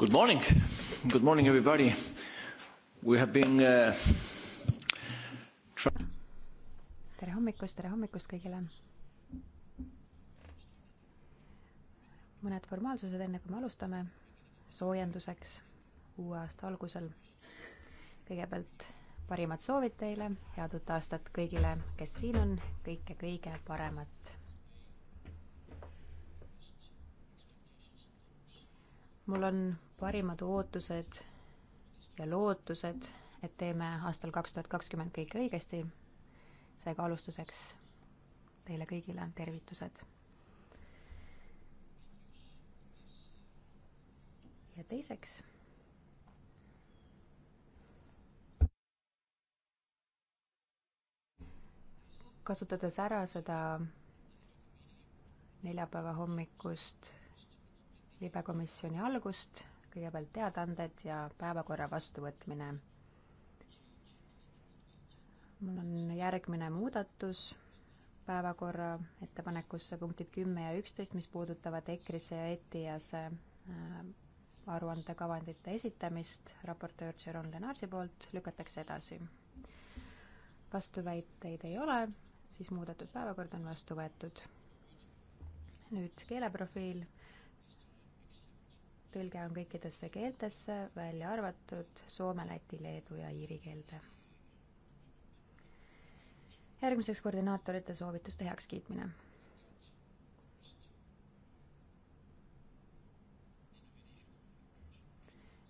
Good morning. Good morning, everybody. We have been uh, tere hommikust, tere hommikust kõigile. mõned formaalsused, enne kui me alustame soojenduseks uue aasta algusel. kõigepealt parimad soovid teile, head uut aastat kõigile, kes siin on, kõike kõige paremat. mul on parimad ootused ja lootused, et teeme aastal kaks tuhat kakskümmend kõik õigesti. seega alustuseks teile kõigile tervitused. ja teiseks. kasutades ära seda neljapäeva hommikust libekomisjoni algust kõigepealt teadaanded ja päevakorra vastuvõtmine. mul on järgmine muudatus päevakorra ettepanekusse punktid kümme ja üksteist, mis puudutavad EKRE-sse ja ETIAS-e äh, aruandekavandite esitamist raportöör Sharon Lenarsi poolt lükatakse edasi. vastuväiteid ei ole, siis muudetud päevakord on vastu võetud. nüüd keeleprofiil tõlge on kõikidesse keeltesse, välja arvatud soome, läti, leedu ja iiri keelde. järgmiseks koordinaatorite soovituste heakskiitmine.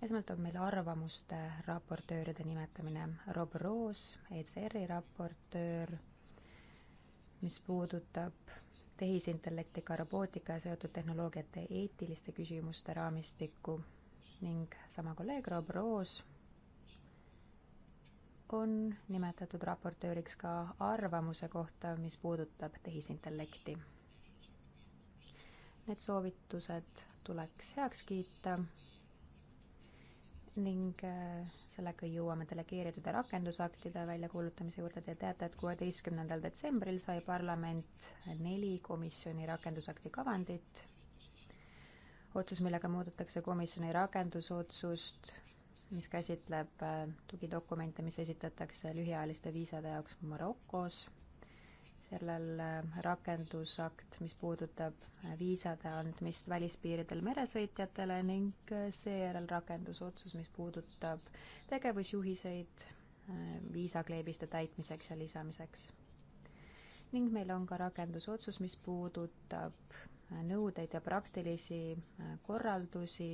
esmalt on meil arvamuste raportööride nimetamine. Rob Roos, ECR-i raportöör, mis puudutab tehisintellektiga, robootika ja seotud tehnoloogiate eetiliste küsimuste raamistikku ning sama kolleeg Rob Roos on nimetatud raportööriks ka arvamuse kohta, mis puudutab tehisintellekti. Need soovitused tuleks heaks kiita ning äh, sellega jõuame delegeeritud ja rakendusaktide väljakuulutamise juurde. Te teate, et kuueteistkümnendal detsembril sai parlament neli komisjoni rakendusakti kavandit. otsus, millega muudetakse komisjoni rakendusotsust, mis käsitleb äh, tugidokumente, mis esitatakse lühiajaliste viisade jaoks Marokos sellel äh, rakendusakt, mis puudutab äh, viisade andmist välispiiridel meresõitjatele ning äh, seejärel rakendusotsus, mis puudutab tegevusjuhiseid viisakleebiste täitmiseks ja lisamiseks. ning meil on ka rakendusotsus, mis puudutab nõudeid ja praktilisi korraldusi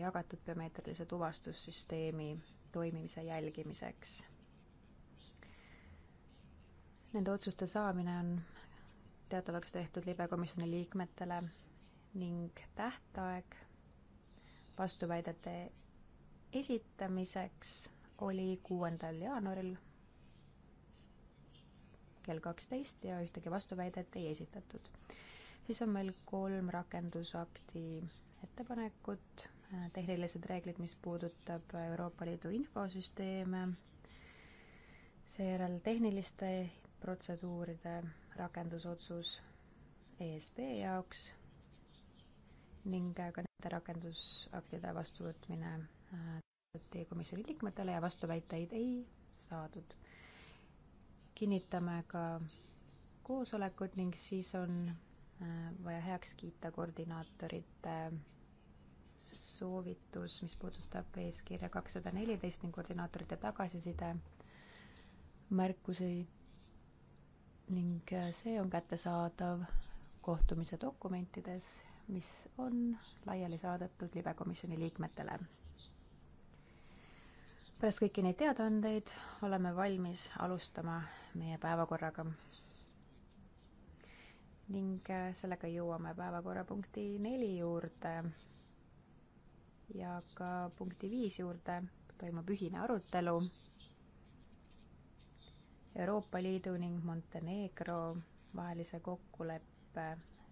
jagatud biomeetrilise tuvastussüsteemi toimimise jälgimiseks Nende otsuste saamine on teatavaks tehtud libekomisjoni liikmetele ning tähtaeg vastuväidete esitamiseks oli kuuendal jaanuaril kell kaksteist ja ühtegi vastuväidet ei esitatud. siis on meil kolm rakendusakti ettepanekut, tehnilised reeglid, mis puudutab Euroopa Liidu infosüsteeme, seejärel tehniliste protseduuride rakendusotsus ESB jaoks ning ka nende rakendusaktide vastuvõtmine äh, teie komisjoni liikmetele ja vastuväiteid ei saadud. kinnitame ka koosolekut ning siis on äh, vaja heaks kiita koordinaatorite soovitus, mis puudutab eeskirja kakssada neliteist ning koordinaatorite tagasiside märkuseid ning äh, see on kättesaadav kohtumise dokumentides, mis on laiali saadetud libekomisjoni liikmetele. pärast kõiki neid teadaandeid oleme valmis alustama meie päevakorraga. ning äh, sellega jõuame päevakorrapunkti neli juurde ja ka punkti viis juurde toimub ühine arutelu Euroopa Liidu ning Montenegro vahelise kokkuleppe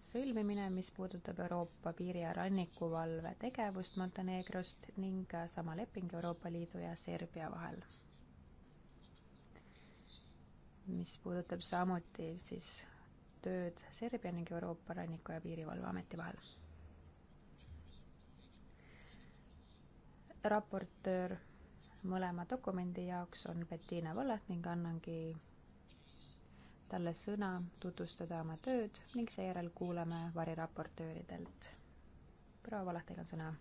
sõlmimine, mis puudutab Euroopa piiri- ja rannikuvalve tegevust Montenegrost ning sama leping Euroopa Liidu ja Serbia vahel. mis puudutab samuti siis tööd Serbia ning Euroopa Ranniku- ja Piirivalveameti vahel. raportöör mõlema dokumendi jaoks on Bettina Vallet ning annangi talle sõna tutvustada oma tööd ning seejärel kuulame variraportööridelt. proua Vallet, teil on sõna.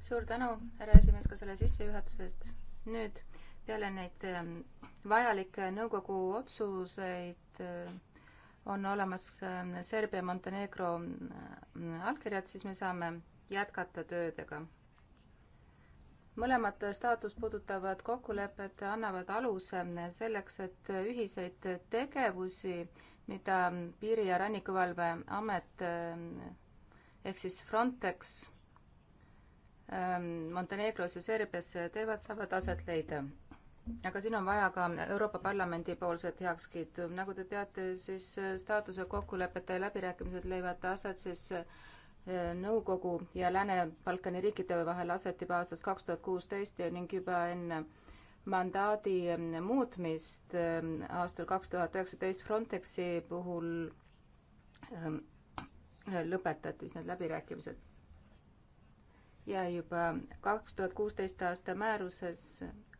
suur tänu, härra esimees, ka selle sissejuhatuse eest. nüüd peale neid ähm, vajalikke nõukogu otsuseid äh, on olemas ähm, Serbia-Montenegro äh, allkirjad, siis me saame jätkata töödega mõlemad staatus puudutavad kokkulepped annavad aluse selleks, et ühiseid tegevusi, mida Piiri- ja Rannikuvalveamet ehk siis Frontex ähm, Montenegros ja Serbias teevad, saavad aset leida. aga siin on vaja ka Euroopa Parlamendi poolset heakskiitu. nagu te teate, siis staatuse kokkulepete läbirääkimised leiavad aset siis Nõukogu ja Lääne-Balkani riikide vahel aset juba aastast kaks tuhat kuusteist ning juba enne mandaadi muutmist ähm, aastal kaks tuhat üheksateist Frontexi puhul ähm, lõpetati siis need läbirääkimised. ja juba kaks tuhat kuusteist aasta määruses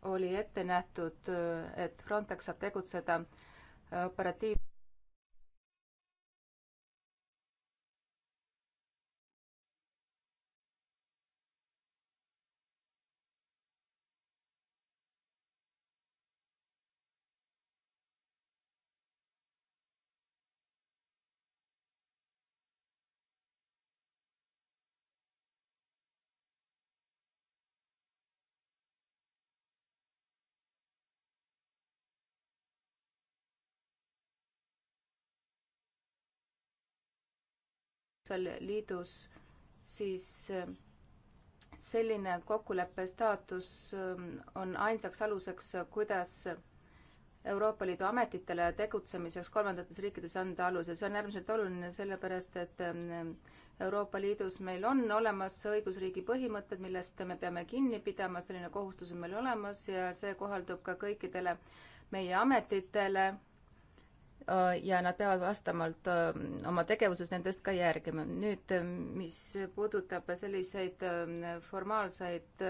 oli ette nähtud, äh, et Frontex saab tegutseda operatiiv-. seal liidus, siis ähm, selline kokkuleppe staatus ähm, on ainsaks aluseks, äh, kuidas Euroopa Liidu ametitele tegutsemiseks kolmandates riikides anda aluse, see on äärmiselt oluline, sellepärast et ähm, Euroopa Liidus meil on olemas õigusriigi põhimõtted, millest me peame kinni pidama, selline kohustus on meil olemas ja see kohaldub ka kõikidele meie ametitele Äh, ja nad peavad vastavalt äh, oma tegevuses nendest ka järgima. nüüd, äh, mis puudutab selliseid formaalseid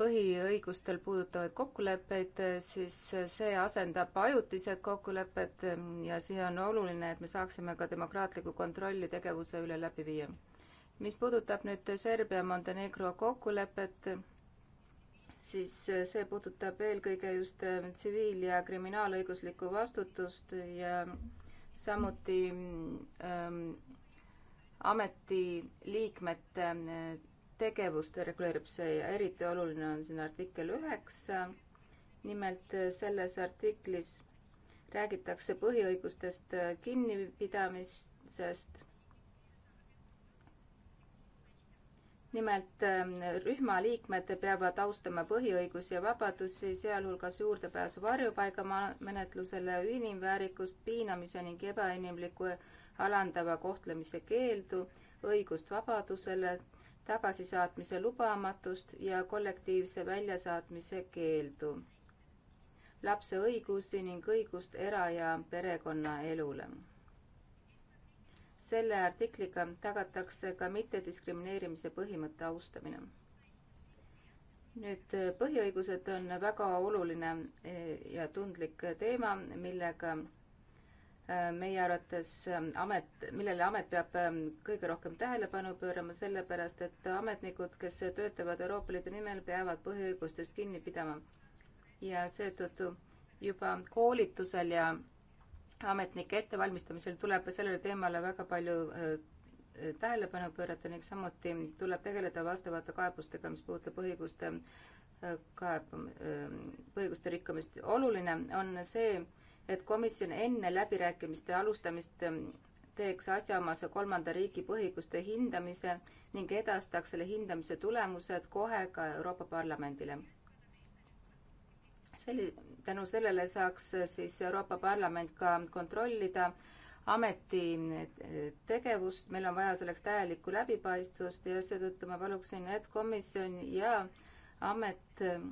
põhiõigustel puudutavaid kokkuleppeid, siis see asendab ajutised kokkulepped ja siia on oluline, et me saaksime ka demokraatliku kontrolli tegevuse üle läbi viia. mis puudutab nüüd Serbia-Montenegro kokkulepet, siis äh, see puudutab eelkõige just äh, tsiviil- ja kriminaalõiguslikku vastutust ja samuti ähm, ametiliikmete äh, tegevust reguleerib see ja eriti oluline on siin artikkel üheksa. nimelt selles artiklis räägitakse põhiõigustest kinnipidamisest nimelt ähm, rühma liikmed peavad austama põhiõigusi ja vabadusi, sealhulgas juurdepääsu varjupaigamenetlusele, inimväärikust, piinamise ning ebainimliku alandava kohtlemise keeldu, õigust vabadusele, tagasisaatmise lubamatust ja kollektiivse väljasaatmise keeldu, lapse õigusi ning õigust era- ja perekonnaelule selle artikliga tagatakse ka mittediskrimineerimise põhimõtte austamine. nüüd põhiõigused on väga oluline eh, ja tundlik teema, millega eh, meie arvates eh, amet, millele amet peab kõige rohkem tähelepanu pöörama, sellepärast et ametnikud, kes töötavad Euroopa Liidu nimel, peavad põhiõigustest kinni pidama. ja seetõttu juba koolitusel ja ametnike ettevalmistamisel tuleb sellele teemale väga palju äh, tähelepanu pöörata ning samuti tuleb tegeleda vastavate kaebustega, mis puudutab õiguste äh, kaeb-, põhiõiguste äh, rikkumist. oluline on see, et komisjon enne läbirääkimiste alustamist teeks asjaomase kolmanda riigi põhiõiguste hindamise ning edastaks selle hindamise tulemused kohe ka Euroopa Parlamendile selli-, tänu sellele saaks äh, siis Euroopa Parlament ka kontrollida ameti äh, tegevust, meil on vaja selleks täielikku läbipaistvust ja seetõttu ma paluksin, et komisjon ja amet äh,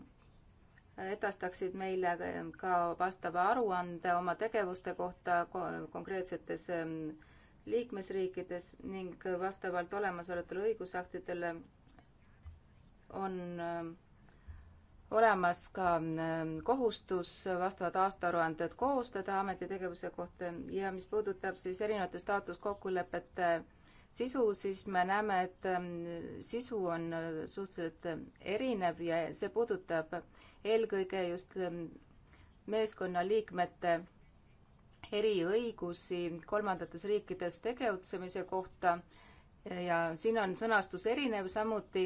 edastaksid meile ka vastava aruande oma tegevuste kohta konkreetsetes ähm, liikmesriikides ning vastavalt olemasolevatele õigusaktidele on olemas ka ähm, kohustus vastavad aastaaruanded koostada ametitegevuse kohta ja mis puudutab siis erinevate staatuskokkulepete sisu, siis me näeme, et ähm, sisu on äh, suhteliselt ähm, erinev ja see puudutab eelkõige just meeskonnaliikmete eriõigusi kolmandates riikides tegutsemise kohta ja siin on sõnastus erinev, samuti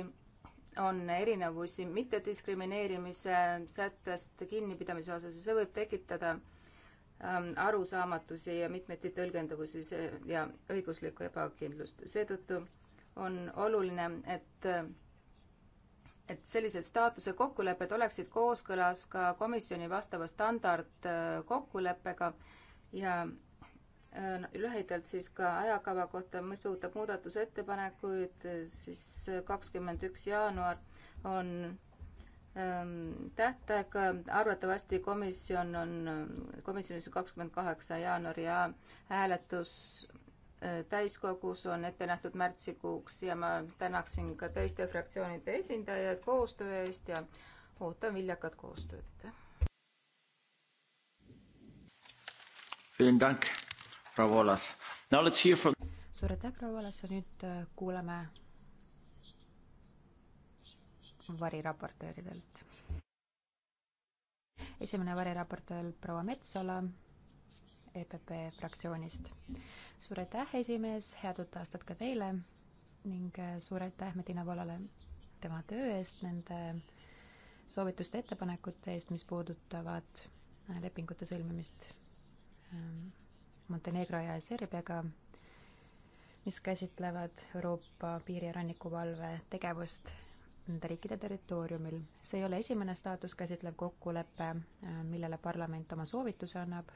on erinevusi mittediskrimineerimise sättest kinnipidamise osas ja see võib tekitada ähm, arusaamatusi ja mitmeti tõlgendavusi ja õiguslikku ebakindlust. seetõttu on oluline, et, et sellised staatuse kokkulepped oleksid kooskõlas ka komisjoni vastava standardkokkuleppega äh, ja Äh, lühidalt siis ka ajakava kohta, mis puudutab muudatusettepanekuid, siis äh, kakskümmend üks jaanuar on ähm, tähtaeg, arvatavasti komisjon on, äh, komisjonis on kakskümmend kaheksa jaanuar ja hääletus äh, täiskogus on ette nähtud märtsikuuks ja ma tänaksin ka teiste fraktsioonide esindajaid koostöö eest ja ootan viljakat koostööd, aitäh! Vielen Dank proua Voolas. suur aitäh, proua Voolas ja nüüd äh, kuulame variraportööridelt. esimene variraportöör proua Metsola EPP fraktsioonist. suur aitäh, esimees, head uut aastat ka teile ning äh, suur aitäh Medina Valale tema töö eest, nende soovituste, ettepanekute eest, mis puudutavad äh, lepingute sõlmimist ähm, Montenegro ja Serbiaga, mis käsitlevad Euroopa piiri- ja rannikuvalve tegevust nende riikide territooriumil. see ei ole esimene staatus käsitlev kokkulepe, millele parlament oma soovituse annab.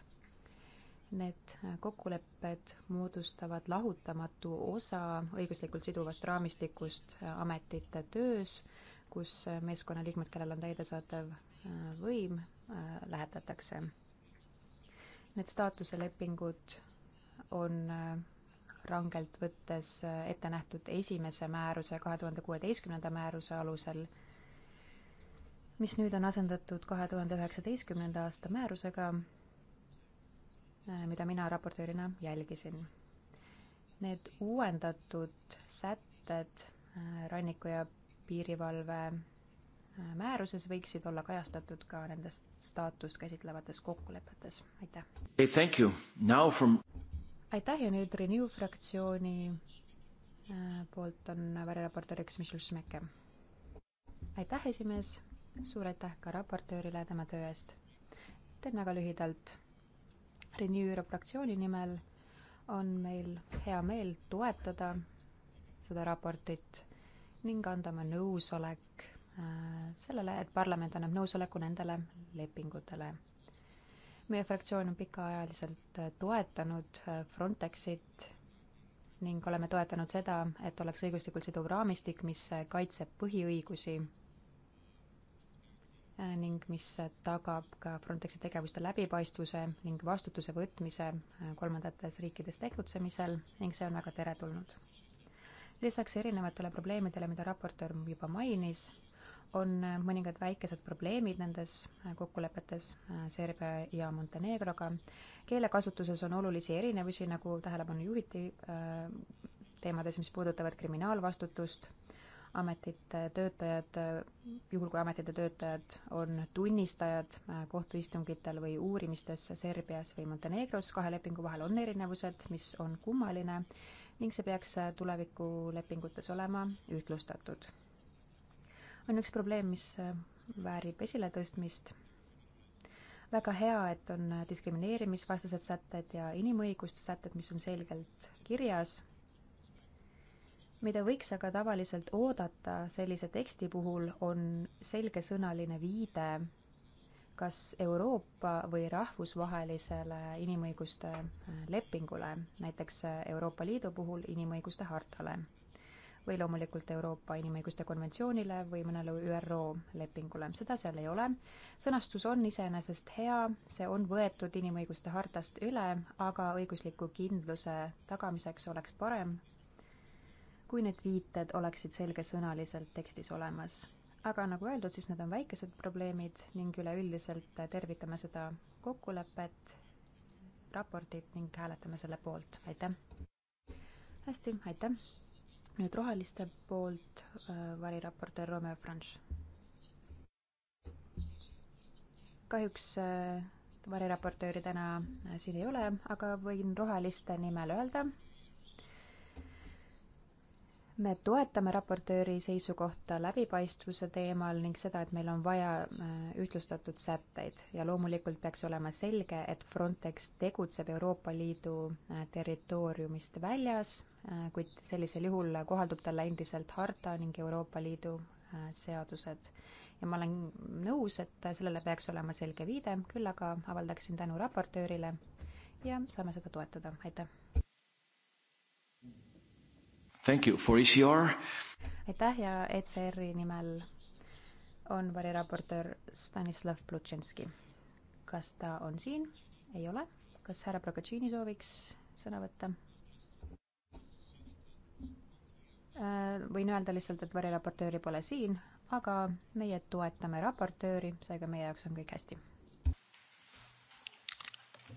Need kokkulepped moodustavad lahutamatu osa õiguslikult siduvast raamistikust ametite töös, kus meeskonnaliikmed, kellel on täidesaatev võim, lähetatakse Need staatuselepingud on äh, rangelt võttes äh, ette nähtud esimese määruse, kahe tuhande kuueteistkümnenda määruse alusel, mis nüüd on asendatud kahe tuhande üheksateistkümnenda aasta määrusega, äh, mida mina raportöörina jälgisin. Need uuendatud sätted ranniku- ja piirivalve määruses võiksid olla kajastatud ka nendes staatust käsitlevates kokkulepetes, aitäh hey,! From... aitäh ja nüüd Renew fraktsiooni äh, poolt on variraportööriks Michel Šmeke. aitäh, esimees, suur aitäh ka raportöörile tema töö eest. teen väga lühidalt. Renew fraktsiooni nimel on meil hea meel toetada seda raportit ning anda oma nõusolek Äh, sellele, et parlament annab nõusoleku nendele lepingutele. meie fraktsioon on pikaajaliselt äh, toetanud äh, Frontexit ning oleme toetanud seda, et oleks õiguslikult siduv raamistik, mis kaitseb põhiõigusi ning mis tagab ka Frontexi tegevuste läbipaistvuse ning vastutuse võtmise kolmandates riikides tegutsemisel ning see on väga teretulnud. lisaks erinevatele probleemidele, mida raportöör juba mainis, on mõningad väikesed probleemid nendes äh, kokkulepetes äh, Serbia ja Montenegroga. keelekasutuses on olulisi erinevusi, nagu tähelepanu juhiti äh, teemades, mis puudutavad kriminaalvastutust, ametite töötajad, juhul kui ametite töötajad on tunnistajad kohtuistungitel või uurimistes Serbias või Montenegros, kahe lepingu vahel on erinevused, mis on kummaline ning see peaks tulevikulepingutes olema ühtlustatud on üks probleem, mis äh, väärib esiletõstmist. väga hea, et on äh, diskrimineerimisvastased sätted ja inimõiguste sätted, mis on selgelt kirjas, mida võiks aga tavaliselt oodata sellise teksti puhul, on selgesõnaline viide kas Euroopa või rahvusvahelisele inimõiguste äh, lepingule, näiteks Euroopa Liidu puhul inimõiguste hartale või loomulikult Euroopa Inimõiguste Konventsioonile või mõnele ÜRO lepingule. seda seal ei ole. sõnastus on iseenesest hea, see on võetud inimõiguste hartast üle, aga õigusliku kindluse tagamiseks oleks parem, kui need viited oleksid selgesõnaliselt tekstis olemas. aga nagu öeldud, siis need on väikesed probleemid ning üleüldiselt tervitame seda kokkulepet, raportit ning hääletame selle poolt, aitäh! hästi, aitäh! nüüd Roheliste poolt äh, variraportöör Romeo Franch. kahjuks äh, variraportööri täna äh, siin ei ole, aga võin Roheliste nimel öelda, me toetame raportööri seisukohta läbipaistvuse teemal ning seda, et meil on vaja äh, ühtlustatud sätteid ja loomulikult peaks olema selge, et Frontex tegutseb Euroopa Liidu äh, territooriumist väljas, äh, kuid sellisel juhul kohaldub talle endiselt harta ning Euroopa Liidu seadused. ja ma olen nõus, et sellele peaks olema selge viide, küll aga avaldaksin tänu raportöörile ja saame seda toetada, aitäh! Thank you for ECR. aitäh ja ECR-i nimel on variraportöör Stanislav Plutšenski. kas ta on siin? ei ole. kas härra Progatšiini sooviks sõna võtta? Äh, võin öelda lihtsalt, et variraportööri pole siin, aga meie toetame raportööri, seega meie jaoks on kõik hästi.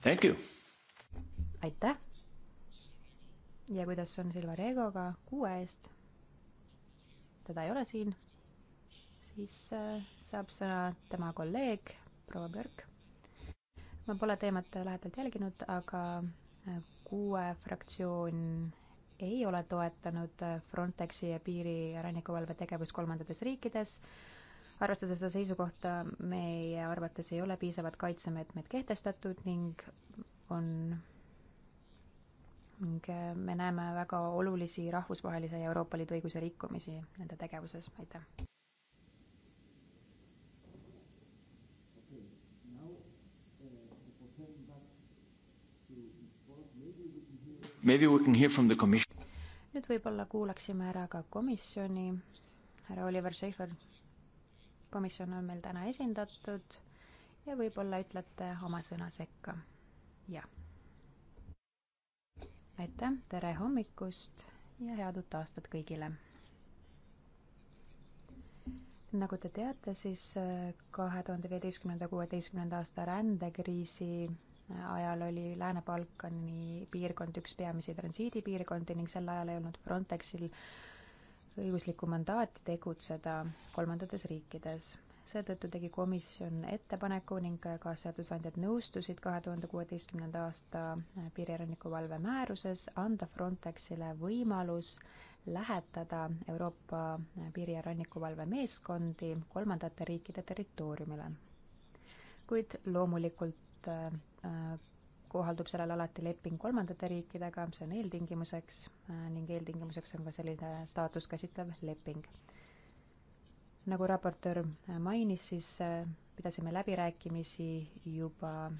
Thank you! aitäh! ja kuidas on Silva Regoga kuue eest? teda ei ole siin, siis äh, saab sõna tema kolleeg proua Björk. ma pole teemat lähedalt jälginud, aga äh, kuue fraktsioon ei ole toetanud äh, Frontexi ja piiri ja rannikuvalve tegevust kolmandates riikides. arvestades seda seisukohta, meie arvates ei ole piisavad kaitsemeetmed kehtestatud ning on ning äh, me näeme väga olulisi rahvusvahelise ja Euroopa Liidu õiguse rikkumisi nende tegevuses, aitäh. nüüd võib-olla kuulaksime ära ka komisjoni, härra Oliver Seifer, komisjon on meil täna esindatud ja võib-olla ütlete oma sõna sekka, jah aitäh, tere hommikust ja head uut aastat kõigile! nagu te teate, siis äh, kahe tuhande viieteistkümnenda, kuueteistkümnenda aasta rändekriisi äh, ajal oli Lääne-Balkani piirkond üks peamisi transiidipiirkondi ning sel ajal ei olnud Frontexil õiguslikku mandaati tegutseda kolmandates riikides seetõttu tegi komisjon ettepaneku ning ka seadusandjad nõustusid kahe tuhande kuueteistkümnenda aasta äh, piirielaniku valvemääruses anda Frontexile võimalus lähetada Euroopa äh, piiri- ja rannikuvalve meeskondi kolmandate riikide territooriumile. kuid loomulikult äh, äh, kohaldub sellel alati leping kolmandate riikidega, see on eeltingimuseks äh, ning eeltingimuseks on ka selline staatust käsitlev leping nagu raportöör mainis, siis äh, pidasime läbirääkimisi juba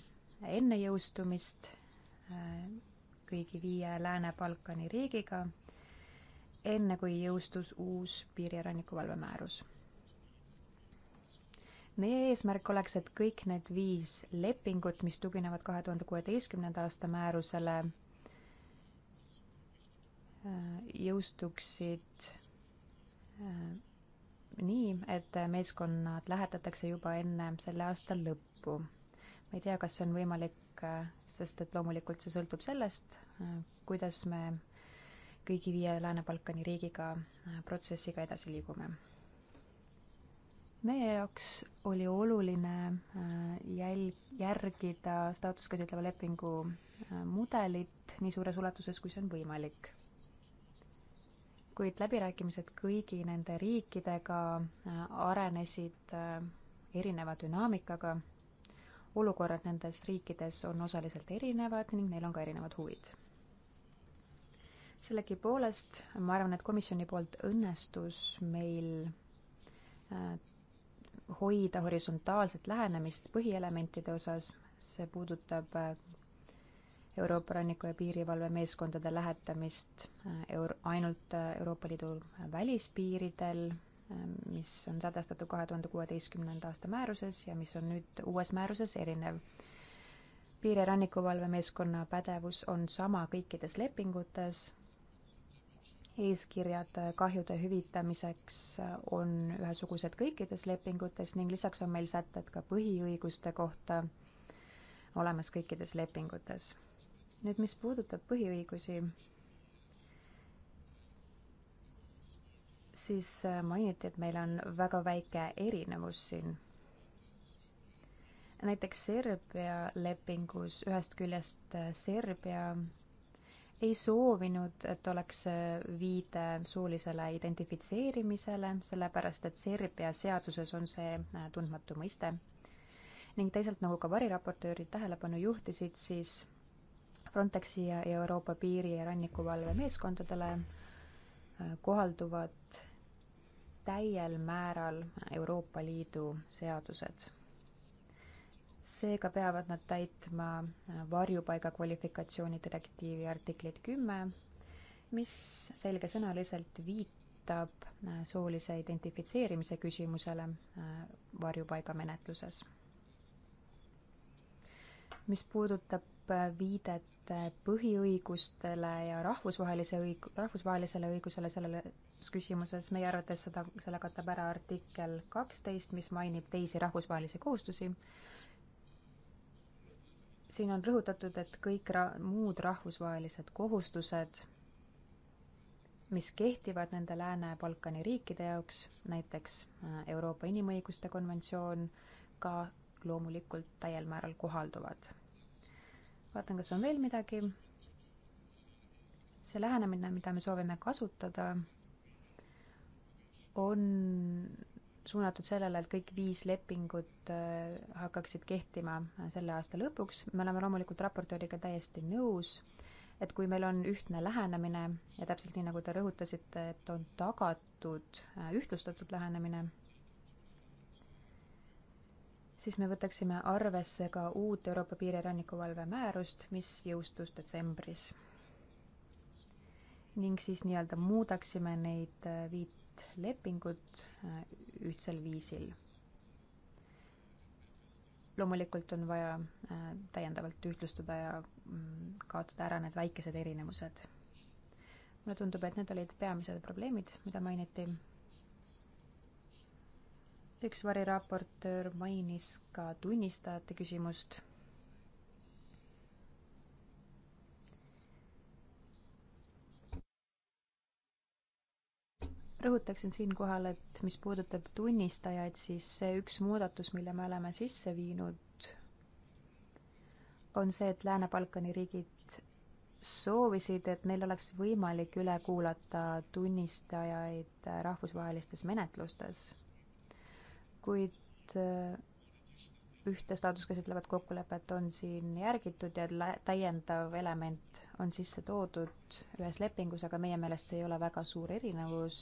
enne jõustumist äh, kõigi viie Lääne-Balkani riigiga, enne kui jõustus uus piiri- ja rannikuvalve määrus. meie eesmärk oleks, et kõik need viis lepingut, mis tuginevad kahe tuhande kuueteistkümnenda aasta määrusele, äh, jõustuksid nii, et meeskonnad lähetatakse juba enne selle aasta lõppu. ma ei tea, kas see on võimalik, sest et loomulikult see sõltub sellest, kuidas me kõigi viie Lääne-Balkani riigiga protsessiga edasi liigume. meie jaoks oli oluline jälg, järgida staatust käsitleva lepingu mudelit nii suures ulatuses, kui see on võimalik kuid läbirääkimised kõigi nende riikidega äh, arenesid äh, erineva dünaamikaga. olukorrad nendes riikides on osaliselt erinevad ning neil on ka erinevad huvid. sellegipoolest ma arvan, et komisjoni poolt õnnestus meil äh, hoida horisontaalset lähenemist põhielementide osas, see puudutab Euroopa ranniku- ja piirivalvemeeskondade lähetamist äh, euro-, ainult äh, Euroopa Liidu välispiiridel, äh, mis on sätestatud kahe tuhande kuueteistkümnenda aasta määruses ja mis on nüüd uues määruses erinev. piiri- ja rannikuvalvemeeskonna pädevus on sama kõikides lepingutes, eeskirjad kahjude hüvitamiseks on ühesugused kõikides lepingutes ning lisaks on meil sätted ka põhiõiguste kohta olemas kõikides lepingutes nüüd, mis puudutab põhiõigusi, siis äh, mainiti, et meil on väga väike erinevus siin. näiteks Serbia lepingus ühest küljest äh, Serbia ei soovinud, et oleks äh, viide soolisele identifitseerimisele, sellepärast et Serbia seaduses on see tundmatu mõiste. ning teisalt, nagu ka variraportöörid tähelepanu juhtisid, siis Frontexi ja Euroopa Piiri- ja Rannikuvalve meeskondadele äh, kohalduvad täiel määral Euroopa Liidu seadused. seega peavad nad täitma äh, varjupaiga kvalifikatsiooni direktiivi artiklit kümme, mis selgesõnaliselt viitab äh, soolise identifitseerimise küsimusele varjupaigamenetluses mis puudutab viidet et põhiõigustele ja rahvusvahelise õig-, rahvusvahelisele õigusele selles küsimuses, meie arvates seda, selle katab ära artikkel kaksteist, mis mainib teisi rahvusvahelisi kohustusi. siin on rõhutatud, et kõik ra-, muud rahvusvahelised kohustused, mis kehtivad nende Lääne-Balkani riikide jaoks, näiteks äh, Euroopa Inimõiguste Konventsioon, ka loomulikult täiel määral kohalduvad vaatan, kas on veel midagi. see lähenemine, mida me soovime kasutada, on suunatud sellele, et kõik viis lepingut äh, hakkaksid kehtima selle aasta lõpuks. me oleme loomulikult raportööriga täiesti nõus, et kui meil on ühtne lähenemine ja täpselt nii, nagu te rõhutasite, et on tagatud äh, ühtlustatud lähenemine siis me võtaksime arvesse ka uut Euroopa piiri ja rannikuvalve määrust, mis jõustus detsembris. ning siis nii-öelda muudaksime neid äh, viit lepingut äh, ühtsel viisil. loomulikult on vaja äh, täiendavalt ühtlustada ja mm, kaotada ära need väikesed erinevused mulle tundub, et need olid peamised probleemid, mida mainiti üks variraportöör mainis ka tunnistajate küsimust. rõhutaksin siinkohal, et mis puudutab tunnistajaid, siis see üks muudatus, mille me oleme sisse viinud, on see, et Lääne-Balkani riigid soovisid, et neil oleks võimalik üle kuulata tunnistajaid rahvusvahelistes menetlustes kuid äh, ühte staatust käsitlevat kokkulepet on siin järgitud ja täiendav element on sisse toodud ühes lepingus, aga meie meelest see ei ole väga suur erinevus.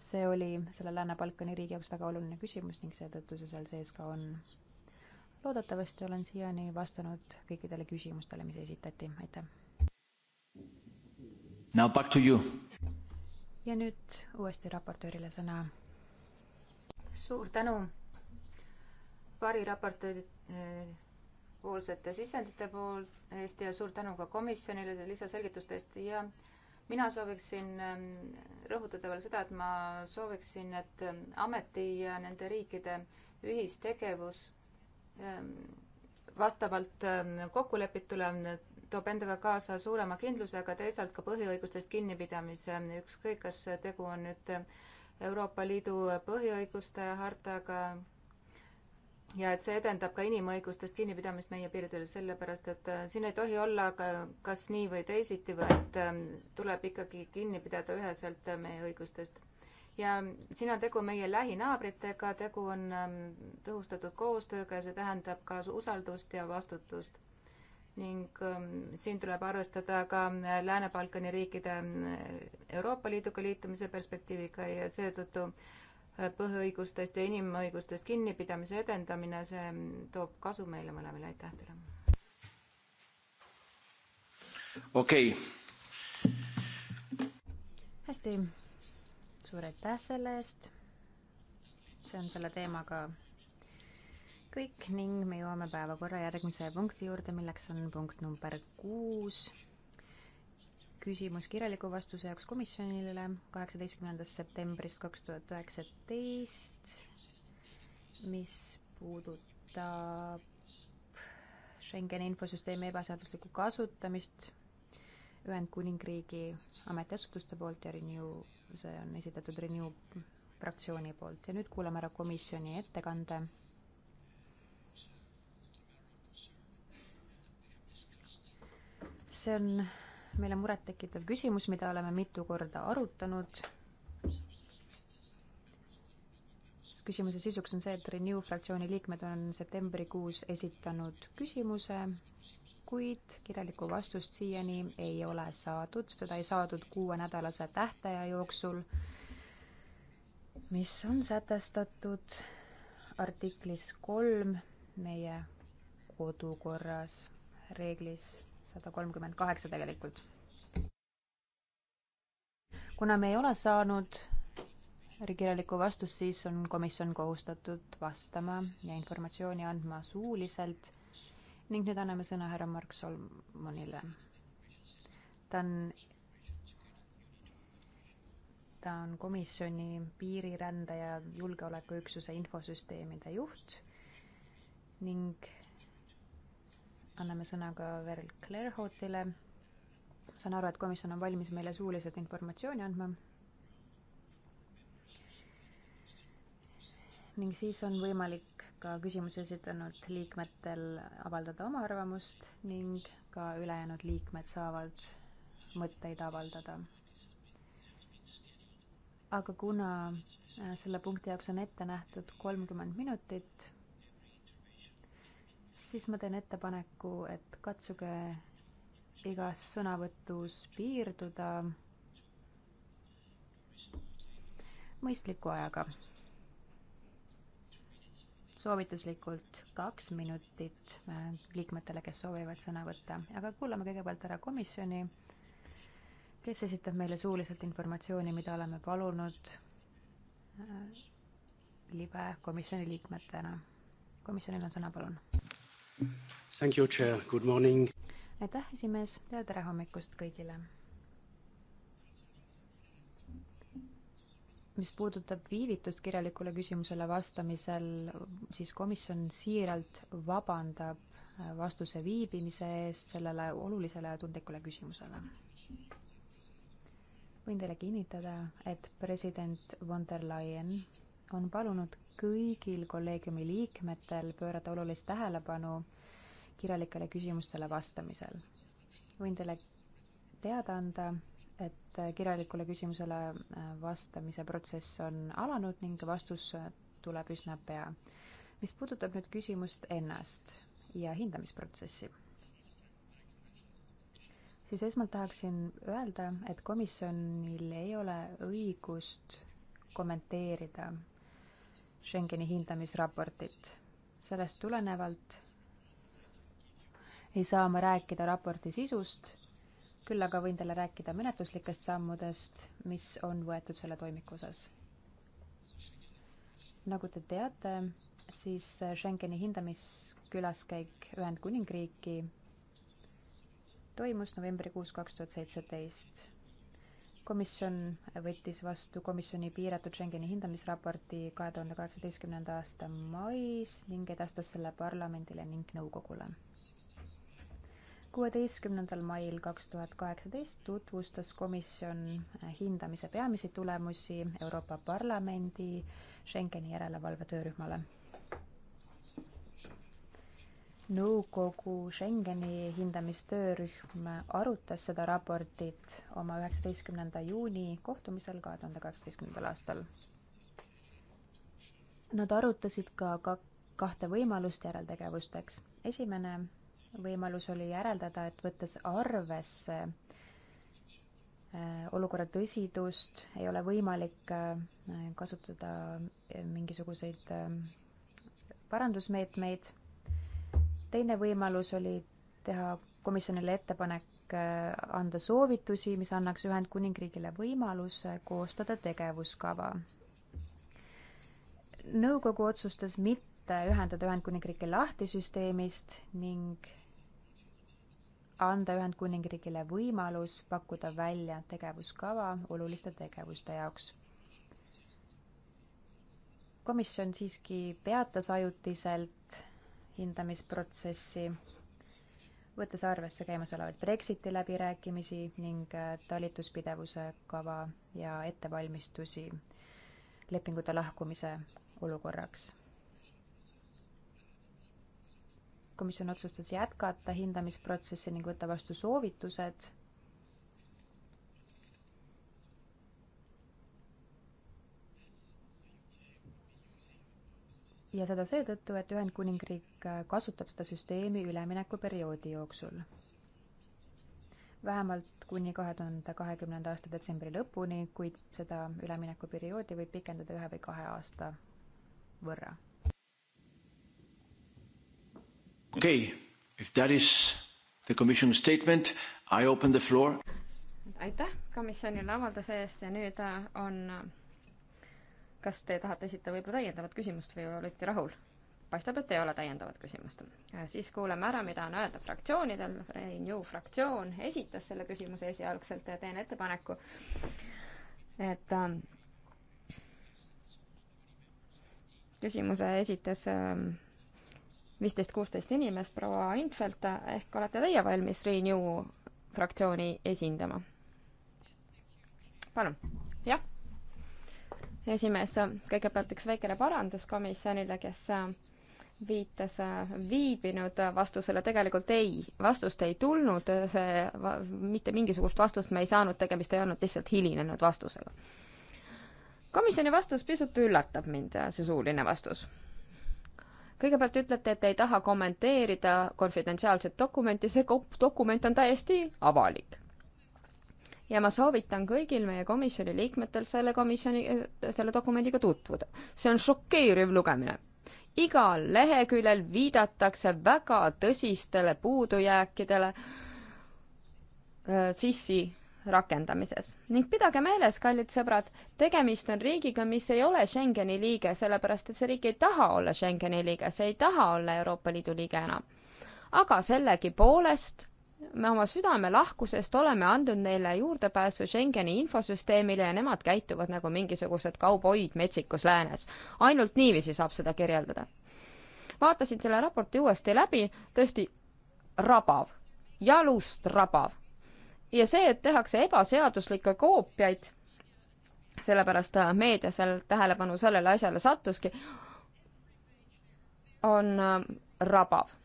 see oli selle Lääne-Balkani riigi jaoks väga oluline küsimus ning seetõttu see seal sees ka on. loodetavasti olen siiani vastanud kõikidele küsimustele, mis esitati, aitäh. ja nüüd uuesti raportöörile sõna suur tänu variraportööri eh, poolsete sisendite pool eest ja suur tänu ka komisjonile lisaselgituste eest ja mina sooviksin eh, rõhutada veel seda, et ma sooviksin, et eh, ameti ja nende riikide ühistegevus vastavalt kokkulepitule toob endaga kaasa suurema kindluse, aga teisalt ka põhiõigustest kinnipidamise, ükskõik, kas tegu on nüüd Euroopa Liidu põhiõiguste hartaga ja et see edendab ka inimõigustest kinnipidamist meie piiridel, sellepärast et äh, siin ei tohi olla ka kas nii või teisiti, vaid ähm, tuleb ikkagi kinni pidada üheselt äh, meie õigustest. ja siin on tegu meie lähinaabritega, tegu on ähm, tõhustatud koostööga ja see tähendab ka usaldust ja vastutust ning ähm, siin tuleb arvestada ka äh, Lääne-Balkani riikide äh, Euroopa Liiduga liitumise perspektiiviga ja seetõttu äh, põhiõigustest ja inimõigustest kinnipidamise edendamine, see mm, toob kasu meile mõlemile, aitäh teile! okei okay.. hästi, suur aitäh selle eest, see on selle teemaga kõik ning me jõuame päevakorra järgmise punkti juurde, milleks on punkt number kuus. küsimus kirjaliku vastuse jaoks komisjonile kaheksateistkümnendast septembrist kaks tuhat üheksateist, mis puudutab Schengeni infosüsteemi ebaseaduslikku kasutamist Ühendkuningriigi ametiasutuste poolt ja Renew, see on esitatud Renew fraktsiooni poolt ja nüüd kuulame ära komisjoni ettekande see on meile murettekitav küsimus, mida oleme mitu korda arutanud. küsimuse sisuks on see, et Renew fraktsiooni liikmed on septembrikuus esitanud küsimuse, kuid kirjalikku vastust siiani ei ole saadud, seda ei saadud kuuenädalase tähtaja jooksul, mis on sätestatud artiklis kolm meie kodukorras, reeglis sada kolmkümmend kaheksa tegelikult. kuna me ei ole saanud kirjalikku vastust, siis on komisjon kohustatud vastama ja informatsiooni andma suuliselt ning nüüd anname sõna härra Mark Solmonile. ta on, ta on komisjoni piirirände ja julgeolekuüksuse infosüsteemide juht ning anname sõna ka Verl Klerhotile. saan aru, et komisjon on valmis meile suuliselt informatsiooni andma. ning siis on võimalik ka küsimuse esitanud liikmetel avaldada oma arvamust ning ka ülejäänud liikmed saavad mõtteid avaldada. aga kuna selle punkti jaoks on ette nähtud kolmkümmend minutit, siis ma teen ettepaneku, et katsuge igas sõnavõtus piirduda mõistliku ajaga. soovituslikult kaks minutit liikmetele, kes soovivad sõna võtta, aga kuulame kõigepealt ära komisjoni, kes esitab meile suuliselt informatsiooni, mida oleme palunud äh, libe komisjoni liikmetena. komisjonil on sõna, palun Thank you, chair, good morning. aitäh, esimees ja tere hommikust kõigile. mis puudutab viivitust kirjalikule küsimusele vastamisel, siis komisjon siiralt vabandab äh, vastuse viibimise eest sellele olulisele ja tundlikule küsimusele. võin teile kinnitada, et president von der Leyen on palunud kõigil kolleegiumi liikmetel pöörata olulist tähelepanu kirjalikele küsimustele vastamisel. võin teile teada anda, et kirjalikule küsimusele äh, vastamise protsess on alanud ning vastus tuleb üsna pea. mis puudutab nüüd küsimust ennast ja hindamisprotsessi, siis esmalt tahaksin öelda, et komisjonil ei ole õigust kommenteerida Schengeni hindamisraportit. sellest tulenevalt ei saa ma rääkida raporti sisust, küll aga võin teile rääkida menetluslikest sammudest, mis on võetud selle toimiku osas. nagu te teate, siis Schengeni hindamiskülaskäik Ühendkuningriiki toimus novembrikuus kaks tuhat seitseteist komisjon võttis vastu komisjoni piiratud Schengeni hindamisraporti kahe tuhande kaheksateistkümnenda aasta mais ning edastas selle parlamendile ning nõukogule. kuueteistkümnendal mail kaks tuhat kaheksateist tutvustas komisjon hindamise peamisi tulemusi Euroopa Parlamendi Schengeni järelevalve töörühmale nõukogu Schengeni hindamistöörühm arutas seda raportit oma üheksateistkümnenda juuni kohtumisel kahe tuhande kaheksateistkümnendal aastal. Nad arutasid ka ka kahte võimalust järeltegevusteks. esimene võimalus oli järeldada, et võttes arvesse äh, olukorra tõsidust, ei ole võimalik äh, kasutada mingisuguseid äh, parandusmeetmeid teine võimalus oli teha komisjonile ettepanek äh, anda soovitusi, mis annaks Ühendkuningriigile võimaluse koostada tegevuskava. nõukogu otsustas mitte ühendada Ühendkuningriiki lahtisüsteemist ning anda Ühendkuningriigile võimalus pakkuda välja tegevuskava oluliste tegevuste jaoks. komisjon siiski peatas ajutiselt hindamisprotsessi, võttes arvesse käimasolevaid Brexiti läbirääkimisi ning äh, talituspidevuse kava ja ettevalmistusi lepingute lahkumise olukorraks. komisjon otsustas jätkata hindamisprotsessi ning võtta vastu soovitused ja seda seetõttu, et Ühendkuningriik kasutab seda süsteemi üleminekuperioodi jooksul. vähemalt kuni kahe tuhande kahekümnenda aasta detsembri lõpuni, kuid seda üleminekuperioodi võib pikendada ühe või kahe aasta võrra. okei okay., if that is the commission statement, I open the floor. aitäh komisjonile avalduse eest ja nüüd on kas te tahate esitada võib-olla täiendavat küsimust või olete rahul? paistab, et ei ole täiendavat küsimust. siis kuulame ära, mida on öelda fraktsioonidel. Renew fraktsioon esitas selle küsimuse esialgselt ja teen ettepaneku, et ähm, küsimuse esitas ähm, viisteist, kuusteist inimest, proua Infelt, ehk olete teie valmis Renew fraktsiooni esindama? palun. jah esimees, kõigepealt üks väikene parandus komisjonile, kes äh, viitas äh, viibinud vastusele, tegelikult ei, vastust ei tulnud, see, mitte mingisugust vastust me ei saanud, tegemist ei olnud lihtsalt hilinenud vastusega. komisjoni vastus pisut üllatab mind, äh, see suuline vastus. kõigepealt ütlete, et ei taha kommenteerida konfidentsiaalset dokumenti, see dokument on täiesti avalik ja ma soovitan kõigil meie komisjoni liikmetel selle komisjoni, selle dokumendiga tutvuda. see on šokeeriv lugemine. igal leheküljel viidatakse väga tõsistele puudujääkidele äh, sissi rakendamises. ning pidage meeles, kallid sõbrad, tegemist on riigiga, mis ei ole Schengeni liige, sellepärast et see riik ei taha olla Schengeni liige, see ei taha olla Euroopa Liidu liige enam. aga sellegipoolest me oma südamelahkusest oleme andnud neile juurdepääsu Schengeni infosüsteemile ja nemad käituvad nagu mingisugused kauboid metsikus läänes. ainult niiviisi saab seda kirjeldada. vaatasin selle raporti uuesti läbi, tõesti rabav, jalust rabav. ja see, et tehakse ebaseaduslikke koopiaid, sellepärast äh, meedia seal tähelepanu sellele asjale sattuski, on äh, rabav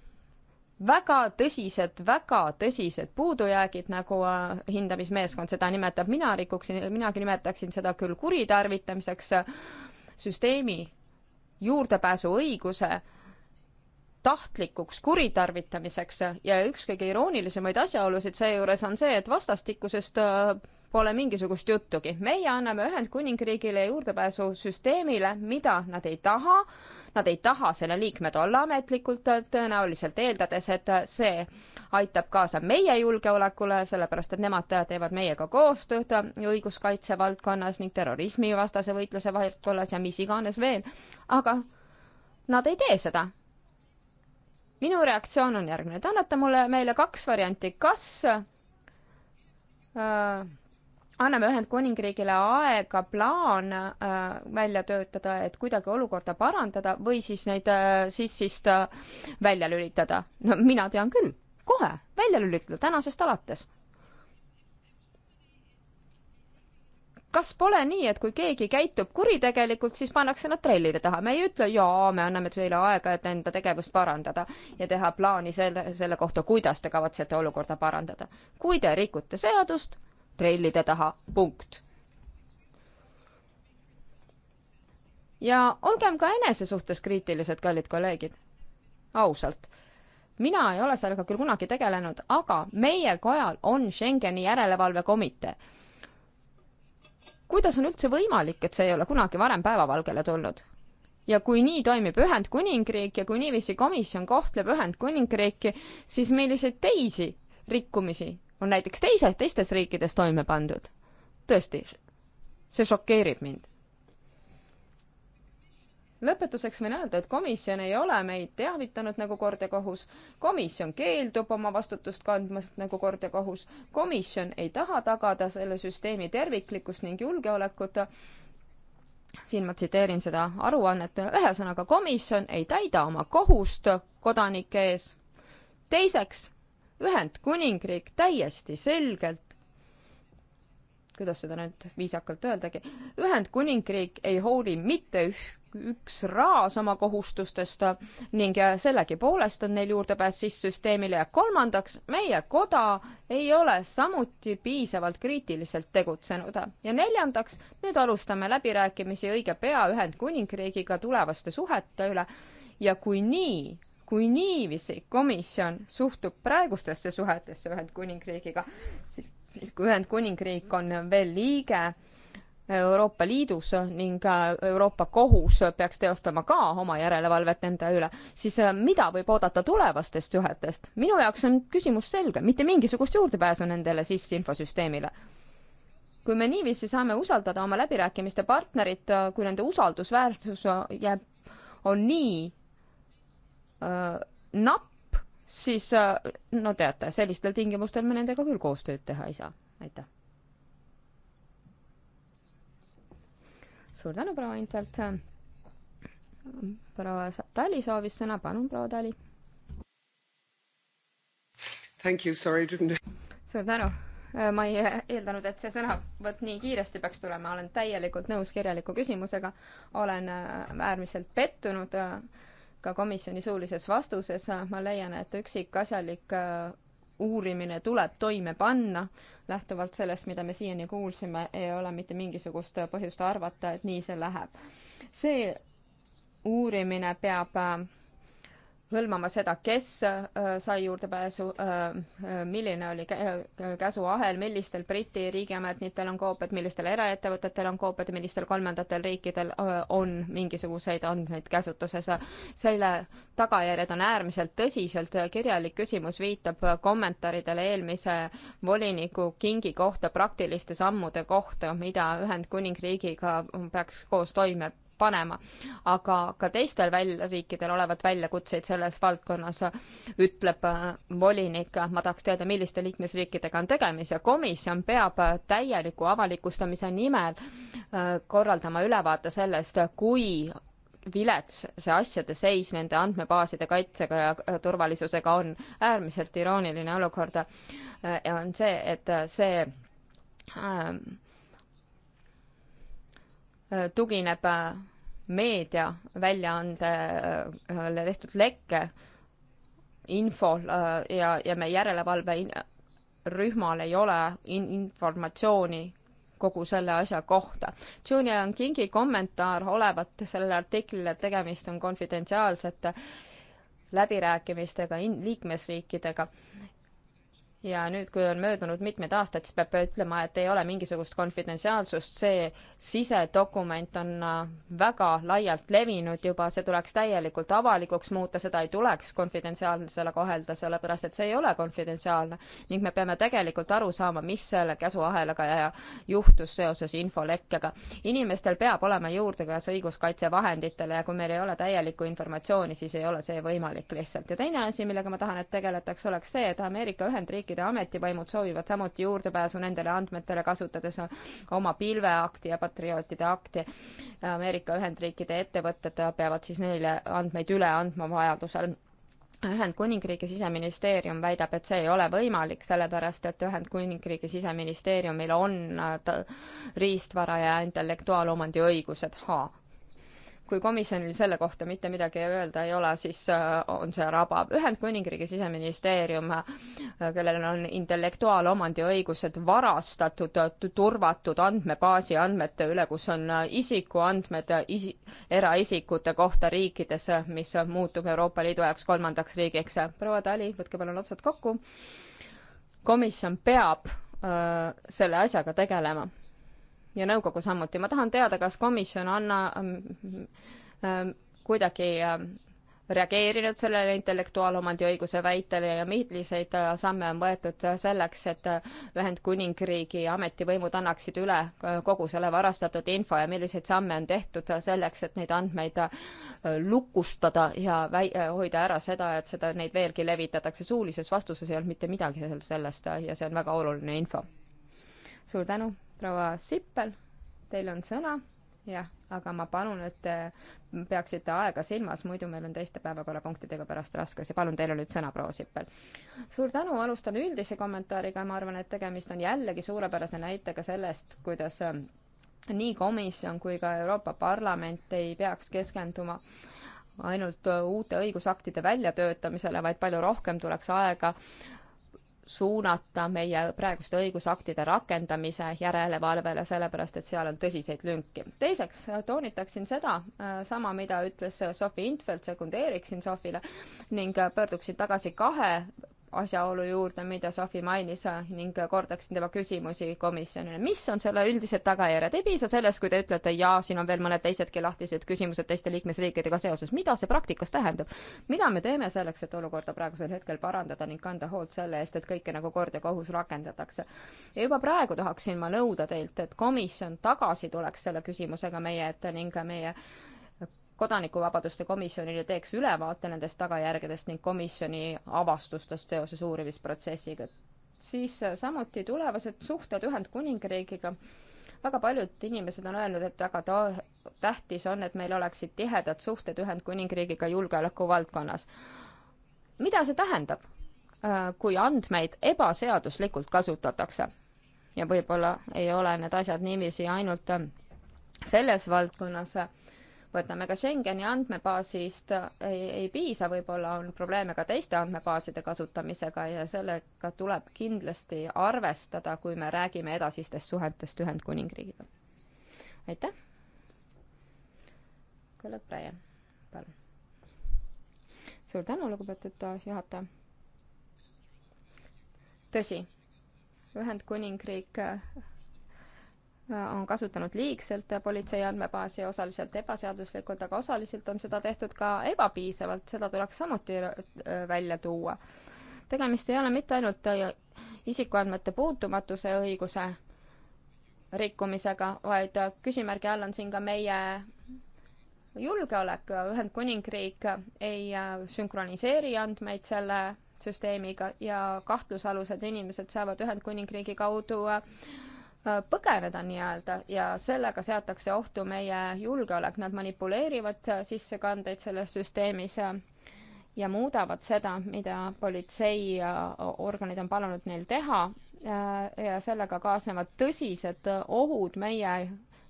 väga tõsised, väga tõsised puudujäägid, nagu äh, hindamismeeskond seda nimetab, mina rikuksin, minagi nimetaksin seda küll kuritarvitamiseks, süsteemi juurdepääsuõiguse tahtlikuks kuritarvitamiseks ja üks kõige iroonilisemaid asjaolusid seejuures on see, et vastastikusest äh, pole mingisugust juttugi. meie anname Ühendkuningriigile juurdepääsu süsteemile, mida nad ei taha Nad ei taha selle liikmed olla ametlikult, tõenäoliselt eeldades, et see aitab kaasa meie julgeolekule, sellepärast et nemad teevad meiega koostööd õiguskaitse valdkonnas ning terrorismivastase võitluse valdkonnas ja mis iganes veel. aga nad ei tee seda minu reaktsioon on järgmine, te annate mulle, meile kaks varianti, kas äh, anname Ühendkuningriigile aega plaan äh, välja töötada, et kuidagi olukorda parandada või siis neid äh, sissist äh, välja lülitada. no mina tean küll, kohe välja lülitada, tänasest alates. kas pole nii, et kui keegi käitub kuritegelikult, siis pannakse nad trellide taha, me ei ütle, jaa, me anname teile aega, et enda tegevust parandada ja teha plaani selle, selle kohta, kuidas te kavatsete olukorda parandada. kui te rikute seadust, trellide taha, punkt. ja olgem ka enese suhtes kriitilised, kallid kolleegid. ausalt mina ei ole sellega küll kunagi tegelenud, aga meie kojal on Schengeni järelevalvekomitee. kuidas on üldse võimalik, et see ei ole kunagi varem päevavalgele tulnud? ja kui nii toimib Ühendkuningriik ja kui niiviisi komisjon kohtleb Ühendkuningriiki, siis milliseid teisi rikkumisi on näiteks teises, teistes riikides toime pandud. tõesti, see šokeerib mind. lõpetuseks võin öelda, et komisjon ei ole meid teavitanud nagu kord ja kohus. komisjon keeldub oma vastutust kandmast nagu kord ja kohus. komisjon ei taha tagada selle süsteemi terviklikkust ning julgeolekut siin ma tsiteerin seda aruannet, ühesõnaga komisjon ei täida oma kohust kodanike ees. teiseks, Ühendkuningriik täiesti selgelt, kuidas seda nüüd viisakalt öeldagi, Ühendkuningriik ei hooli mitte üh-, üks raas oma kohustustest ning sellegipoolest on neil juurdepääs siis süsteemile ja kolmandaks, meie koda ei ole samuti piisavalt kriitiliselt tegutsenud. ja neljandaks, nüüd alustame läbirääkimisi õige pea Ühendkuningriigiga tulevaste suhete üle ja kui nii, kui niiviisi komisjon suhtub praegustesse suhetesse Ühendkuningriigiga, siis, siis kui Ühendkuningriik on veel liige Euroopa Liidus ning Euroopa Kohus peaks teostama ka oma järelevalvet nende üle, siis mida võib oodata tulevastest juhetest? minu jaoks on küsimus selge, mitte mingisugust juurdepääsu nendele siis infosüsteemile. kui me niiviisi saame usaldada oma läbirääkimiste partnerit, kui nende usaldusväärsus jääb, on nii Äh, napp, siis äh, no teate, sellistel tingimustel me nendega küll koostööd teha ei saa. aitäh. suur tänu, proua Intvelt. proua Tali soovis sõna, palun, proua Tali. Thank you, sorry, didn't. suur tänu äh, ma ei eeldanud, et see sõnavõtt nii kiiresti peaks tulema, olen täielikult nõus kirjaliku küsimusega, olen äärmiselt pettunud äh, ka komisjoni suulises vastuses, ma leian, et üksikasjalik äh, uurimine tuleb toime panna, lähtuvalt sellest, mida me siiani kuulsime, ei ole mitte mingisugust põhjust arvata, et nii see läheb. see uurimine peab äh, hõlmama seda, kes äh, sai juurdepääsu, äh, äh, milline oli käsuahel, millistel Briti riigiametitel on koopiad, millistel eraettevõtetel on koopiad ja millistel kolmandatel riikidel on mingisuguseid andmeid käsutuses. selle tagajärjed on äärmiselt tõsiselt, kirjalik küsimus viitab kommentaaridele eelmise voliniku kingi kohta praktiliste sammude kohta, mida Ühendkuningriigiga peaks koos toime panema. aga ka teistel väl-, riikidel olevat väljakutseid selles valdkonnas, ütleb äh, volinik. ma tahaks teada, milliste liikmesriikidega on tegemist ja komisjon peab täieliku avalikustamise nimel äh, korraldama ülevaate sellest, kui vilets see asjade seis nende andmebaaside kaitsega ja äh, turvalisusega on. äärmiselt irooniline olukord on see, et see ähm, tugineb äh, meediaväljaandele tehtud lekke info äh, ja, ja meie järelevalve rühmal ei ole in informatsiooni kogu selle asja kohta. Julian Kingi kommentaar olevat sellele artiklile, et tegemist on konfidentsiaalsete läbirääkimistega in-, liikmesriikidega ja nüüd, kui on möödunud mitmed aastad, siis peab ütlema, et ei ole mingisugust konfidentsiaalsust, see sisedokument on äh, väga laialt levinud juba, see tuleks täielikult avalikuks muuta, seda ei tuleks konfidentsiaalsele kohelda, sellepärast et see ei ole konfidentsiaalne. ning me peame tegelikult aru saama, mis selle käsuahelaga juhtus seoses infolekkega. inimestel peab olema juurdekääs õiguskaitsevahenditele ja kui meil ei ole täielikku informatsiooni, siis ei ole see võimalik lihtsalt. ja teine asi, millega ma tahan, et tegeletaks, oleks see, et Ameerika Ühendriikides liikmesriikide ametivõimud soovivad samuti juurdepääsu nendele andmetele, kasutades oma pilveakti ja patriootide akti. Ameerika Ühendriikide ettevõtted peavad siis neile andmeid üle andma vajadusel Ühendkuningriigi siseministeerium väidab, et see ei ole võimalik, sellepärast et Ühendkuningriigi siseministeeriumil on riistvara ja intellektuaalomandi õigused kui komisjonil selle kohta mitte midagi öelda ei ole, siis äh, on see rabav. Ühendkuningriigi siseministeerium, äh, kellel on intellektuaalomandi õigused varastatud, turvatud andmebaasi andmete üle, kus on äh, isikuandmed isi, eraisikute kohta riikides, mis muutub Euroopa Liidu jaoks kolmandaks riigiks. proua Tali, võtke palun otsad kokku. komisjon peab öö, selle asjaga tegelema ja nõukogu samuti. ma tahan teada, kas komisjon anna ähm, ähm, kuidagi ähm, reageerinud sellele intellektuaalomandi õiguse väitele ja milliseid äh, samme on võetud selleks, et äh, Ühendkuningriigi ametivõimud annaksid üle äh, kogu selle varastatud info ja milliseid samme on tehtud selleks, et neid andmeid lukustada ja väi-, hoida ära seda, et seda, neid veelgi levitatakse. suulises vastuses ei olnud mitte midagi sellest ja see on väga oluline info. suur tänu proua Sippel, teil on sõna, jah, aga ma palun, et te peaksite aega silmas, muidu meil on teiste päevakorrapunktidega pärast raskusi. palun, teil on nüüd sõna, proua Sippel. suur tänu, alustan üldise kommentaariga, ma arvan, et tegemist on jällegi suurepärase näitega sellest, kuidas ähm, nii komisjon kui ka Euroopa Parlament ei peaks keskenduma ainult äh, uute õigusaktide väljatöötamisele, vaid palju rohkem tuleks aega suunata meie praeguste õigusaktide rakendamise järelevalvele, sellepärast et seal on tõsiseid lünki. teiseks toonitaksin seda äh, sama, mida ütles Sofi Intfeld, sekundeeriksin Sofile ning pöörduksin tagasi kahe asjaolu juurde, mida Sofi mainis äh, ning kordaksin tema küsimusi komisjonile. mis on selle üldised tagajärjed? ei piisa sellest, kui te ütlete, jaa, siin on veel mõned teisedki lahtised küsimused teiste liikmesriikidega seoses. mida see praktikas tähendab? mida me teeme selleks, et olukorda praegusel hetkel parandada ning kanda hoolt selle eest, et kõike nagu kord ja kohus rakendatakse? ja juba praegu tahaksin ma nõuda teilt, et komisjon tagasi tuleks selle küsimusega meie ette ning meie kodanikuvabaduste komisjonile teeks ülevaate nendest tagajärgedest ning komisjoni avastustest seoses uurimisprotsessiga. siis äh, samuti tulevased suhted Ühendkuningriigiga. väga paljud inimesed on öelnud, et väga ta-, tähtis on, et meil oleksid tihedad suhted Ühendkuningriigiga julgeoleku valdkonnas. mida see tähendab, äh, kui andmeid ebaseaduslikult kasutatakse? ja võib-olla ei ole need asjad niiviisi ainult äh, selles valdkonnas võtame ka Schengeni andmebaasist, ei, ei piisa, võib-olla on probleeme ka teiste andmebaaside kasutamisega ja sellega tuleb kindlasti arvestada, kui me räägime edasistest suhetest Ühendkuningriigiga. aitäh! Kõlab Raie, palun. suur tänu, lugupeetud juhataja! tõsi, Ühendkuningriik on kasutanud liigselt politsei andmebaasi, osaliselt ebaseaduslikult, aga osaliselt on seda tehtud ka ebapiisavalt, seda tuleks samuti äh, välja tuua. tegemist ei ole mitte ainult äh, isikuandmete puutumatuse õiguse rikkumisega, vaid äh, küsimärgi all on siin ka meie julgeolek, Ühendkuningriik ei sünkroniseeri andmeid selle süsteemiga ja kahtlusalused inimesed saavad Ühendkuningriigi kaudu äh, põgeneda nii-öelda ja sellega seatakse ohtu meie julgeolek, nad manipuleerivad sissekandeid selles süsteemis ja muudavad seda, mida politseiorganid on palunud neil teha ja sellega kaasnevad tõsised ohud meie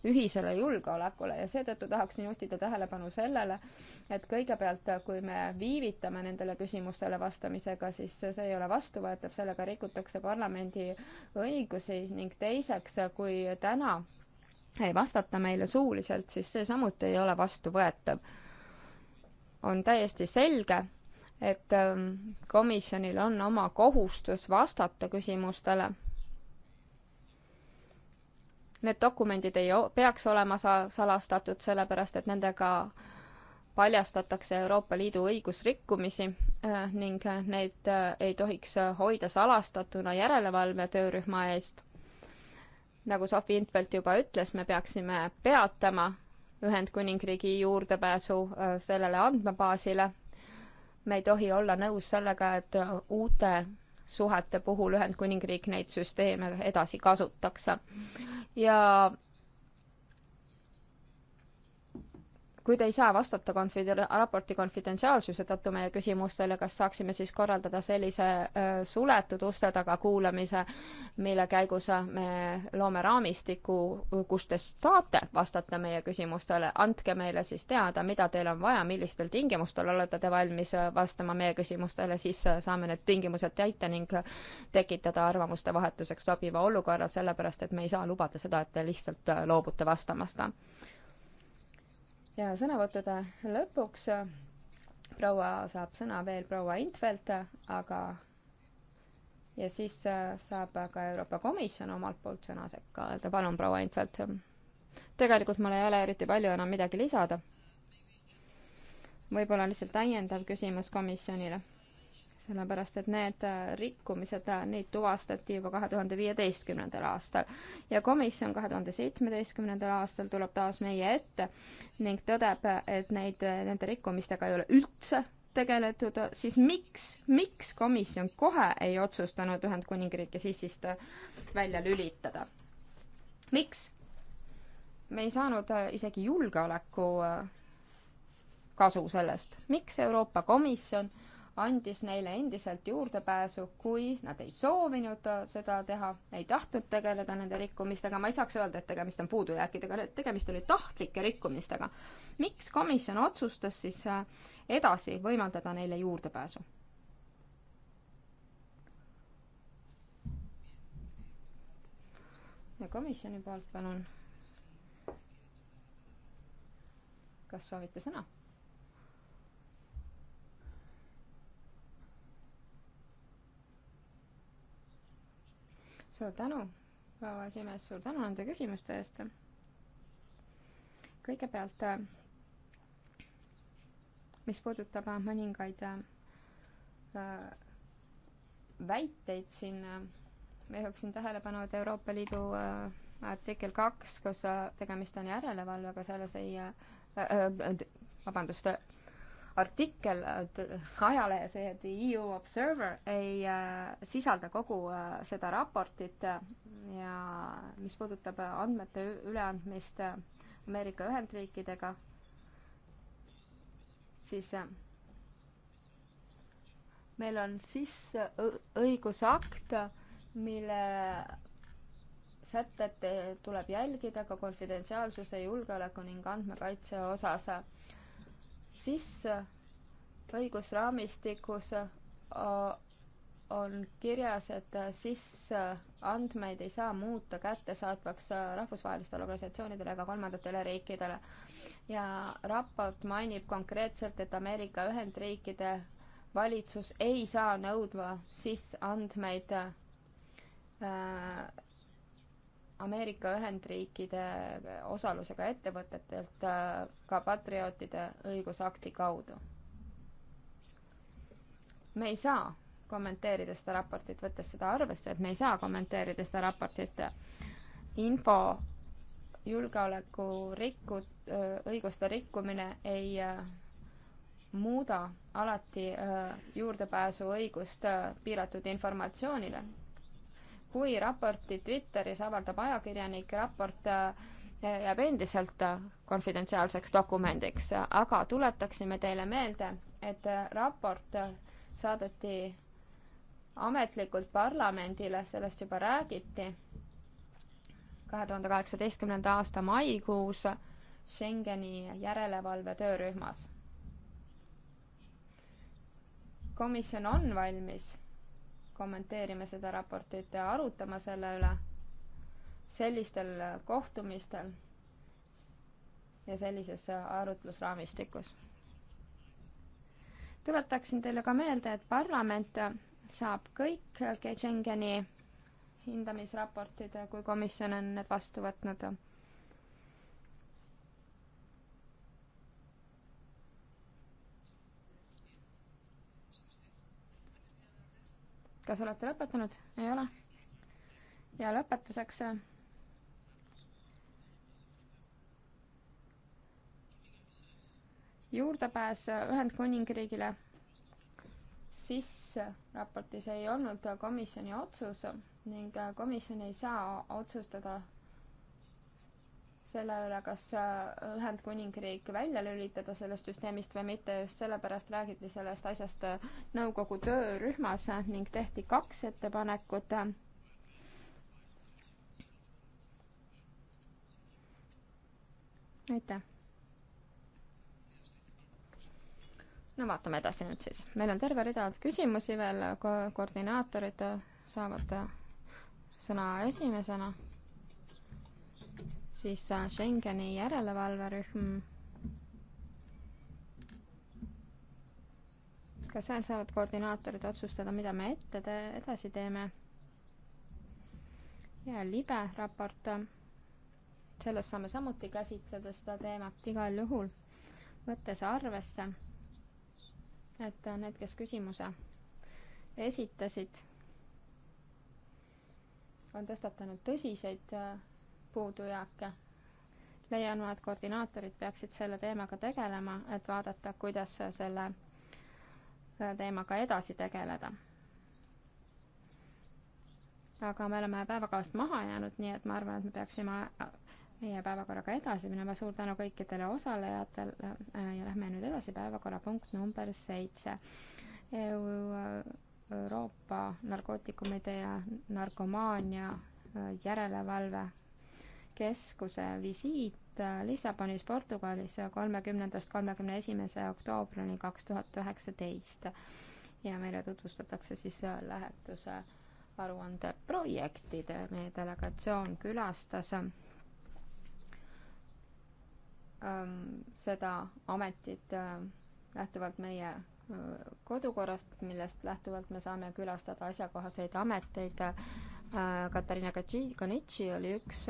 ühisele julgeolekule ja seetõttu tahaksin juhtida tähelepanu sellele, et kõigepealt, kui me viivitame nendele küsimustele vastamisega, siis see ei ole vastuvõetav, sellega rikutakse parlamendi õigusi ning teiseks, kui täna ei vastata meile suuliselt, siis see samuti ei ole vastuvõetav. on täiesti selge, et ähm, komisjonil on oma kohustus vastata küsimustele Need dokumendid ei peaks olema sa-, salastatud, sellepärast et nendega paljastatakse Euroopa Liidu õigusrikkumisi äh, ning äh, neid äh, ei tohiks hoida salastatuna järelevalve töörühma eest. nagu Sofi Intvelt juba ütles, me peaksime peatama Ühendkuningriigi juurdepääsu sellele andmebaasile. me ei tohi olla nõus sellega, et uute suhete puhul Ühendkuningriik neid süsteeme edasi kasutaks. ja kui te ei saa vastata konfide-, raporti konfidentsiaalsuse tõttu meie küsimustele, kas saaksime siis korraldada sellise suletud uste taga kuulamise, mille käigus me loome raamistiku, kust te saate vastata meie küsimustele, andke meile siis teada, mida teil on vaja, millistel tingimustel olete te valmis vastama meie küsimustele, siis saame need tingimused täita ning tekitada arvamuste vahetuseks sobiva olukorra, sellepärast et me ei saa lubada seda, et te lihtsalt loobute vastamast ja sõnavõttude lõpuks äh, proua saab sõna veel proua Intvelt, äh, aga ja siis äh, saab ka Euroopa Komisjon omalt poolt sõna sekka öelda, palun, proua Intvelt. tegelikult mul ei ole eriti palju enam midagi lisada. võib-olla lihtsalt täiendav küsimus komisjonile sellepärast et need äh, rikkumised, äh, neid tuvastati juba kahe tuhande viieteistkümnendal aastal. ja komisjon kahe tuhande seitsmeteistkümnendal aastal tuleb taas meie ette ning tõdeb, et neid, äh, nende rikkumistega ei ole üldse tegeletud, siis miks, miks komisjon kohe ei otsustanud Ühendkuningriiki sissist välja lülitada? miks? me ei saanud isegi julgeoleku kasu sellest. miks Euroopa Komisjon äh, andis neile endiselt juurdepääsu, kui nad ei soovinud äh, seda teha, ei tahtnud tegeleda nende rikkumistega, ma ei saaks öelda, et tegemist on puudujääkidega, tegemist oli tahtlike rikkumistega. miks komisjon otsustas siis äh, edasi võimaldada neile juurdepääsu? ja komisjoni poolt palun. kas soovite sõna? suur tänu, proua esimees, suur tänu nende küsimuste eest. kõigepealt, mis puudutab mõningaid äh, väiteid siin, ma juhiksin tähelepanu, et Euroopa Liidu äh, artikkel kaks, kus äh, tegemist on järelevalvega, selles ei, vabandust, artikkel ajalehes EU e Observer ei äh, sisalda kogu äh, seda raportit äh, ja mis puudutab andmete üleandmist Ameerika Ühendriikidega, siis meil on sisse õigusakt, mille sätet tuleb jälgida ka konfidentsiaalsuse, julgeoleku ning andmekaitse osas siis õigusraamistikus on kirjas, et siis andmeid ei saa muuta kättesaatvaks rahvusvahelistele organisatsioonidele ega kolmandatele riikidele. ja raport mainib konkreetselt, et Ameerika Ühendriikide valitsus ei saa nõudma siis andmeid äh, Ameerika Ühendriikide osalusega ettevõtetelt äh, ka patriootide õigusakti kaudu. me ei saa kommenteerida seda raportit, võttes seda arvesse, et me ei saa kommenteerida seda raportit info julgeoleku rikku, äh, õiguste rikkumine ei äh, muuda alati juurdepääsuõigust piiratud informatsioonile kui raporti Twitteris avaldab ajakirjanik, raport äh, jääb endiselt äh, konfidentsiaalseks dokumendiks, aga tuletaksime teile meelde, et äh, raport saadeti ametlikult parlamendile, sellest juba räägiti, kahe tuhande kaheksateistkümnenda aasta maikuus Schengeni järelevalve töörühmas. komisjon on valmis kommenteerime seda raportit ja arutama selle üle sellistel kohtumistel ja sellises arutlusraamistikus. tuletaksin teile ka meelde, et parlament saab kõik Schengeni hindamisraportid, kui komisjon on need vastu võtnud kas olete lõpetanud? ei ole? ja lõpetuseks äh, juurdepääs äh, Ühendkuningriigile sisse äh, raportis ei olnud komisjoni otsus ning komisjon ei saa otsustada selle üle, kas äh, Ühendkuningriik välja lülitada sellest süsteemist või mitte, just sellepärast räägiti sellest asjast äh, nõukogu töörühmas ning tehti kaks ettepanekut. aitäh. no vaatame edasi nüüd siis. meil on terve rida küsimusi veel ko, koordinaatorid saavad äh, sõna esimesena siis äh, Schengeni järelevalverühm. ka seal saavad koordinaatorid otsustada, mida me ette te edasi teeme. ja libe raport, selles saame samuti käsitleda seda teemat igal juhul, võttes arvesse, et need, kes küsimuse esitasid, on tõstatanud tõsiseid äh, puudujääke. leian ma, et koordinaatorid peaksid selle teemaga tegelema, et vaadata, kuidas selle äh, teemaga edasi tegeleda. aga me oleme päevakavast maha jäänud, nii et ma arvan, et me peaksime äh, meie päevakorraga edasi minema, suur tänu kõikidele osalejatele äh, ja lähme nüüd edasi, päevakorrapunkt number seitse. Euroopa narkootikumide ja narkomaania järelevalve keskuse visiit Lissabonis, Portugalis kolmekümnendast kolmekümne esimese oktoobrini kaks tuhat üheksateist. ja meile tutvustatakse siis lähetuse aruande projektid, meie delegatsioon külastas ähm, seda ametit äh, lähtuvalt meie äh, kodukorrast, millest lähtuvalt me saame külastada asjakohaseid ameteid. Äh, Katariina Kanitši oli üks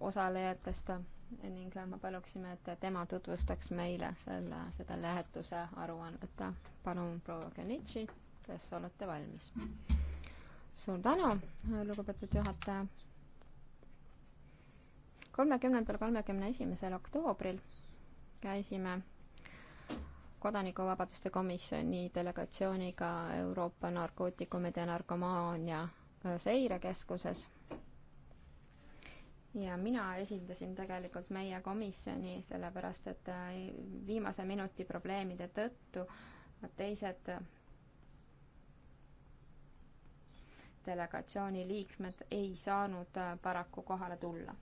osalejatest ning me paluksime, et tema tutvustaks meile selle, seda lähetuse aruannet. palun, proua Genitši, kas olete valmis? suur tänu, lugupeetud juhataja. kolmekümnendal, kolmekümne esimesel oktoobril käisime kodanikuvabaduste komisjoni delegatsiooniga Euroopa narkootikumide ja narkomaania seirekeskuses ja mina esindasin tegelikult meie komisjoni, sellepärast et äh, viimase minuti probleemide tõttu teised delegatsiooni liikmed ei saanud äh, paraku kohale tulla.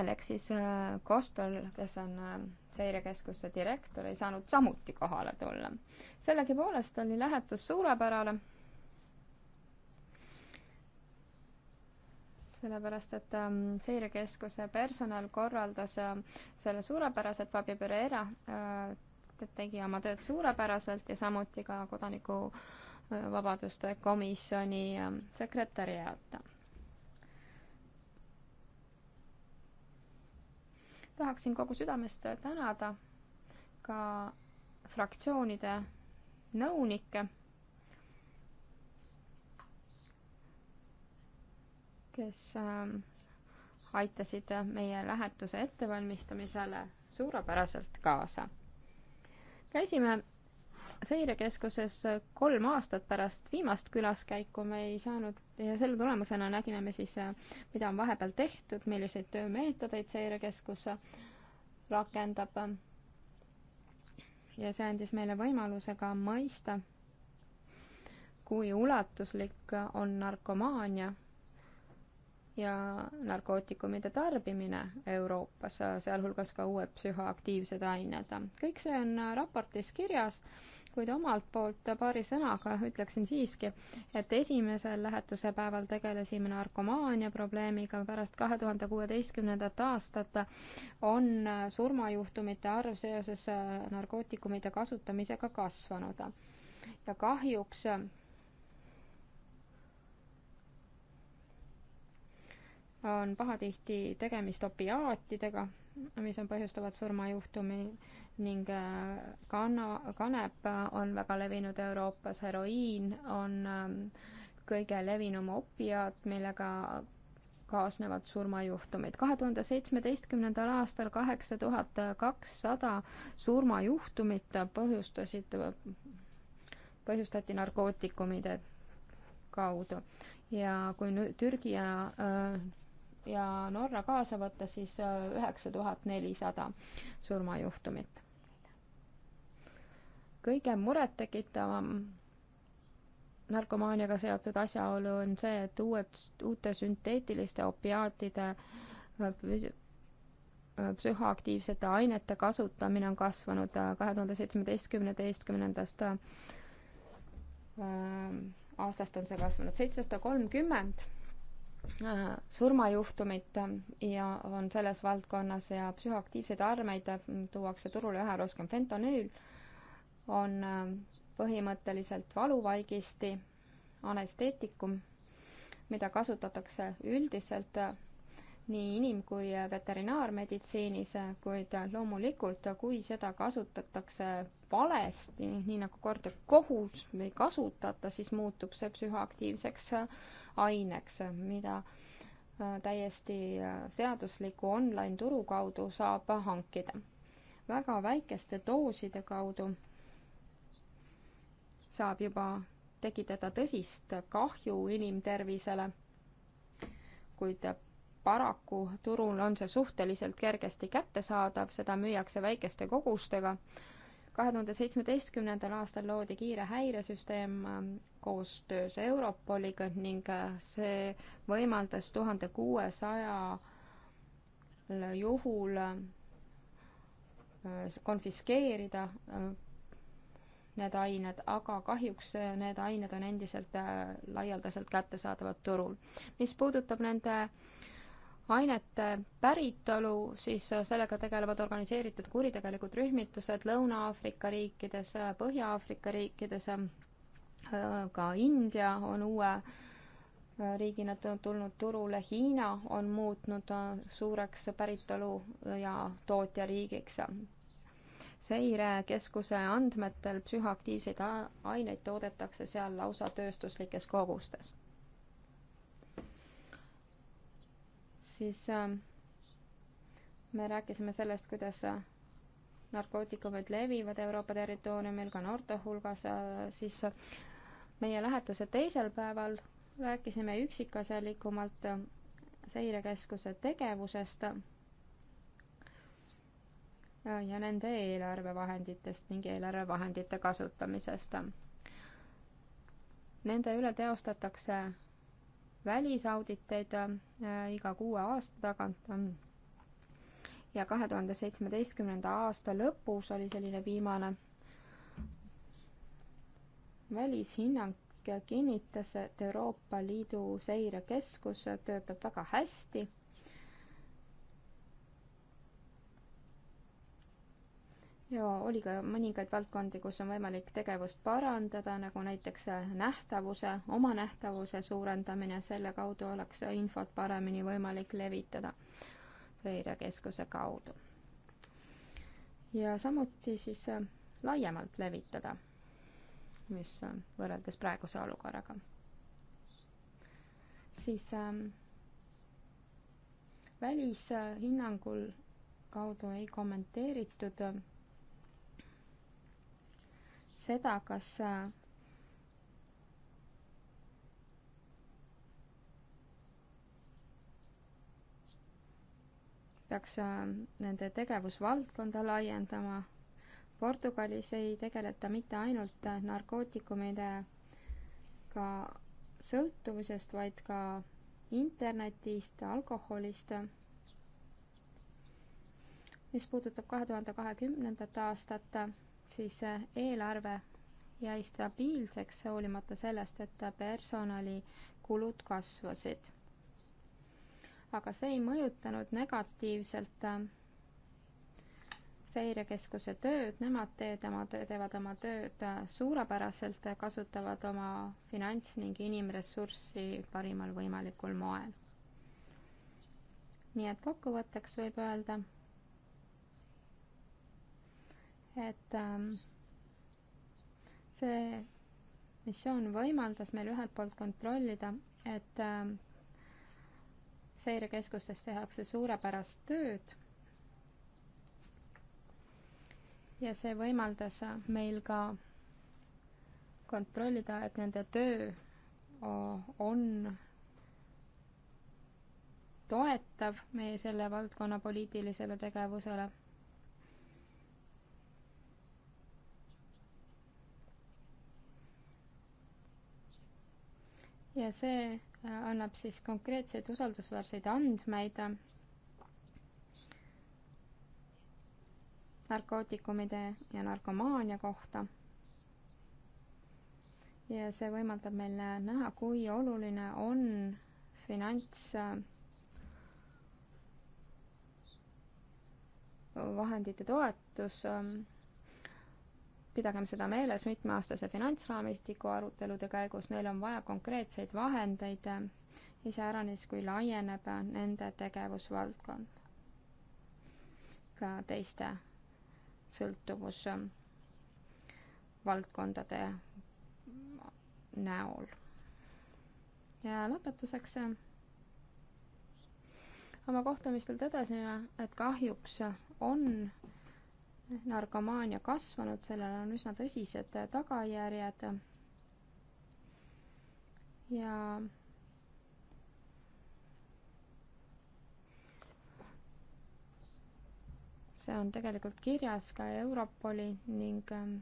Aleksis äh, Kostol, kes on seirekeskuse direktor, ei saanud samuti kohale tulla. sellegipoolest oli lähetus suurepärane sellepärast et ähm, seirekeskuse personal korraldas ähm, selle suurepäraselt, Fabio Pereira äh, tegi oma tööd suurepäraselt ja samuti ka kodanikuvabaduste äh, komisjoni ähm, sekretäriaat. tahaksin kogu südamest tänada ka fraktsioonide nõunikke kes ähm, aitasid meie lähetuse ettevalmistamisele suurepäraselt kaasa. käisime seirekeskuses kolm aastat pärast viimast külaskäiku me ei saanud ja selle tulemusena nägime me siis, mida on vahepeal tehtud, milliseid töömeetodeid seirekeskus rakendab. ja see andis meile võimaluse ka mõista, kui ulatuslik on narkomaania ja narkootikumide tarbimine Euroopas, sealhulgas ka uued psühhoaktiivsed ained. kõik see on raportis kirjas, kuid omalt poolt paari sõnaga ütleksin siiski, et esimesel lähetuse päeval tegelesime narkomaania probleemiga, pärast kahe tuhande kuueteistkümnendat aastat on surmajuhtumite arv seoses narkootikumide kasutamisega kasvanud. ja kahjuks on pahatihti tegemist opiaatidega, mis on põhjustavad surmajuhtumi ning äh, kana, kanep on väga levinud Euroopas, heroiin on ähm, kõige levinum opiaat, millega kaasnevad surmajuhtumid. kahe tuhande seitsmeteistkümnendal aastal kaheksa tuhat kakssada surmajuhtumit põhjustasid, põhjustati narkootikumide kaudu. ja kui nüüd Türgi ja äh, ja Norra kaasa võtta, siis äh, üheksa tuhat nelisada surmajuhtumit. kõige murettekitavam narkomaaniaga seotud asjaolu on see, et uued, uute sünteetiliste opiaatide äh, äh, psühhoaktiivsete ainete kasutamine on kasvanud kahe tuhande seitsmeteistkümneteistkümnendast aastast on see kasvanud seitsesada kolmkümmend Äh, surmajuhtumit äh, ja on selles valdkonnas ja psühhoaktiivseid armeid äh, tuuakse turule üha rohkem. fentanüül on põhimõtteliselt valuvaigisti anesteetikum, mida kasutatakse üldiselt nii inim- kui veterinaarmeditsiinis, kuid loomulikult, kui seda kasutatakse valesti, nii nagu kord ja kohus ei kasutata, siis muutub see psühhoaktiivseks aineks, mida äh, täiesti äh, seadusliku online-turu kaudu saab hankida. väga väikeste dooside kaudu saab juba tekitada tõsist kahju inimtervisele, kuid paraku turul on see suhteliselt kergesti kättesaadav, seda müüakse väikeste kogustega. kahe tuhande seitsmeteistkümnendal aastal loodi kiire häiresüsteem ähm, koostöös Europoliga ning äh, see võimaldas tuhande kuuesaja juhul äh, konfiskeerida äh, need ained, aga kahjuks need ained on endiselt laialdaselt kättesaadavad turul. mis puudutab nende ainete päritolu, siis äh, sellega tegelevad organiseeritud kuritegelikud rühmitused Lõuna-Aafrika riikides, äh, Põhja-Aafrika riikides, äh, ka India on uue riigina tulnud turule, Hiina on muutnud suureks päritolu ja tootjariigiks. seirekeskuse andmetel psühhoaktiivseid aineid toodetakse seal lausa tööstuslikes kogustes siis ähm, me rääkisime sellest, kuidas äh, narkootikumid levivad Euroopa territooriumil, ka noorte hulgas, äh, siis äh, meie lähetuse teisel päeval rääkisime üksikasjalikumalt seirekeskuse tegevusest ja nende eelarvevahenditest ning eelarvevahendite kasutamisest. Nende üle teostatakse välisauditeid äh, iga kuue aasta tagant. Ähm, ja kahe tuhande seitsmeteistkümnenda aasta lõpus oli selline viimane välishinnang kinnitas, et Euroopa Liidu seirekeskus töötab väga hästi ja oli ka mõningaid valdkondi, kus on võimalik tegevust parandada, nagu näiteks äh, nähtavuse, oma nähtavuse suurendamine, selle kaudu oleks infot paremini võimalik levitada seirekeskuse kaudu. ja samuti siis äh, laiemalt levitada, mis võrreldes praeguse olukorraga. siis ähm, välishinnangul kaudu ei kommenteeritud äh, seda, kas äh, peaks äh, nende tegevusvaldkonda laiendama. Portugalis ei tegeleta mitte ainult äh, narkootikumidega sõltuvusest, vaid ka internetist, alkoholist. mis puudutab kahe tuhande kahekümnendat aastat, siis eh, eelarve jäi stabiilseks, hoolimata sellest, et personalikulud kasvasid. aga see ei mõjutanud negatiivselt eh, seirekeskuse tööd, nemad teed, oma, teevad oma tööd eh, suurepäraselt, kasutavad oma finants- ning inimressurssi parimal võimalikul moel. nii et kokkuvõtteks võib öelda et ähm, see missioon võimaldas meil ühelt poolt kontrollida, et ähm, seirekeskustes tehakse suurepärast tööd ja see võimaldas meil ka kontrollida, et nende töö on toetav meie selle valdkonna poliitilisele tegevusele ja see äh, annab siis konkreetseid usaldusväärseid andmeid narkootikumide ja narkomaania kohta. ja see võimaldab meil näha, kui oluline on finants äh, vahendite toetus ähm, pidagem seda meeles mitmeaastase finantsraamistiku arutelude käigus, neil on vaja konkreetseid vahendeid, eh, iseäranis kui laieneb eh, nende tegevusvaldkond ka teiste sõltuvusvaldkondade näol. ja lõpetuseks eh, oma kohtumistel tõdesime, et kahjuks on narkomaania kasvanud, sellel on üsna tõsised äh, tagajärjed. ja see on tegelikult kirjas ka Europoli ning ähm,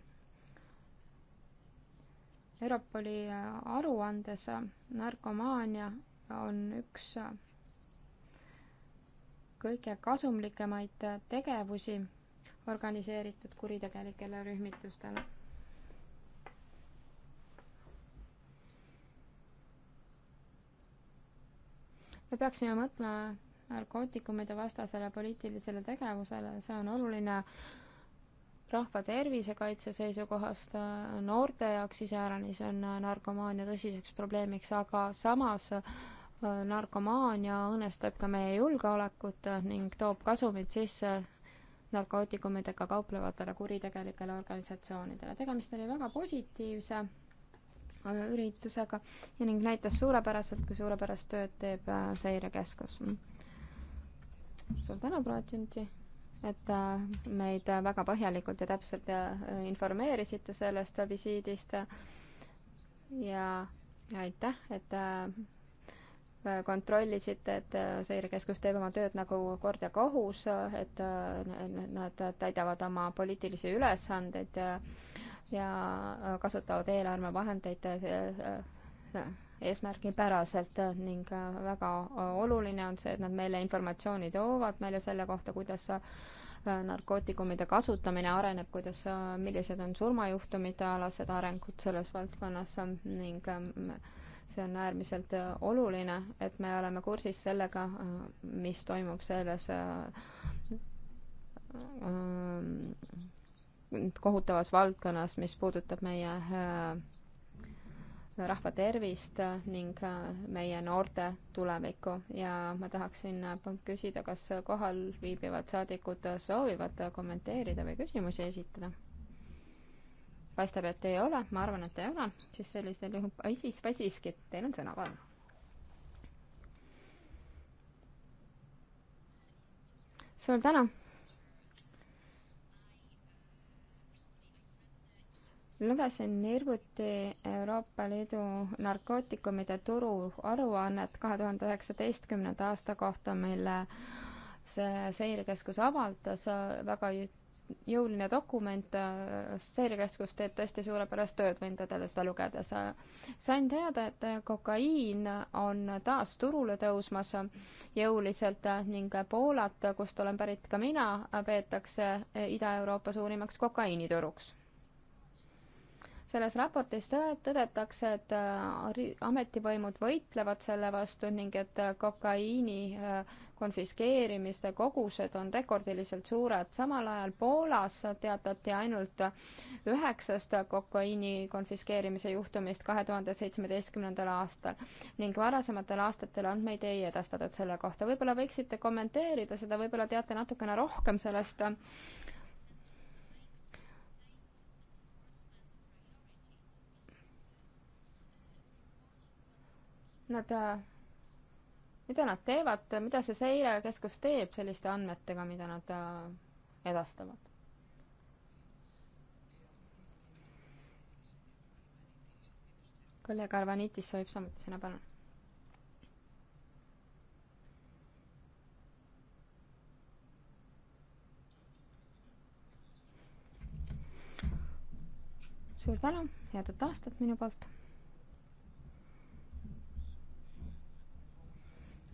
Europoli äh, aruandes äh, narkomaania on üks kõige kasumlikemaid tegevusi organiseeritud kuritegelikele rühmitustele. me peaksime mõtlema narkootikumide vastasele poliitilisele tegevusele, see on oluline rahva tervisekaitse seisukohast, noorte jaoks iseäranis on narkomaania tõsiseks probleemiks, aga samas äh, narkomaania õõnestab ka meie julgeolekut ning toob kasumit sisse narkootikumidega kauplevatele kuritegelikele organisatsioonidele. tegemist oli väga positiivse üritusega ja ning näitas suurepäraselt, kui suurepärast tööd teeb äh, seirekeskus. suur tänu, Brodjunti, et äh, meid väga põhjalikult ja täpselt äh, informeerisite sellest visiidist ja ja aitäh, et kontrollisite, et äh, seirekeskus teeb oma tööd nagu kord ja kohus, äh, et äh, nad täidavad oma poliitilisi ülesandeid ja, ja kasutavad eelarvevahendeid eesmärgipäraselt ning väga oluline on see, et nad meile informatsiooni toovad meile selle kohta, kuidas narkootikumide kasutamine areneb, kuidas, millised on surmajuhtumite alased arengud selles valdkonnas ning ähm, see on äärmiselt äh, oluline, et me oleme kursis sellega, äh, mis toimub selles äh, kohutavas valdkonnas, mis puudutab meie rahva tervist ning meie noorte tulevikku ja ma tahaksin küsida, kas kohal viibivad saadikud soovivad kommenteerida või küsimusi esitada paistab, et ei ole, ma arvan, et ei ole, siis sellisel juhul, ei siis, või siiski, teil on sõna, palun. suur tänu. lugesin hiljuti Euroopa Liidu narkootikumide turu aruannet kahe tuhande üheksateistkümnenda aasta kohta, mille see seirekeskus avaldas väga jõuline dokument, äh, seirekeskus teeb tõesti suurepärast tööd, võin tõdeda seda lugedes. sain teada, et äh, kokaiin on taas turule tõusmas jõuliselt äh, ning Poolat, kust olen pärit ka mina, peetakse Ida-Euroopa suurimaks kokaiinituruks selles raportis tõdetakse, et ametivõimud võitlevad selle vastu ning et kokaiini äh, konfiskeerimiste kogused on rekordiliselt suured, samal ajal Poolas teatati ainult üheksast kokaiini konfiskeerimise juhtumist kahe tuhande seitsmeteistkümnendal aastal ning varasematel aastatel andmeid ei edastatud selle kohta. võib-olla võiksite kommenteerida seda, võib-olla teate natukene rohkem sellest Nad äh, mida nad teevad, mida see seirekeskus teeb selliste andmetega, mida nad äh, edastavad? kolleeg Arvanitis soovib samuti sõna, palun. suur tänu, head uut aastat minu poolt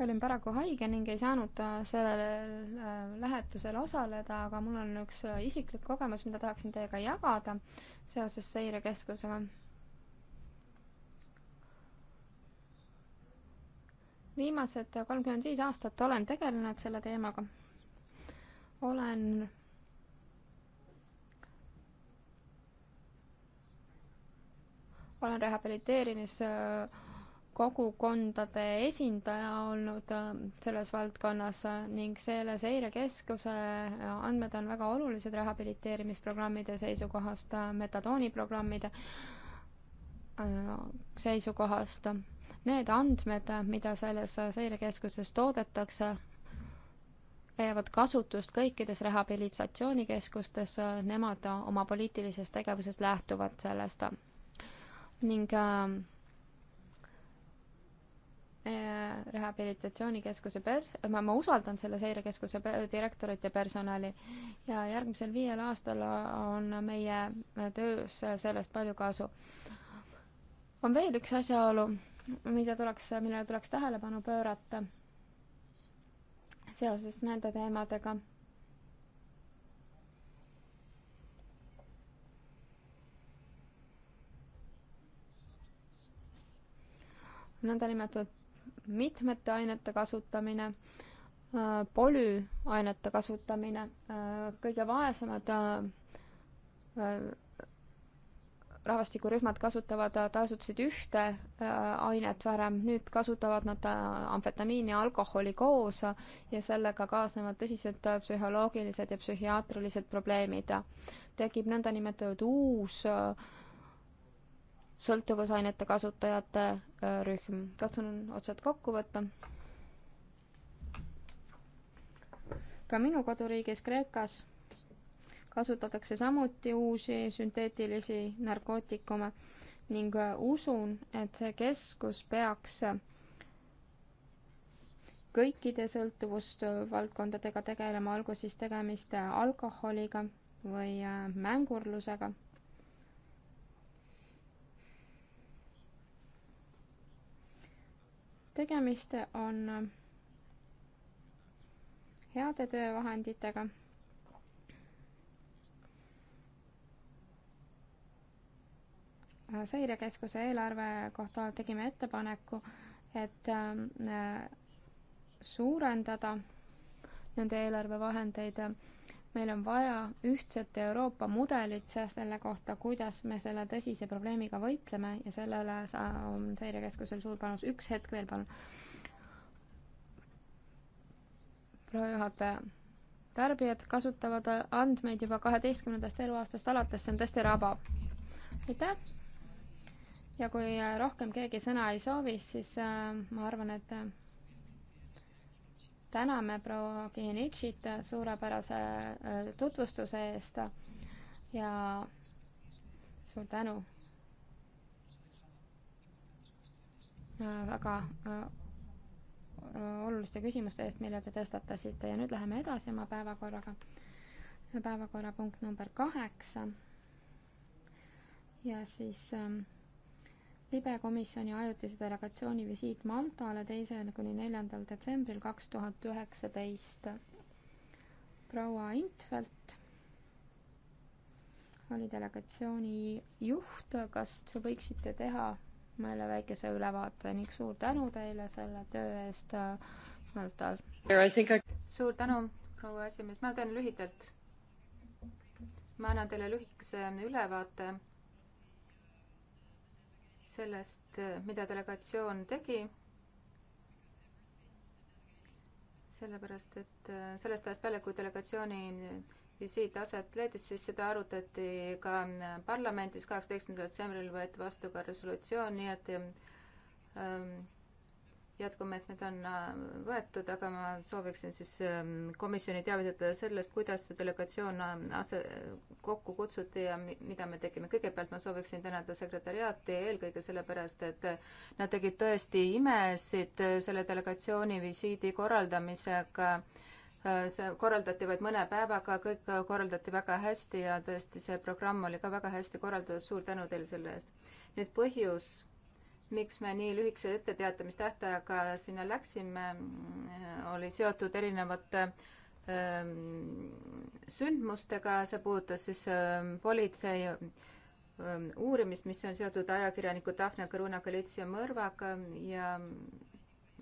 olin paraku haige ning ei saanud äh, sellel äh, lähetusel osaleda, aga mul on üks äh, isiklik kogemus, mida tahaksin teiega jagada seoses seirekeskusega. viimased kolmkümmend viis aastat olen tegelenud selle teemaga. olen olen rehabiliteerimis- kogukondade esindaja olnud äh, selles valdkonnas äh, ning selle seirekeskuse äh, andmed on väga olulised rehabiliteerimisprogrammide seisukohast, metadooniprogrammide seisukohast. Need andmed, mida selles seirekeskuses toodetakse, leiavad kasutust kõikides rehabilitatsioonikeskustes, nemad oma poliitilises tegevuses lähtuvad sellest. ning äh, Äh, rehabilitatsioonikeskuse pers-, ma, ma usaldan selle seirekeskuse direktorit ja personali ja järgmisel viiel aastal on meie äh, töös sellest palju kasu. on veel üks asjaolu, mida tuleks, millele tuleks tähelepanu pöörata seoses nende teemadega. nõndanimetatud mitmete ainete kasutamine, äh, polüainete kasutamine, äh, kõige vaesemad äh, rahvastikurühmad kasutavad, tasutasid ühte ainet varem, nüüd kasutavad nad amfetamiini ja alkoholi koos ja sellega kaasnevad tõsised psühholoogilised ja psühhiaatrilised probleemid. tekib nõndanimetatud uus äh, sõltuvusainete kasutajate äh, rühm. katsun otsad kokku võtta. ka minu koduriigis Kreekas kasutatakse samuti uusi sünteetilisi narkootikume ning äh, usun, et see keskus peaks äh, kõikide sõltuvust valdkondadega tegelema, olgu siis tegemist alkoholiga või mängurlusega tegemist on äh, heade töövahenditega. seirekeskuse eelarve kohta tegime ettepaneku, et äh, suurendada nende eelarvevahendeid äh, meil on vaja ühtset Euroopa mudelit selle kohta, kuidas me selle tõsise probleemiga võitleme ja sellele on seirekeskusel suur panus. üks hetk veel, palun. proua juhataja, tarbijad kasutavad andmeid juba kaheteistkümnendast eluaastast alates, see on tõesti raba. aitäh! ja kui rohkem keegi sõna ei soovi, siis äh, ma arvan, et täname proua Kihinitšit suurepärase äh, tutvustuse eest ja suur tänu äh, väga äh, oluliste küsimuste eest, mille te tõstatasite ja nüüd läheme edasi oma päevakorraga. päevakorrapunkt number kaheksa. ja siis ähm, libe komisjoni ajutise delegatsiooni visiit Maltale teisel kuni neljandal detsembril kaks tuhat üheksateist. proua Intfeld oli delegatsiooni juht, kas te võiksite teha meile väikese ülevaate ning suur tänu teile selle töö eest äh, Maltal. suur tänu, proua esimees, ma teen lühidalt. ma annan teile lühikese ülevaate sellest, mida delegatsioon tegi. sellepärast, et äh, sellest ajast peale, kui delegatsiooni visiit aset leidis, siis seda arutati ka äh, parlamendis, kaheksateistkümnendal detsembril võeti vastu ka resolutsioon, nii et ähm, jätkumeetmed on äh, võetud, aga ma sooviksin siis ähm, komisjoni teavitada sellest, kuidas see delegatsioon äh, ase-, kokku kutsuti ja mida me tegime. kõigepealt ma sooviksin tänada sekretäriaati eelkõige sellepärast, et äh, nad tegid tõesti imesid selle delegatsiooni visiidi korraldamisega. see korraldati vaid mõne päevaga, kõik korraldati väga hästi ja tõesti, see programm oli ka väga hästi korraldatud, suur tänu teile selle eest. nüüd põhjus miks me nii lühikese etteteatamistähtajaga sinna läksime, oli seotud erinevate ähm, sündmustega, see puudutas siis ähm, politsei ähm, uurimist, mis on seotud ajakirjaniku Daphne Caruana-Galizia mõrvaga ja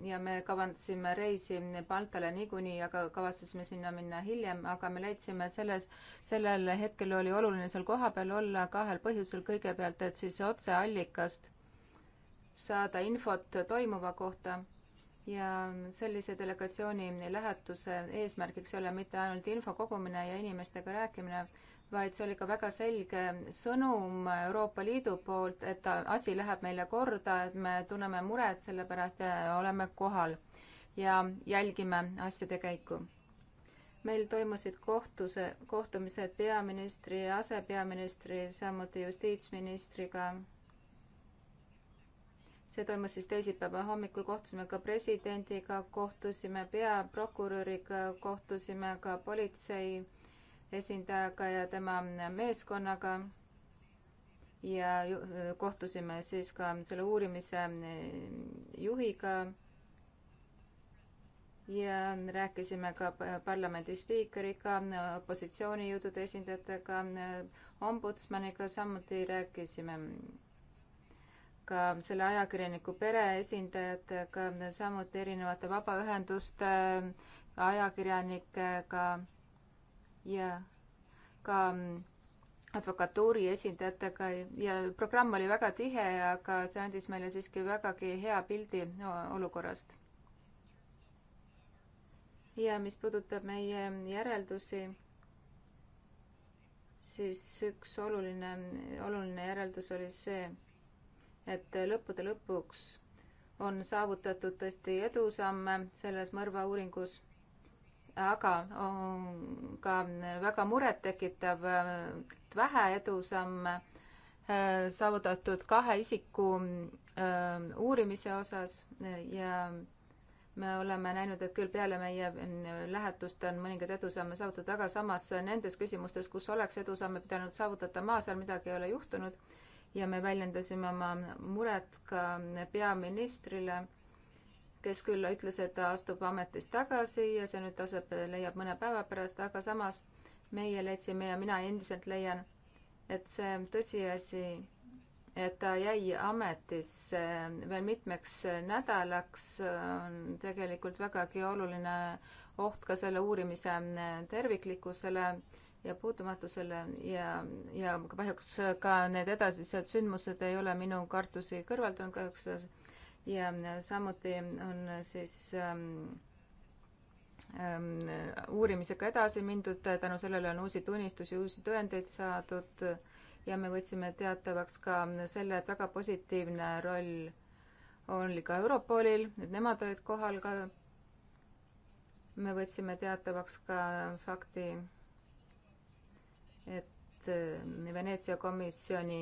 ja me kavandasime reisi Baltale niikuinii, aga kavatsesime sinna minna hiljem, aga me leidsime, et selles, sellel hetkel oli oluline seal kohapeal olla kahel põhjusel. kõigepealt, et siis otseallikast saada infot toimuva kohta ja sellise delegatsiooni lähetuse eesmärgiks ei ole mitte ainult info kogumine ja inimestega rääkimine, vaid see oli ka väga selge sõnum Euroopa Liidu poolt, et asi läheb meile korda, et me tunneme muret selle pärast ja oleme kohal ja jälgime asjade käiku. meil toimusid kohtuse, kohtumised peaministri ja asepeaministri, samuti justiitsministriga see toimus siis teisipäeva hommikul, kohtusime ka presidendiga, kohtusime peaprokuröriga, kohtusime ka politsei esindajaga ja tema meeskonnaga. ja kohtusime siis ka selle uurimise eh, juhiga. ja rääkisime ka parlamendi spiikriga, opositsioonijõudude esindajatega, ombudsmaniga samuti rääkisime ka selle ajakirjaniku pere esindajatega, samuti erinevate vabaühenduste ajakirjanikega ja ka advokatuuri esindajatega ja programm oli väga tihe, aga see andis meile siiski vägagi hea pildi olukorrast. ja mis puudutab meie järeldusi, siis üks oluline, oluline järeldus oli see, et lõppude lõpuks on saavutatud tõesti edusamme selles mõrvauuringus, aga on ka väga murettekitav vähe edusamme äh, saavutatud kahe isiku äh, uurimise osas ja me oleme näinud, et küll peale meie mm, lähetust on mõningaid edusamme saavutatud, aga samas nendes küsimustes, kus oleks edusamme pidanud saavutatama, seal midagi ei ole juhtunud ja me väljendasime oma muret ka peaministrile, kes küll ütles, et ta astub ametist tagasi ja see nüüd aset leiab mõne päeva pärast, aga samas meie leidsime ja mina endiselt leian, et see tõsiasi, et ta jäi ametisse veel mitmeks nädalaks, on tegelikult vägagi oluline oht ka selle uurimise terviklikkusele ja puutumatusele ja, ja kahjuks ka need edasised sündmused ei ole minu kartusi kõrvaldanud kahjuks ja samuti on siis ähm, ähm, uurimisega edasi mindud, tänu sellele on uusi tunnistusi, uusi tõendeid saadud ja me võtsime teatavaks ka selle, et väga positiivne roll oli ka Europolil, et nemad olid kohal ka. me võtsime teatavaks ka fakti et äh, Veneetsia komisjoni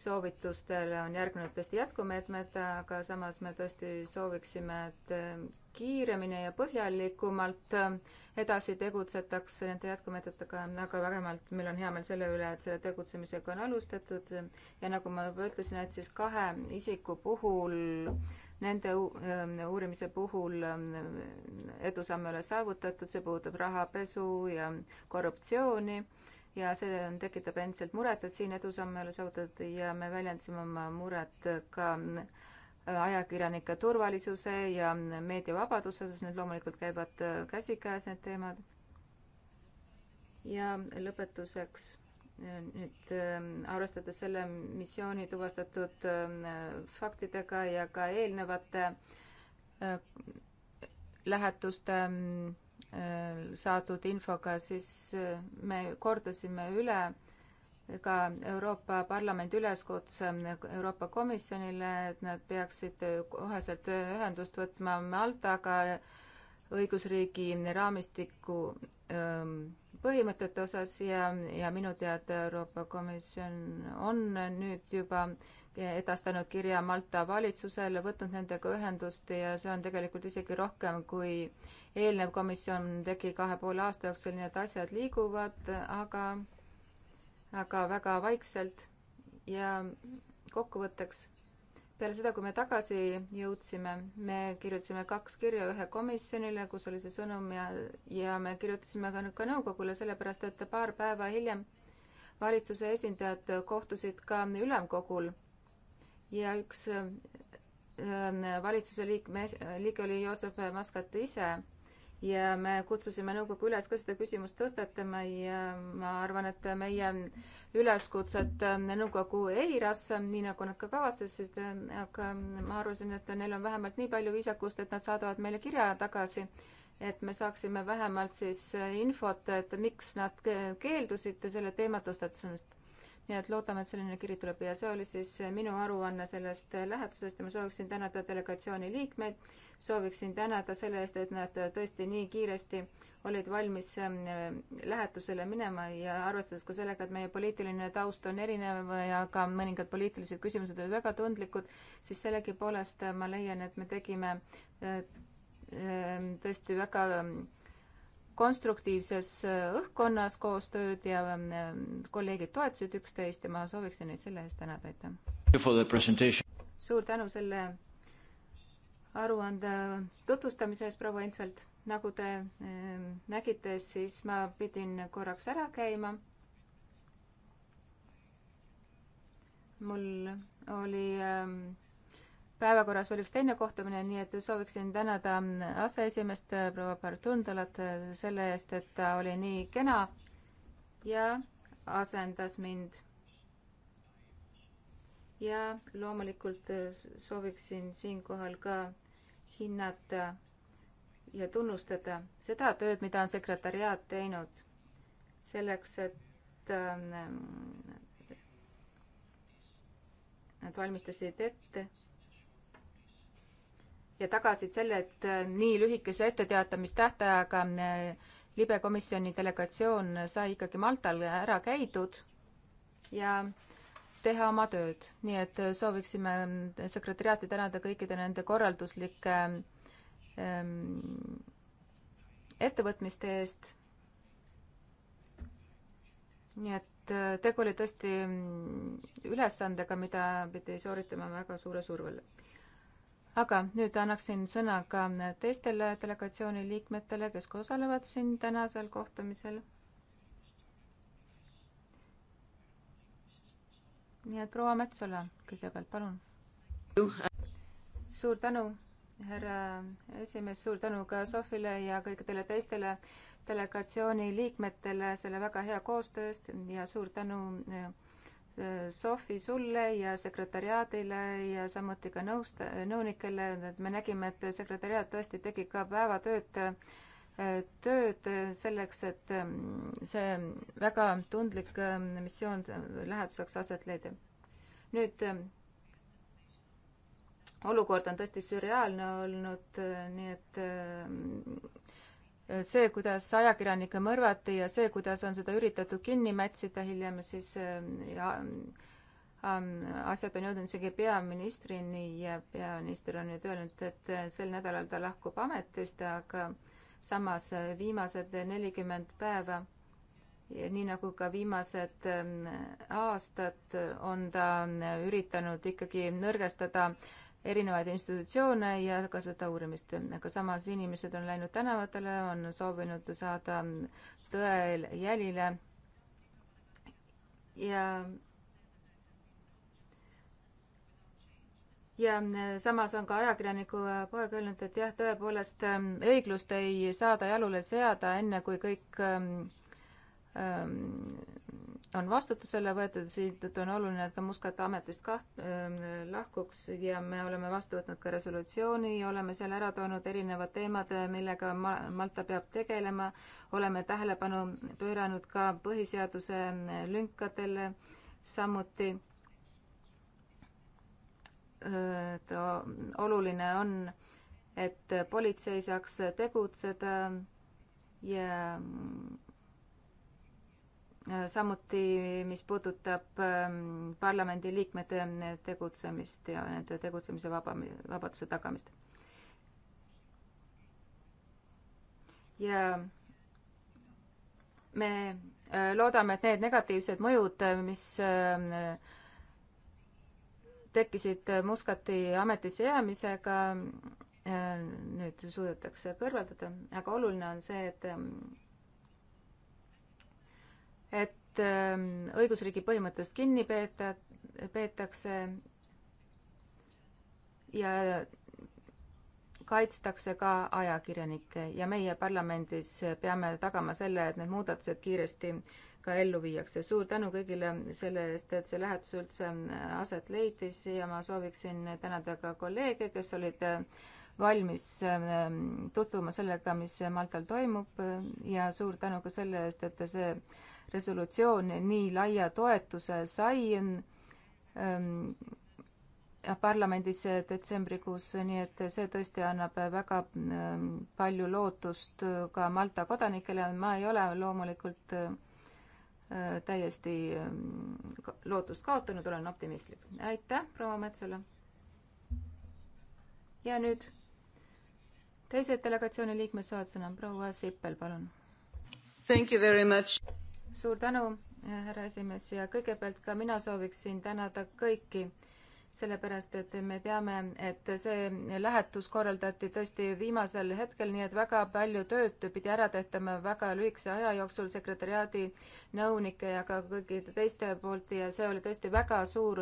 soovitustele on järgnenud tõesti jätkumeetmed, aga samas me tõesti sooviksime, et äh, kiiremini ja põhjalikumalt äh, edasi tegutsetaks nende jätkumeetmetega, aga vähemalt meil on hea meel selle üle, et selle tegutsemisega on alustatud ja nagu ma juba ütlesin, et siis kahe isiku puhul nende ähm, uurimise puhul ähm, edusamme ei ole saavutatud, see puudutab rahapesu ja korruptsiooni ja see on, tekitab endiselt muret, et siin edusamme ei ole saavutatud ja me väljendasime oma muret ka äh, ajakirjanike turvalisuse ja meediavabaduse osas, need loomulikult käivad äh, käsikäes, need teemad. ja lõpetuseks äh, nüüd arvestades selle missiooni tuvastatud faktidega ja ka eelnevate lähetuste mm, Äh, saadud infoga, siis äh, me kordasime üle ka Euroopa Parlamendi üleskutse Euroopa Komisjonile, et nad peaksid koheselt ühendust võtma Maltaga õigusriigi raamistiku ähm, põhimõtete osas ja, ja minu teada Euroopa Komisjon on nüüd juba edastanud kirja Malta valitsusele, võtnud nendega ühendust ja see on tegelikult isegi rohkem kui äh, eelnev komisjon tegi kahe poole aasta jooksul, nii et asjad liiguvad, aga, aga väga vaikselt. ja kokkuvõtteks, peale seda, kui me tagasi jõudsime, me kirjutasime kaks kirja, ühe komisjonile, kus oli see sõnum ja, ja me kirjutasime ka nüüd ka nõukogule, sellepärast et paar päeva hiljem valitsuse esindajad kohtusid ka ülemkogul ja üks äh, valitsuse liikme, liige oli Joosep Maskat ise ja me kutsusime nõukogu üles ka seda küsimust tõstatama ja ma arvan, et meie üleskutset ähm, nõukogu eiras, nii nagu nad ka kavatsesid, ähm, aga ma arvasin, et neil on vähemalt nii palju viisakust, et nad saadavad meile kirja tagasi, et me saaksime vähemalt siis äh, infot, et miks nad keeldusid selle teema tõstatusest nii et loodame, et selline kiri tuleb ja see oli siis äh, minu aruanne sellest äh, lähetusest ja ma sooviksin tänada delegatsiooni liikmeid sooviksin tänada selle eest, et nad tõesti nii kiiresti olid valmis ähm, lähetusele minema ja arvestades ka sellega, et meie poliitiline taust on erinev ja ka mõningad poliitilised küsimused olid väga tundlikud, siis sellegipoolest äh, ma leian, et me tegime äh, ähm, tõesti väga ähm, konstruktiivses äh, õhkkonnas koostööd ja kolleegid toetasid üksteist ja ma sooviksin neid selle eest tänada, aitäh! suur tänu selle aruande tutvustamise eest, proua Infeld. nagu te ehm, nägite, siis ma pidin korraks ära käima. mul oli ehm, päevakorras veel üks teine kohtumine, nii et sooviksin tänada aseesimeest eh, proua Bartundalat eh, selle eest, et ta oli nii kena ja asendas mind ja loomulikult eh, sooviksin siinkohal ka hinnata ja tunnustada seda tööd, mida on sekretäriaat teinud selleks, et ähm, nad valmistasid ette ja tagasid selle, et äh, nii lühikese etteteatamistähtajaga äh, libekomisjoni delegatsioon sai ikkagi Maltal ära käidud ja teha oma tööd, nii et äh, sooviksime ähm, sekretäriaati tänada kõikide nende korralduslike ähm, ähm ettevõtmiste eest. nii et äh, tegu oli tõesti mm, ülesandega, mida pidi sooritama väga suure survel. aga nüüd annaksin sõna ka teistele delegatsiooni liikmetele, kes osalevad siin tänasel kohtumisel nii et proua Metsola kõigepealt, palun. suur tänu, härra esimees, suur tänu ka Sofile ja kõikidele teistele delegatsiooni liikmetele selle väga hea koostöö eest ja suur tänu eh, Sofi sulle ja sekretäriaadile ja samuti ka nõust-, nõunikele, et me nägime, et sekretäriaat tõesti tegi ka päevatööd tööd selleks, et ähm, see väga tundlik ähm, missioon lähetuseks aset leida. nüüd ähm, olukord on tõesti sürreaalne olnud, äh, nii et see, kuidas ajakirjanikke mõrvati ja see, kuidas on seda üritatud kinni mätsida hiljem, siis ja, asjad on jõudnud isegi peaministrini ja peaminister on nüüd öelnud, et äh, sel nädalal ta lahkub ametist, aga samas äh, viimased äh, nelikümmend päeva, nii nagu ka viimased ähm, aastad, äh, on ta üritanud ikkagi nõrgestada erinevaid institutsioone ja ka seda uurimist. aga samas inimesed on läinud tänavatele, on soovinud saada ähm, tõe jälile ja ja mm, samas on ka ajakirjaniku äh, poeg öelnud, et jah, tõepoolest ähm, õiglust ei saada jalule seada, enne kui kõik ähm, ähm, on vastutusele võetud, seetõttu on oluline, et ka Muscat ametist kaht-, lahkuks ja me oleme vastu võtnud ka resolutsiooni ja oleme seal ära toonud erinevad teemad, äh, millega ma-, Malta peab tegelema, oleme tähelepanu pööranud ka põhiseaduse äh, lünkadele samuti Äh, oluline on, et politsei saaks tegutseda ja äh, samuti, mis puudutab ähm, parlamendiliikmete tegutsemist ja nende tegutsemise vaba, vabaduse tagamist. ja me äh, loodame, et need negatiivsed mõjud, mis äh, tekkisid Muscati ametisse jäämisega, äh, nüüd suudetakse kõrvaldada, aga oluline on see, et et ähm, õigusriigi põhimõttest kinni peeta, peetakse ja kaitstakse ka ajakirjanikke ja meie parlamendis peame tagama selle, et need muudatused kiiresti äh, ka ellu viiakse. suur tänu kõigile selle eest, et see lähetus üldse äh, aset leidis ja ma sooviksin tänada ka kolleege, kes olid äh, valmis äh, tutvuma sellega, mis Maltal toimub ja suur tänu ka selle eest, et see resolutsioon nii laia toetuse sai ähm, parlamendis detsembrikuus, nii et see tõesti annab väga ähm, palju lootust ka Malta kodanikele. ma ei ole loomulikult äh, Äh, täiesti ähm, lootust kaotanud, olen optimistlik. aitäh, proua Metsala. ja nüüd teised delegatsiooni liikmed saavad sõna. proua Sippel, palun. Thank you very much. suur tänu, äh, härra esimees ja kõigepealt ka mina sooviksin tänada kõiki sellepärast et me teame, et see lähetus korraldati tõesti viimasel hetkel, nii et väga palju tööd pidi ära tehtama väga lühikese aja jooksul sekretäriaadi nõunike ja ka kõikide teiste poolt ja see oli tõesti väga suur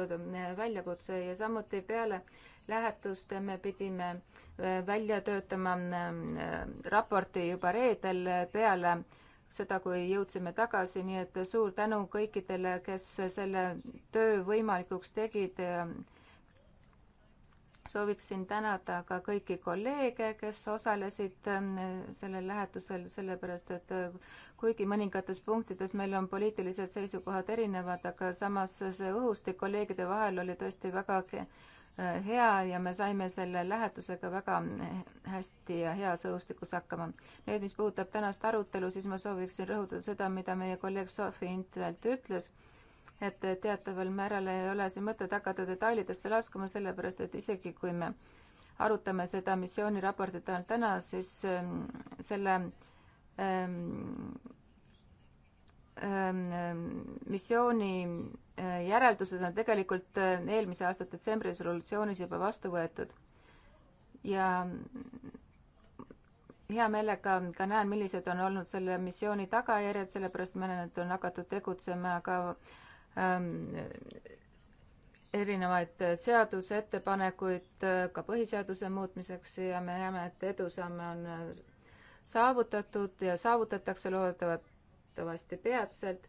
väljakutse ja samuti peale lähetust me pidime äh, välja töötama äh, raporti juba reedel peale seda, kui jõudsime tagasi, nii et suur tänu kõikidele, kes selle töö võimalikuks tegid sooviksin tänada ka kõiki kolleege, kes osalesid ähm, sellel lähetusel, sellepärast et äh, kuigi mõningates punktides meil on poliitilised seisukohad erinevad, aga samas see õhustik kolleegide vahel oli tõesti väga äh, hea ja me saime selle lähetusega väga äh, hästi ja heas õhustikus hakkama. nüüd, mis puudutab tänast arutelu, siis ma sooviksin rõhutada seda, mida meie kolleeg Sofi Intvelt ütles et teataval määral ei ole siin mõtet hakata detailidesse laskuma, sellepärast et isegi kui me arutame seda missiooniraportit ainult täna, siis ähm, selle ähm, ähm, missiooni äh, järeldused on tegelikult äh, eelmise aasta detsembri resolutsioonis juba vastu võetud. ja hea meelega ka näen, millised on olnud selle missiooni tagajärjed, sellepärast ma näen, et on hakatud tegutsema ka äh, Ähm, erinevaid seadusettepanekuid äh, ka põhiseaduse muutmiseks ja me näeme, et edusamme on äh, saavutatud ja saavutatakse loodetavasti peatselt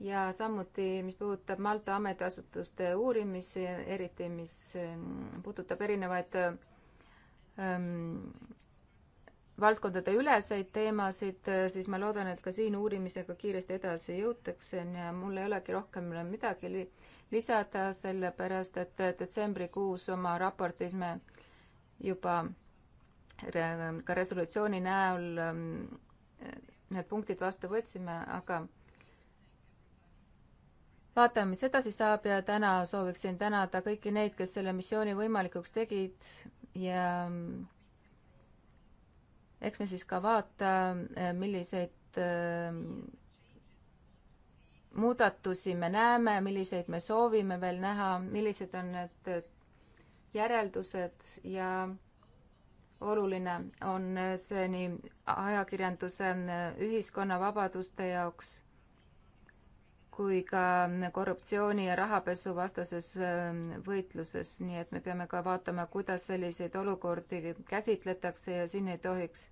ja samuti, mis puudutab Malta ametiasutuste uurimisi, eriti mis ähm, puudutab erinevaid ähm, valdkondade üleseid teemasid, siis ma loodan, et ka siin uurimisega kiiresti edasi jõutakse ja mul ei olegi rohkem midagi li lisada, sellepärast et detsembrikuus oma raportis me juba re ka resolutsiooni näol ähm, need punktid vastu võtsime, aga vaatame, mis edasi saab ja täna sooviksin tänada kõiki neid, kes selle missiooni võimalikuks tegid ja eks me siis ka vaata, äh, milliseid äh, muudatusi me näeme, milliseid me soovime veel näha, millised on need äh, järeldused ja oluline on see nii ajakirjanduse, ühiskonna vabaduste jaoks kui ka korruptsiooni ja rahapesu vastases ähm, võitluses, nii et me peame ka vaatama, kuidas selliseid olukordi käsitletakse ja siin ei tohiks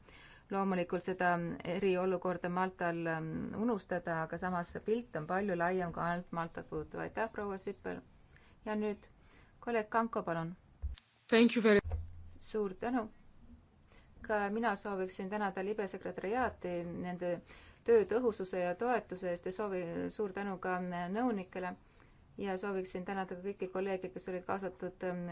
loomulikult seda eriolukorda Maltal ähm, unustada, aga samas see pilt on palju laiem kui ainult Maltat puutuv. aitäh, proua Sipper! ja nüüd kolleeg Kanko, palun! Very... suur tänu! ka mina sooviksin tänada libesekretäriaati nende töö tõhususe ja toetuse eest ja soovin suur tänu ka nõunikele ja sooviksin tänada kõiki kolleege, kes olid kaasatud ähm,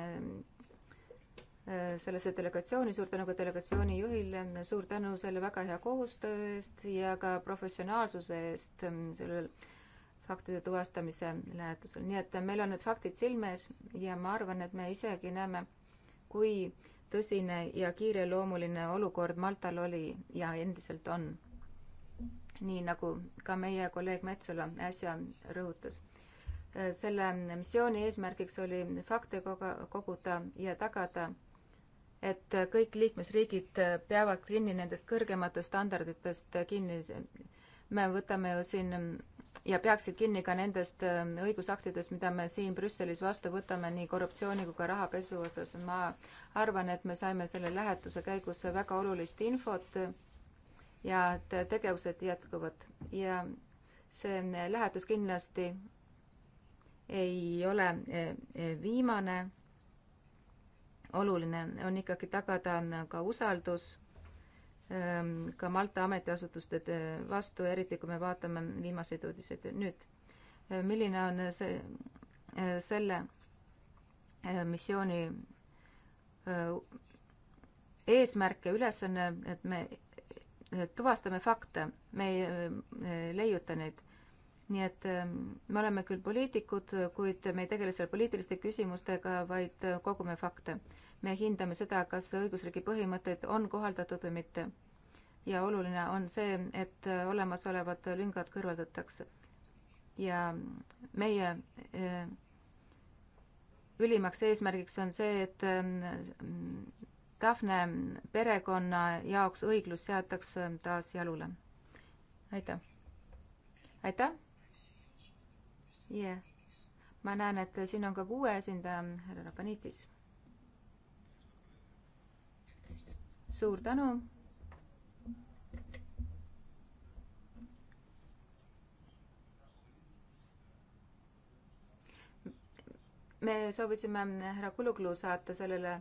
äh, sellesse delegatsiooni, suur tänu ka delegatsiooni juhile, suur tänu selle väga hea koostöö eest ja ka professionaalsuse eest ähm, sellel faktide tuvastamise lähetusel. nii et meil on nüüd faktid silme ees ja ma arvan, et me isegi näeme, kui tõsine ja kiireloomuline olukord Maltal oli ja endiselt on nii nagu ka meie kolleeg Metsola äsja rõhutas. selle missiooni eesmärgiks oli fakte koguda ja tagada, et kõik liikmesriigid peavad kinni nendest kõrgematest standarditest kinni. me võtame ju siin ja peaksid kinni ka nendest õigusaktidest, mida me siin Brüsselis vastu võtame nii korruptsiooni kui ka rahapesu osas. ma arvan, et me saime selle lähetuse käigus väga olulist infot ja et tegevused jätkuvad ja see lähetus kindlasti ei ole e, e, viimane. oluline on ikkagi tagada ka usaldus e, ka Malta ametiasutuste vastu, eriti kui me vaatame viimaseid uudiseid nüüd. milline on see, selle missiooni eesmärk ja ülesanne, et me tuvastame fakte, me ei leiuta neid. nii et ähm, me oleme küll poliitikud, kuid me ei tegele seal poliitiliste küsimustega, vaid kogume fakte. me hindame seda, kas õigusriigi põhimõtteid on kohaldatud või mitte. ja oluline on see, et olemasolevad lüngad kõrvaldatakse. ja meie äh, ülimaks eesmärgiks on see, et ähm, Daphne perekonna jaoks õiglus seatakse taas jalule. aitäh. aitäh. jah yeah.. ma näen, et siin on ka uue esindaja, härra Rapanitis. suur tänu. me soovisime härra Kuluklu saata sellele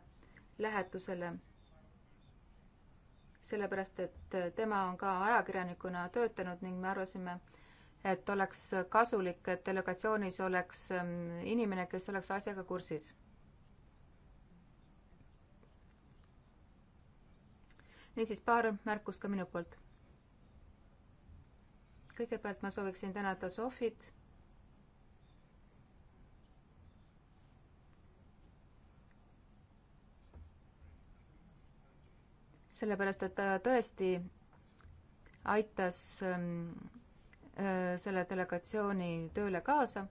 lähetusele. sellepärast, et tema on ka ajakirjanikuna töötanud ning me arvasime, et oleks kasulik, et delegatsioonis oleks ähm, inimene, kes oleks asjaga kursis. niisiis, paar märkust ka minu poolt. kõigepealt ma sooviksin tänada Sofit sellepärast et ta tõesti aitas ähm, äh, selle delegatsiooni tööle kaasa.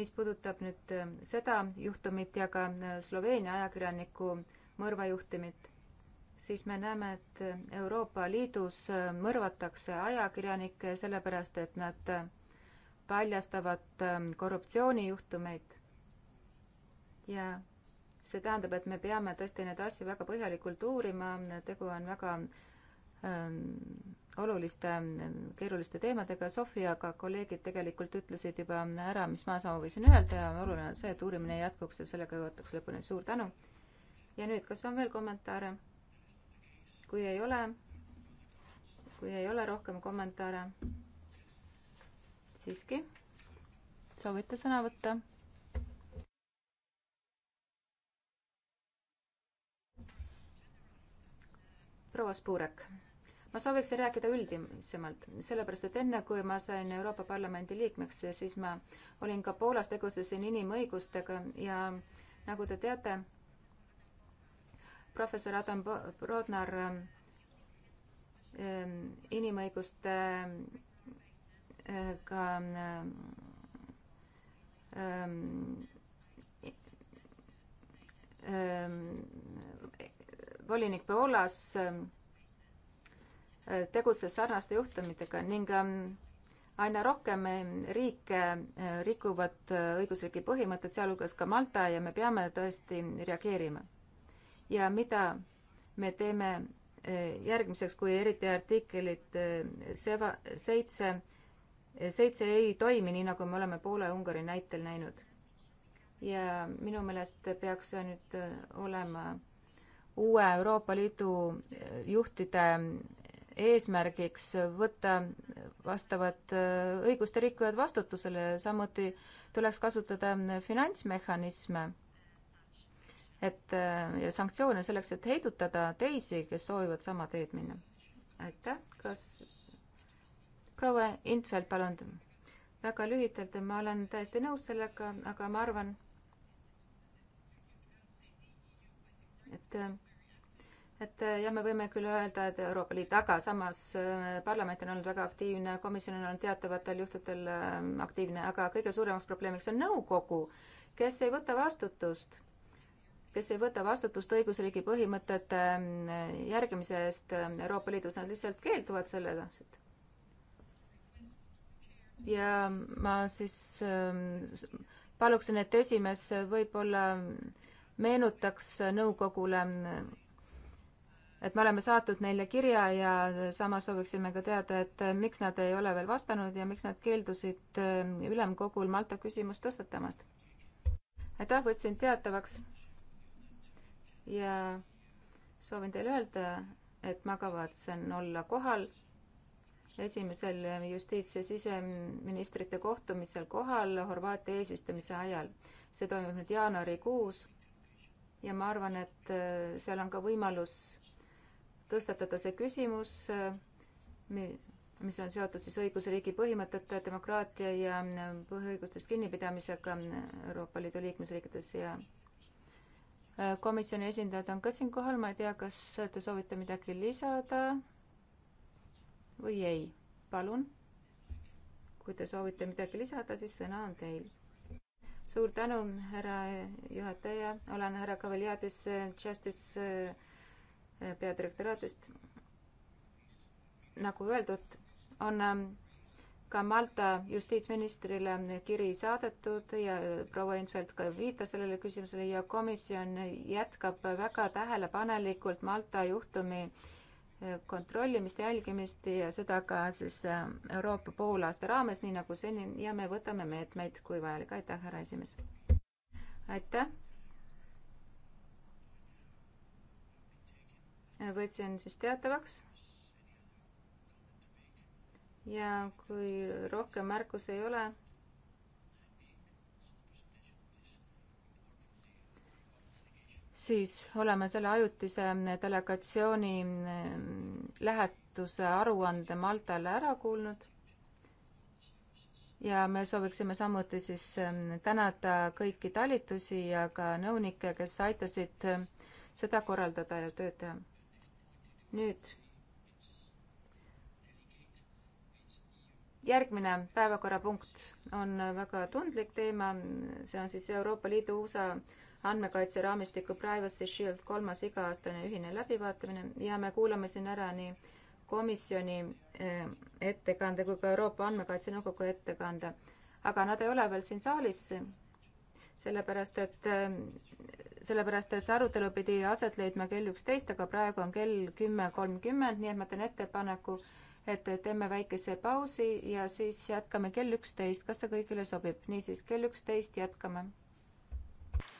mis puudutab nüüd ähm, seda juhtumit ja ka äh, Sloveenia ajakirjaniku mõrvajuhtumit, siis me näeme, et äh, Euroopa Liidus mõrvatakse ajakirjanikke sellepärast, et nad paljastavad ähm, korruptsioonijuhtumeid ja see tähendab, et me peame tõesti neid asju väga põhjalikult uurima, tegu on väga ähm, oluliste, keeruliste teemadega. Sofiaga kolleegid tegelikult ütlesid juba ära, mis ma soovisin öelda ja oluline on see, et uurimine jätkuks ja sellega jõutakse lõpuni. suur tänu! ja nüüd, kas on veel kommentaare? kui ei ole, kui ei ole rohkem kommentaare, siiski soovite sõna võtta? proua Spurek, ma sooviksin rääkida üldisemalt, sellepärast et enne, kui ma sain Euroopa Parlamendi liikmeks, siis ma olin ka Poolas, tegutsesin inimõigustega ja nagu te teate, professor Adam Rodnar ehm, inimõiguste ehm, ka ehm, volinik Poolas ähm, äh, tegutses sarnaste juhtumitega ning ähm, aina rohkem ähm, riike äh, rikuvad äh, õigusriigi põhimõtted, sealhulgas ka Malta ja me peame tõesti reageerima. ja mida me teeme järgmiseks, kui eriti artiklit seva, seitse, seitse ei toimi, nii nagu me oleme Poola ja Ungari näitel näinud. ja minu meelest peaks see nüüd olema uue Euroopa Liidu eh, juhtide eh, eesmärgiks võtta vastavad eh, õiguste rikkujad vastutusele ja samuti tuleks kasutada finantsmehhanisme, et ja sanktsioone selleks, et heidutada teisi, kes soovivad sama teed minna. aitäh, kas proua Intfeld, palun. väga lühidalt, ma olen täiesti nõus sellega, aga ma arvan, et et äh, jah, me võime küll öelda, et Euroopa Liit, aga samas äh, parlament on olnud väga aktiivne, komisjon on olnud teatavatel juhtudel ähm, aktiivne, aga kõige suuremaks probleemiks on nõukogu, kes ei võta vastutust, kes ei võta vastutust õigusriigi põhimõtete ähm, järgimise eest ähm, Euroopa Liidus, nad lihtsalt keelduvad sellest. ja ma siis paluksin, et esimees võib-olla meenutaks nõukogule et me oleme saatnud neile kirja ja samas sooviksime ka teada, et miks nad ei ole veel vastanud ja miks nad keeldusid äh, ülemkogul Malta küsimust tõstatamast. aitäh, võtsin teatavaks. ja soovin teile öelda, et ma kavatsen olla kohal esimesel äh, justiits- ja siseministrite kohtumisel kohal Horvaatia eesistumise ajal. see toimub nüüd jaanuarikuus ja ma arvan, et äh, seal on ka võimalus tõstatada see küsimus, äh, mis on seotud siis õigusriigi põhimõtete, demokraatia ja äh, põhiõigustest kinnipidamisega äh, Euroopa Liidu liikmesriikides ja komisjoni esindajad on ka siinkohal, ma ei tea, kas te soovite midagi lisada või ei. palun. kui te soovite midagi lisada, siis sõna on teil. suur tänu, härra juhataja, olen härra Kaveljadis Justice Äh, peadirektoraadist. nagu öeldud, on ähm, ka Malta justiitsministrile kiri saadetud ja äh, proua Infeld ka viitas sellele küsimusele ja komisjon jätkab väga tähelepanelikult Malta juhtumi äh, kontrollimist, jälgimist ja seda ka siis Euroopa poolaasta raames, nii nagu seni ja me võtame meetmeid, kui vajalik. aitäh, härra esimees! aitäh! võtsin siis teatavaks. ja kui rohkem märkusi ei ole, siis oleme selle ajutise delegatsiooni mm, lähetuse aruande Maltale ära kuulnud. ja me sooviksime samuti siis mm, tänada kõiki talitusi ja ka nõunikke, kes aitasid mm, seda korraldada ja tööd teha nüüd järgmine päevakorrapunkt on väga tundlik teema, see on siis Euroopa Liidu USA andmekaitseraamistiku Privacy Shield kolmas iga-aastane ühine läbivaatamine ja me kuulame siin ära nii komisjoni eh, ettekande kui ka Euroopa Andmekaitse Nõukogu ettekande. aga nad ei ole veel siin saalis, sellepärast et, sellepärast et see arutelu pidi aset leidma kell üksteist, aga praegu on kell kümme kolmkümmend, nii et ma teen ettepaneku, et teeme väikese pausi ja siis jätkame kell üksteist, kas see kõigile sobib? niisiis, kell üksteist jätkame.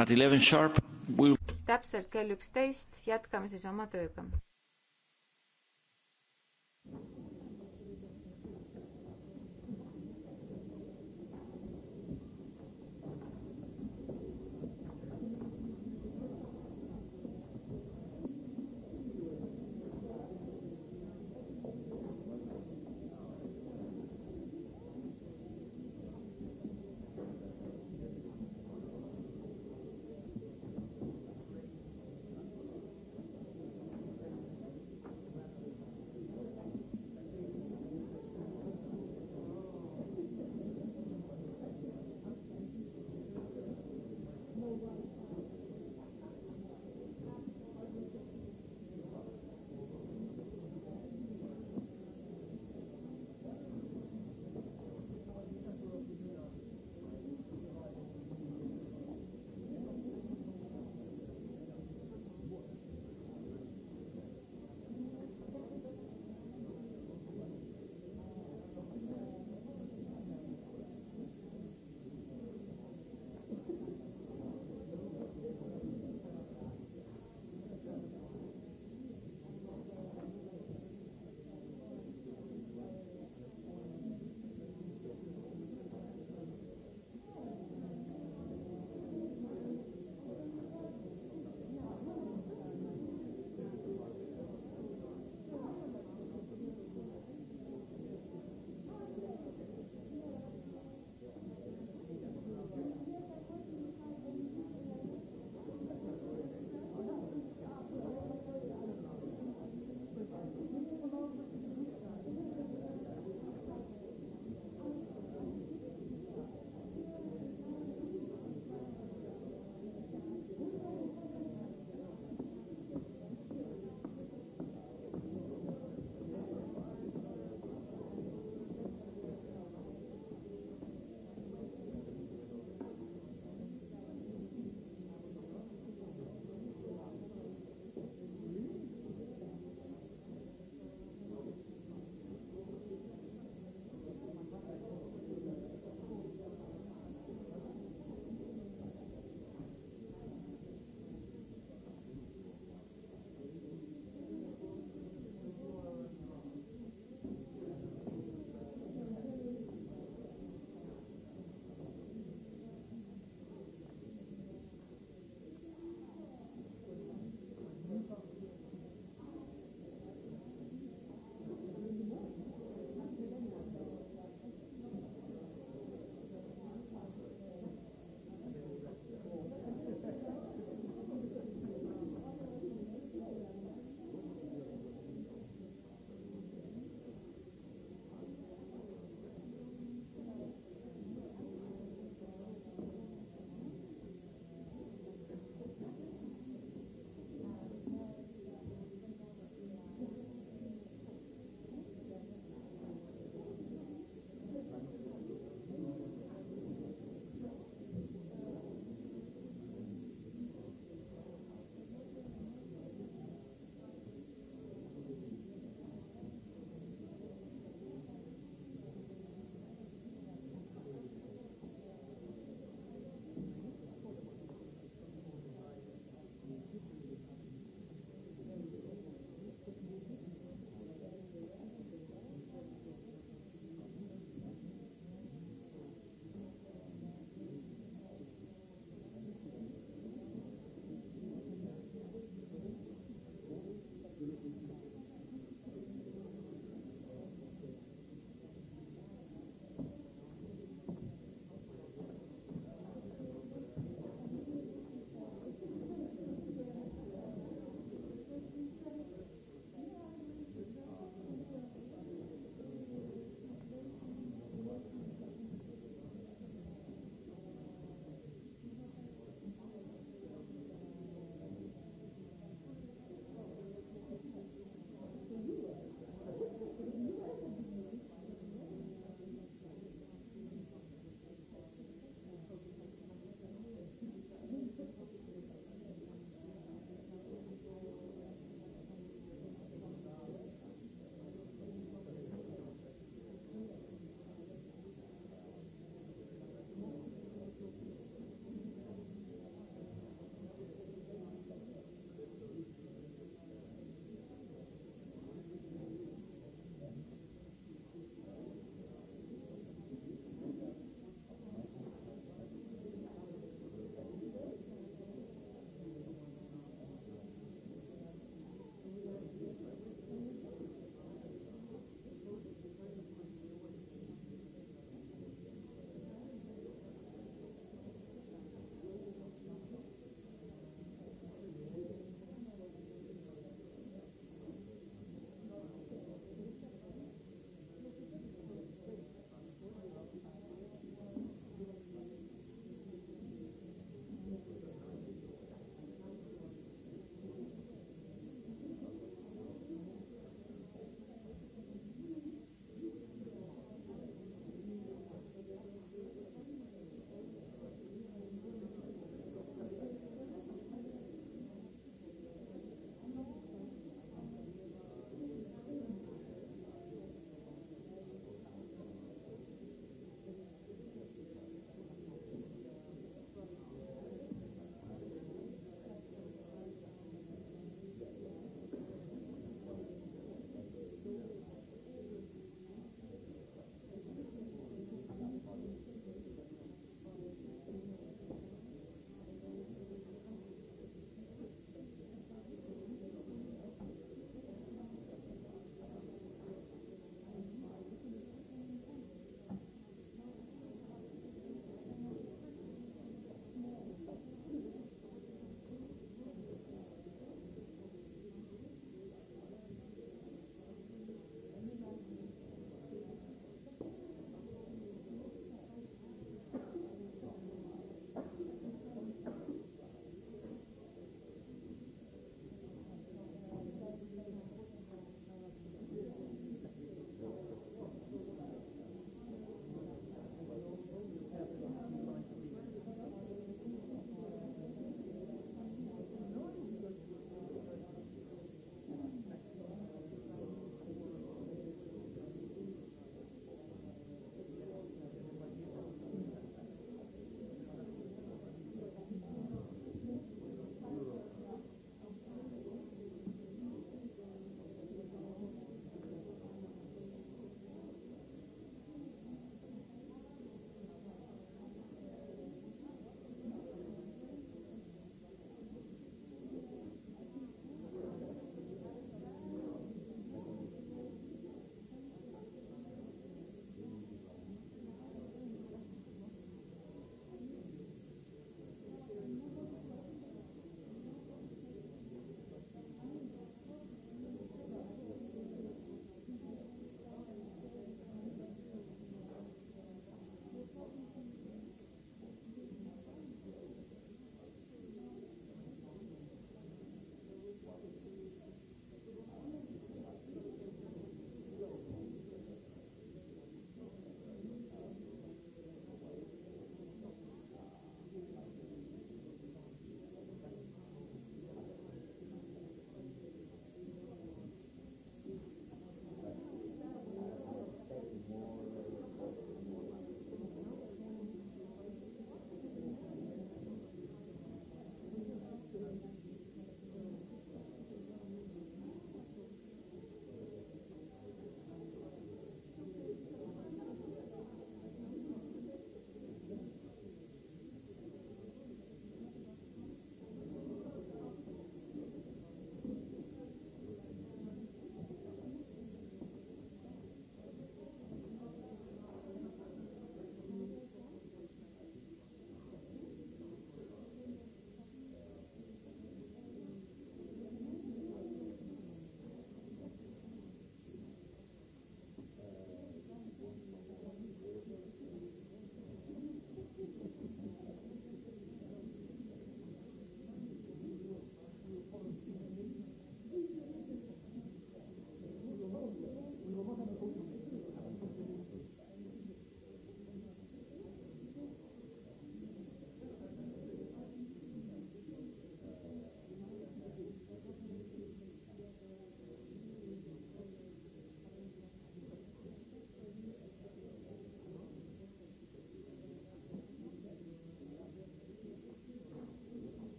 At eleven sharp we'll... täpselt kell üksteist jätkame siis oma tööga.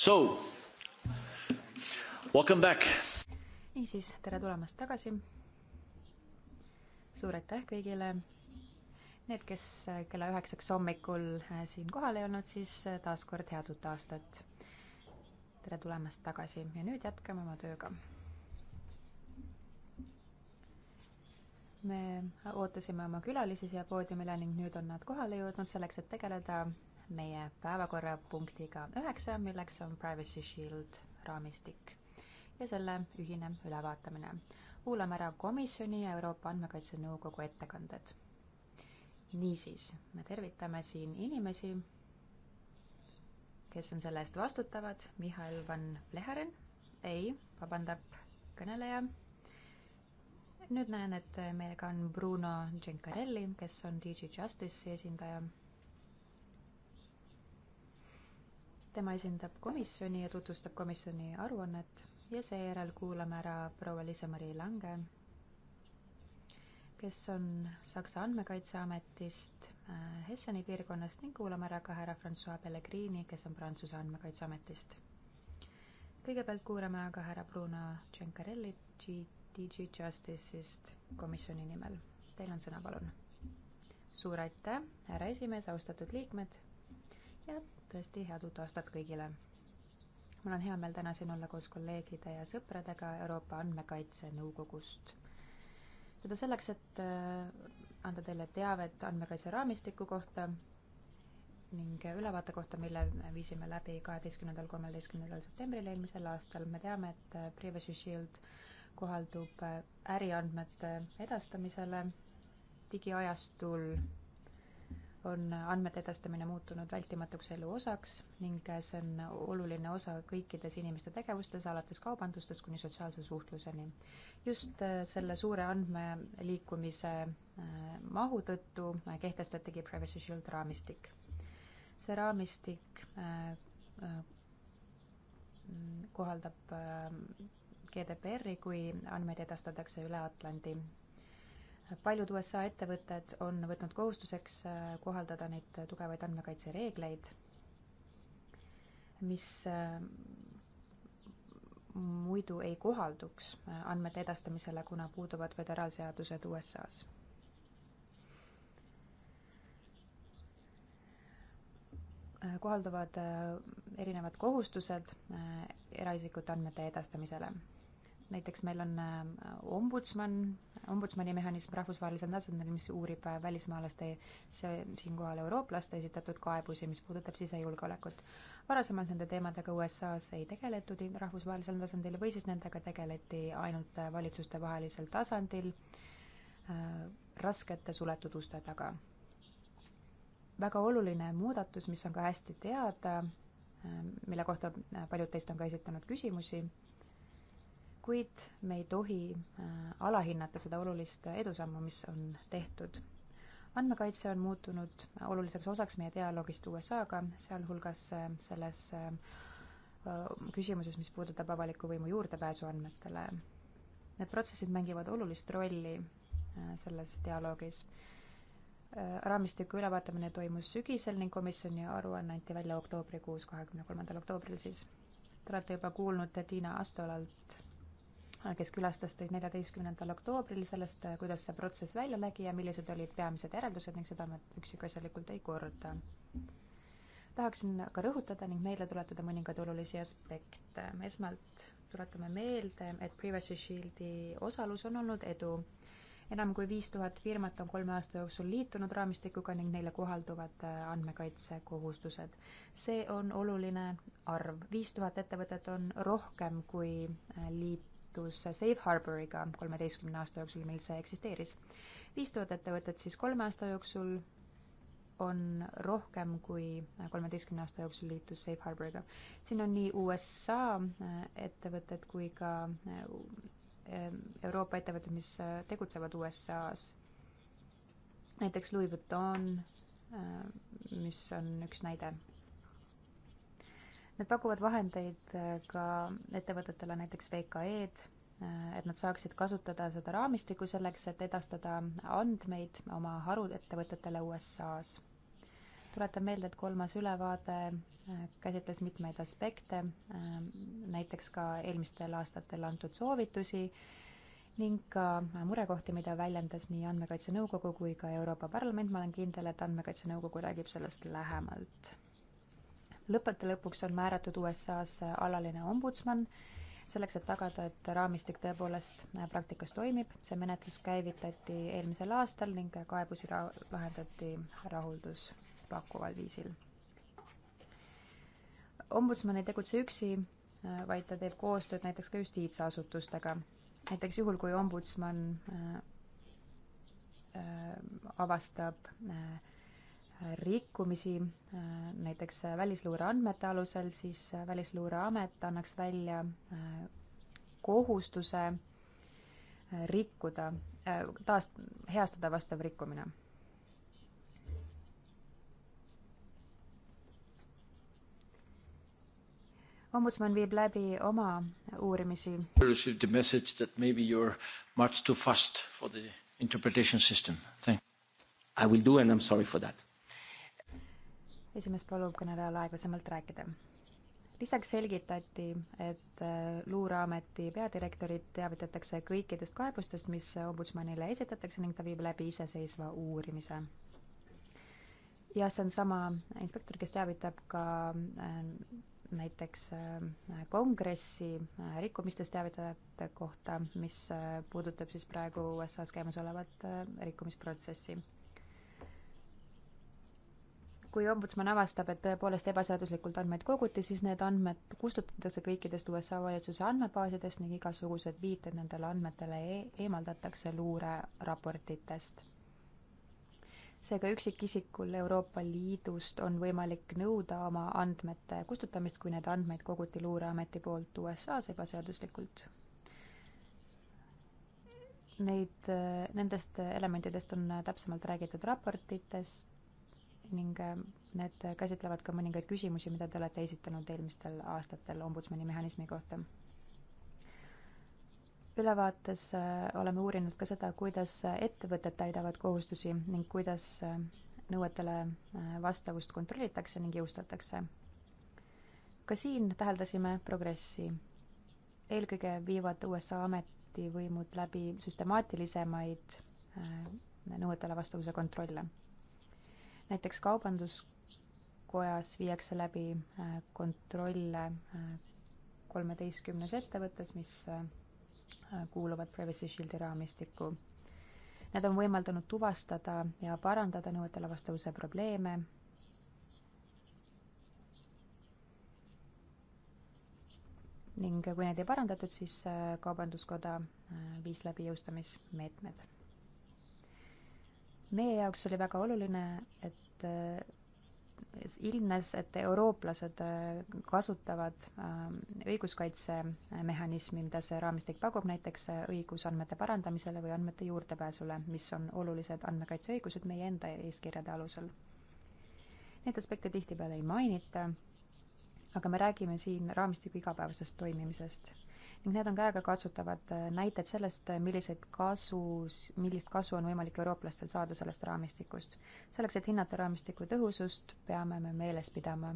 So, welcome back. niisiis, tere tulemast tagasi. suur aitäh kõigile. Need, kes kella üheksaks hommikul äh, siin kohal ei olnud, siis äh, taas kord head uut aastat. tere tulemast tagasi ja nüüd jätkame oma tööga me ootasime oma külalisi siia poodiumile ning nüüd on nad kohale jõudnud selleks, et tegeleda meie päevakorrapunktiga üheksa, milleks on Privacy Shield raamistik ja selle ühine ülevaatamine. kuulame ära komisjoni ja Euroopa Andmekaitse Nõukogu ettekanded. niisiis, me tervitame siin inimesi, kes on selle eest vastutavad, Mihhail Van Pleheren, ei, vabandab kõneleja. nüüd näen, et meiega on Bruno Gencarelli, kes on DG Justice'i esindaja tema esindab komisjoni ja tutvustab komisjoni aruannet ja seejärel kuulame ära proua Liisa-Marie Lange, kes on Saksa Andmekaitseametist äh, Hesseni piirkonnast ning kuulame ära ka härra Francois Pellegrini, kes on Prantsuse Andmekaitseametist. kõigepealt kuulame aga härra Bruno Cencarelli DG Justice'ist komisjoni nimel. Teil on sõna, palun. suur aitäh, härra esimees, austatud liikmed ja tõesti head uut aastat kõigile! mul on hea meel täna siin olla koos kolleegide ja sõpradega Euroopa Andmekaitse Nõukogust. seda selleks, et äh, anda teile teavet andmekaitse raamistiku kohta ning ülevaate kohta, mille viisime läbi kaheteistkümnendal, kolmeteistkümnendal septembril eelmisel aastal. me teame, et äh, Privacy Shield kohaldub äh, äriandmete edastamisele digiajastul on andmete edastamine muutunud vältimatuks elu osaks ning see on oluline osa kõikides inimeste tegevustes, alates kaubandustest kuni sotsiaalse suhtluseni. just äh, selle suure andmeliikumise äh, mahu tõttu äh, kehtestatigi Privacy Shield raamistik. see raamistik kohaldab GDPR-i, kui andmeid edastatakse üle Atlandi paljud USA ettevõtted on võtnud kohustuseks äh, kohaldada neid tugevaid andmekaitsereegleid, mis äh, muidu ei kohalduks äh, andmete edastamisele, kuna puuduvad föderaalseadused USA-s. kohalduvad erinevad kohustused eraisikute andmete edastamisele näiteks meil on äh, ombudsman, ombudsmani mehhanism rahvusvahelisel tasandil, mis uurib äh, välismaalaste, siinkohal eurooplaste esitatud kaebusi, mis puudutab sisejulgeolekut. varasemalt nende teemadega USA-s ei tegeletud rahvusvahelisel tasandil või siis nendega tegeleti ainult äh, valitsustevahelisel tasandil raskete suletud uste taga. väga oluline muudatus, mis on ka hästi teada, mille kohta paljud teist on ka esitanud küsimusi kuid me ei tohi äh, alahinnata seda olulist edusammu, mis on tehtud. andmekaitse on muutunud äh, oluliseks osaks meie dialoogist USA-ga, sealhulgas äh, selles küsimuses, mis puudutab avaliku võimu juurdepääsu andmetele. Need protsessid mängivad olulist rolli selles dialoogis. raamistiku ülevaatamine toimus sügisel ning komisjoni aruanne anti välja oktoobrikuus, kahekümne kolmandal oktoobril siis. Te olete juba kuulnud Tiina Astolalt Äh, kes külastas teid neljateistkümnendal oktoobril sellest, äh, kuidas see protsess välja nägi ja millised olid peamised järeldused ning seda me üksikasjalikult ei korda. tahaksin ka rõhutada ning meelde tuletada mõningaid olulisi aspekte. esmalt tuletame meelde, et Privacy Shieldi osalus on olnud edu. enam kui viis tuhat firmat on kolme aasta jooksul liitunud raamistikuga ning neile kohalduvad äh, andmekaitsekohustused. see on oluline arv, viis tuhat ettevõtet on rohkem kui liit, lepingutus Safe Harboriga kolmeteistkümne aasta jooksul, mil see eksisteeris. viis tuhat ettevõtet siis kolme aasta jooksul on rohkem kui kolmeteistkümne aasta jooksul liitus Safe Harboriga. siin on nii USA äh, ettevõtted kui ka äh, äh, Euroopa ettevõtted, mis tegutsevad USA-s. näiteks Louis Vuitton, mis on üks näide Nad pakuvad vahendeid äh, ka ettevõtetele, näiteks VKE-d, äh, et nad saaksid kasutada seda raamistikku selleks, et edastada andmeid oma haruettevõtetele USA-s. tuletan meelde, et kolmas ülevaade äh, käsitles mitmeid aspekte, näiteks ka eelmistel aastatel antud soovitusi ning ka murekohti, mida väljendas nii Andmekaitse Nõukogu kui ka Euroopa Parlament. ma olen kindel, et Andmekaitse Nõukogu räägib sellest lähemalt lõppude lõpuks on määratud USA-s alaline ombudsman, selleks, et tagada, et raamistik tõepoolest äh, praktikas toimib. see menetlus käivitati eelmisel aastal ning kaebusi ra-, lahendati rahulduspakkuval viisil. ombudsman ei tegutse üksi, äh, vaid ta teeb koostööd näiteks ka justiitsasutustega. näiteks juhul, kui ombudsman äh, avastab äh, rikkumisi, äh, näiteks äh, välisluure andmete alusel, siis äh, Välisluureamet annaks välja kohustuse rikkuda, taas, heastada vastav rikkumine. ombudsman viib läbi oma uurimisi. Received the message that maybe you are much too fast for the interpretation system. I will do and I am sorry for that esimees palub kõnelejal aeglasemalt rääkida. lisaks selgitati, et äh, Luureameti peadirektorit teavitatakse kõikidest kaebustest, mis ombudsmanile esitatakse ning ta viib läbi iseseisva uurimise. ja see on sama inspektor, kes teavitab ka äh, näiteks äh, kongressi rikkumistest teavitajate kohta, mis puudutab siis praegu USA-s käimas olevat rikkumisprotsessi kui ombudsman avastab, et tõepoolest ebaseaduslikult andmeid koguti, siis need andmed kustutatakse kõikidest USA valitsuse andmebaasidest ning igasugused viited nendele andmetele e eemaldatakse luureraportitest. seega üksikisikul Euroopa Liidust on võimalik nõuda oma andmete kustutamist, kui need andmeid koguti Luureameti poolt USA-s ebaseaduslikult neid, nendest elementidest on täpsemalt räägitud raportites ning äh, need käsitlevad ka mõningaid küsimusi, mida te olete esitanud eelmistel aastatel ombudsmani mehhanismi kohta. ülevaates äh, oleme uurinud ka seda, kuidas ettevõtted täidavad kohustusi ning kuidas äh, nõuetele vastavust kontrollitakse ning jõustatakse. ka siin täheldasime progressi. eelkõige viivad USA ametivõimud läbi süstemaatilisemaid nõuetele vastavuse kontrolle näiteks Kaubanduskojas viiakse läbi äh, kontrolle äh, kolmeteistkümnes ettevõttes, mis äh, kuuluvad Privacy Shieldi raamistikku. Need on võimaldanud tuvastada ja parandada nõuetele vastavuse probleeme, ning kui need ei parandatud, siis Kaubanduskoda viis läbi jõustamismeetmed meie jaoks oli väga oluline, et äh, ilmnes, et eurooplased äh, kasutavad äh, õiguskaitsemehhanismi, mida see raamistik pakub, näiteks õigus andmete parandamisele või andmete juurdepääsule, mis on olulised andmekaitseõigused meie enda eeskirjade alusel. Neid aspekte tihtipeale ei mainita, aga me räägime siin raamistiku igapäevasest toimimisest ning need on käegakatsutavad äh, näited sellest, äh, milliseid kasus, millist kasu on võimalik eurooplastel saada sellest raamistikust. selleks, et hinnata raamistiku tõhusust, peame me meeles pidama,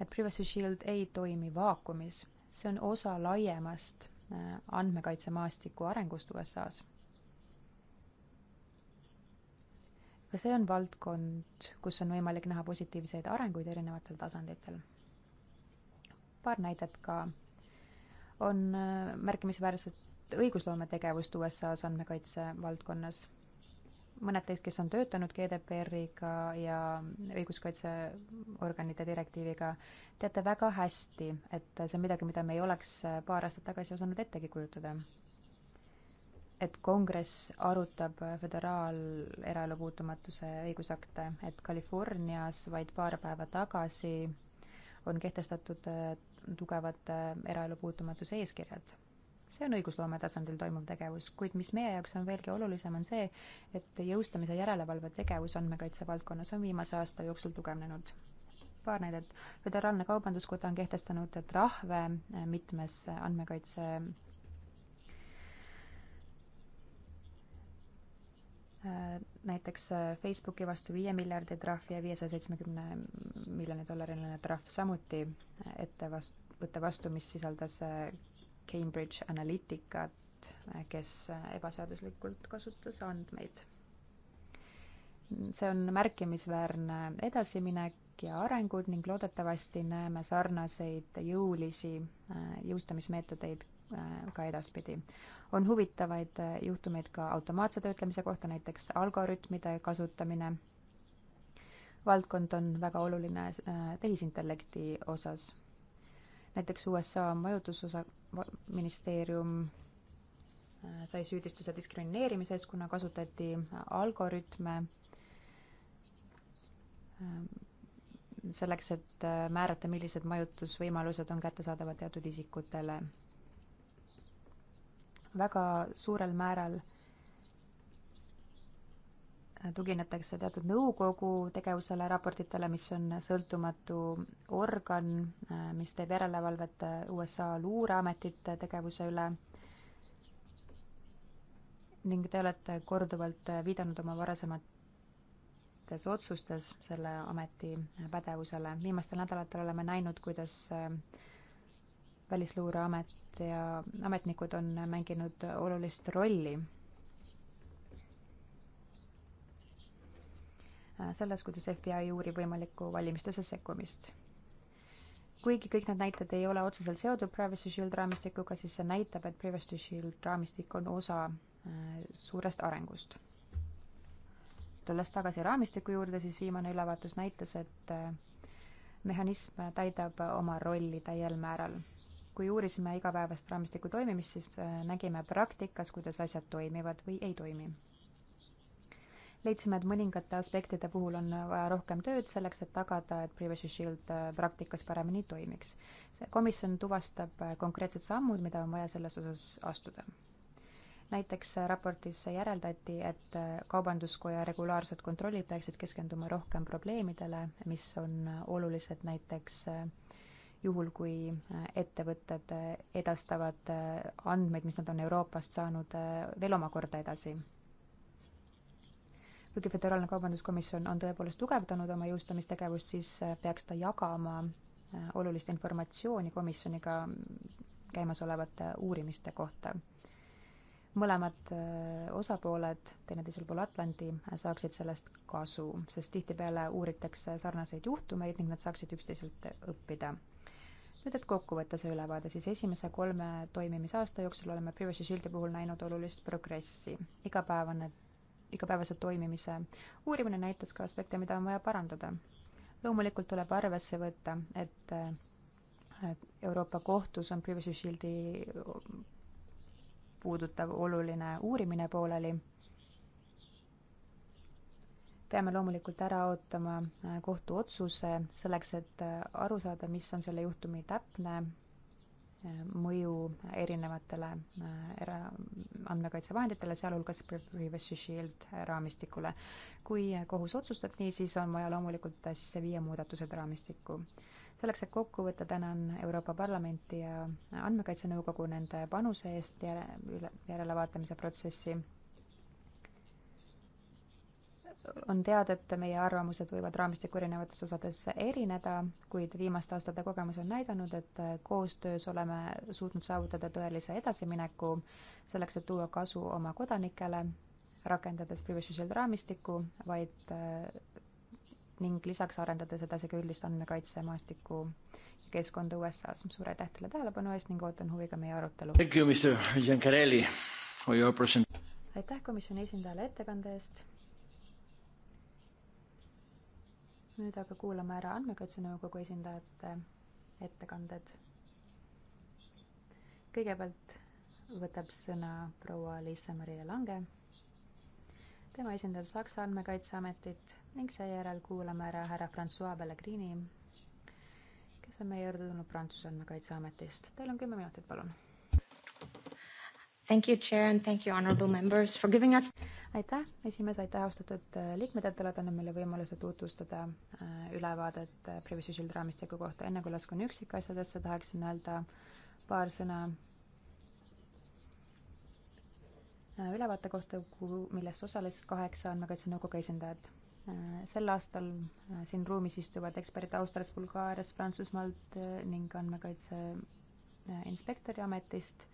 et Privacy Shield ei toimi vaakumis, see on osa laiemast äh, andmekaitsemaastiku arengust USA-s. ka see on valdkond, kus on võimalik näha positiivseid arenguid erinevatel tasanditel. paar näidet ka on äh, märkimisväärset õigusloometegevust USA-s andmekaitse valdkonnas. mõned teist, kes on töötanud GDPR-iga ja õiguskaitseorganite direktiiviga, teate väga hästi, et see on midagi, mida me ei oleks äh, paar aastat tagasi osanud ettegi kujutada. et kongress arutab äh, föderaaleraelu puutumatuse õigusakte, et Californias vaid paar päeva tagasi on kehtestatud tugevad äh, eraelu puutumatuse eeskirjad. see on õigusloome tasandil toimuv tegevus, kuid mis meie jaoks on veelgi olulisem, on see, et jõustamise järelevalve tegevus andmekaitse valdkonnas on viimase aasta jooksul tugevnenud paar näidet. Föderaalne Kaubanduskoda on kehtestanud trahve äh, mitmes äh, andmekaitse näiteks Facebooki vastu viie miljardi trahvi ja viiesaja seitsmekümne miljoni dollariline trahv samuti ette vast-, võtta vastu, mis sisaldas äh, Cambridge Analyticat, äh, kes äh, ebaseaduslikult kasutas andmeid. see on märkimisväärne edasiminek ja arengud ning loodetavasti näeme sarnaseid jõulisi jõustamismeetodeid ka edaspidi. on huvitavaid juhtumeid ka automaatse töötlemise kohta, näiteks algoritmide kasutamine valdkond on väga oluline äh, tehisintellekti osas. näiteks USA majutusosa, ministeerium äh, sai süüdistuse diskrimineerimise eest, kuna kasutati äh, algoritme ähm, selleks, et määrata, millised majutusvõimalused on kättesaadavad teatud isikutele. väga suurel määral äh, tuginetakse teatud nõukogu tegevusele, raportitele, mis on sõltumatu organ, mis teeb järelevalvet USA luureametite tegevuse üle. ning te olete korduvalt viidanud oma varasemates otsustes selle ameti pädevusele. viimastel nädalatel oleme näinud, kuidas äh, välisluureamet ja ametnikud on mänginud olulist rolli Äh, selles, kuidas FBI uurib võimalikku valimistesse sekkumist. kuigi kõik need näited ei ole otseselt seotud Privacy Shield raamistikuga, siis see näitab, et Privacy Shield raamistik on osa äh, suurest arengust. tulles tagasi raamistiku juurde, siis viimane ülevaatus näitas, et äh, mehhanism täidab oma rolli täiel määral. kui uurisime igapäevast raamistiku toimimist, siis nägime praktikas, kuidas asjad toimivad või ei toimi leidsime, et mõningate aspektide puhul on vaja rohkem tööd selleks, et tagada, et Privacy Shield äh, praktikas paremini toimiks. see komisjon tuvastab äh, konkreetsed sammud, mida on vaja selles osas astuda. näiteks äh, raportis järeldati, et Kaubanduskoja regulaarsed kontrollid peaksid keskenduma rohkem probleemidele, mis on olulised näiteks juhul, kui ettevõtted edastavad andmeid, mis nad on Euroopast saanud veel omakorda edasi kuigi Föderaalne Kaubanduskomisjon on tõepoolest tugevdanud oma jõustamistegevust, siis äh, peaks ta jagama äh, olulist informatsiooni komisjoniga käimasolevate äh, uurimiste kohta. mõlemad osapooled teineteisel pool Atlandi saaksid sellest kasu, sest tihtipeale uuritakse sarnaseid juhtumeid ning nad saaksid üksteiselt õppida nüüd, et kokku võtta see ülevaade, siis esimese kolme toimimisaasta jooksul oleme Privacy Shieldi puhul näinud olulist progressi. igapäevane igapäevase toimimise. uurimine näitas ka aspekte, mida on vaja parandada. loomulikult tuleb arvesse võtta, et äh, Euroopa Kohtus on Privacy Shieldi puudutav oluline uurimine pooleli. peame loomulikult ära ootama äh, kohtuotsuse selleks, et äh, aru saada, mis on selle juhtumi täpne mõju erinevatele äh, era-, andmekaitsevahenditele, sealhulgas Privacy Shield raamistikule. kui kohus otsustab nii, siis on vaja loomulikult sisse viia muudatused raamistikku. selleks, et kokku võtta, tänan Euroopa Parlamenti ja Andmekaitse Nõukogu nende panuse eest järe-, üle, järelevaatamise protsessi on teada, et meie arvamused võivad raamistiku erinevates osades erineda, kuid viimaste aastate kogemus on näidanud, et koostöös oleme suutnud saavutada tõelise edasimineku selleks, et tuua kasu oma kodanikele, rakendades Privacy Shield raamistikku, vaid ning lisaks arendades edasi ka üldist andmekaitsemaastikku ja keskkonda USA-s. suur aitäh teile tähelepanu eest ning ootan huviga meie arutelu. aitäh komisjoni esindajale ettekande eest nüüd aga kuulame ära Andmekaitse Nõukogu esindajate ettekanded. kõigepealt võtab sõna proua Liisa-Maria Lange. tema esindab Saksa Andmekaitseametit ning seejärel kuulame ära härra Francois Pellegrini, kes on meie juurde tulnud Prantsuse Andmekaitseametist. Teil on kümme minutit, palun Thank you, chair and thank you, honorable members for giving us. aitäh, esimees, aitäh, austatud äh, liikmed, et olete andnud meile võimaluse tutvustada äh, ülevaadet äh, Privacy Shield raamistiku kohta. enne kui laskun üksikasjadesse, tahaksin öelda paar sõna ülevaate kohta, milles osalesid kaheksa andmekaitse nõukogu esindajat. sel aastal siin ruumis istuvad eksperdid Austriast, Bulgaariast, Prantsusmaalt ning andmekaitse inspektori ametist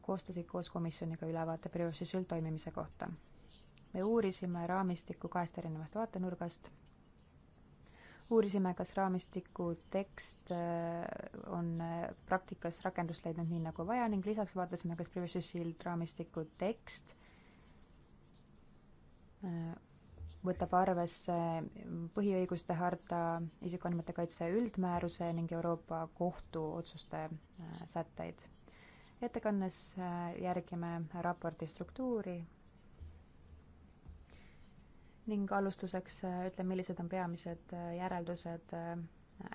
koostasid koos komisjoniga ülevaate Priusis üldtoimimise kohta. me uurisime raamistikku kahest erinevast vaatenurgast, uurisime, kas raamistiku tekst äh, on äh, praktikas rakendust leidnud nii, nagu vaja ning lisaks vaatasime, kas Privacy Shield raamistiku tekst äh, võtab arvesse põhiõiguste harta, isikuandmete kaitse üldmääruse ning Euroopa Kohtu otsuste sätteid ettekannes äh, järgime raporti struktuuri ning alustuseks äh, ütlen, millised on peamised äh, järeldused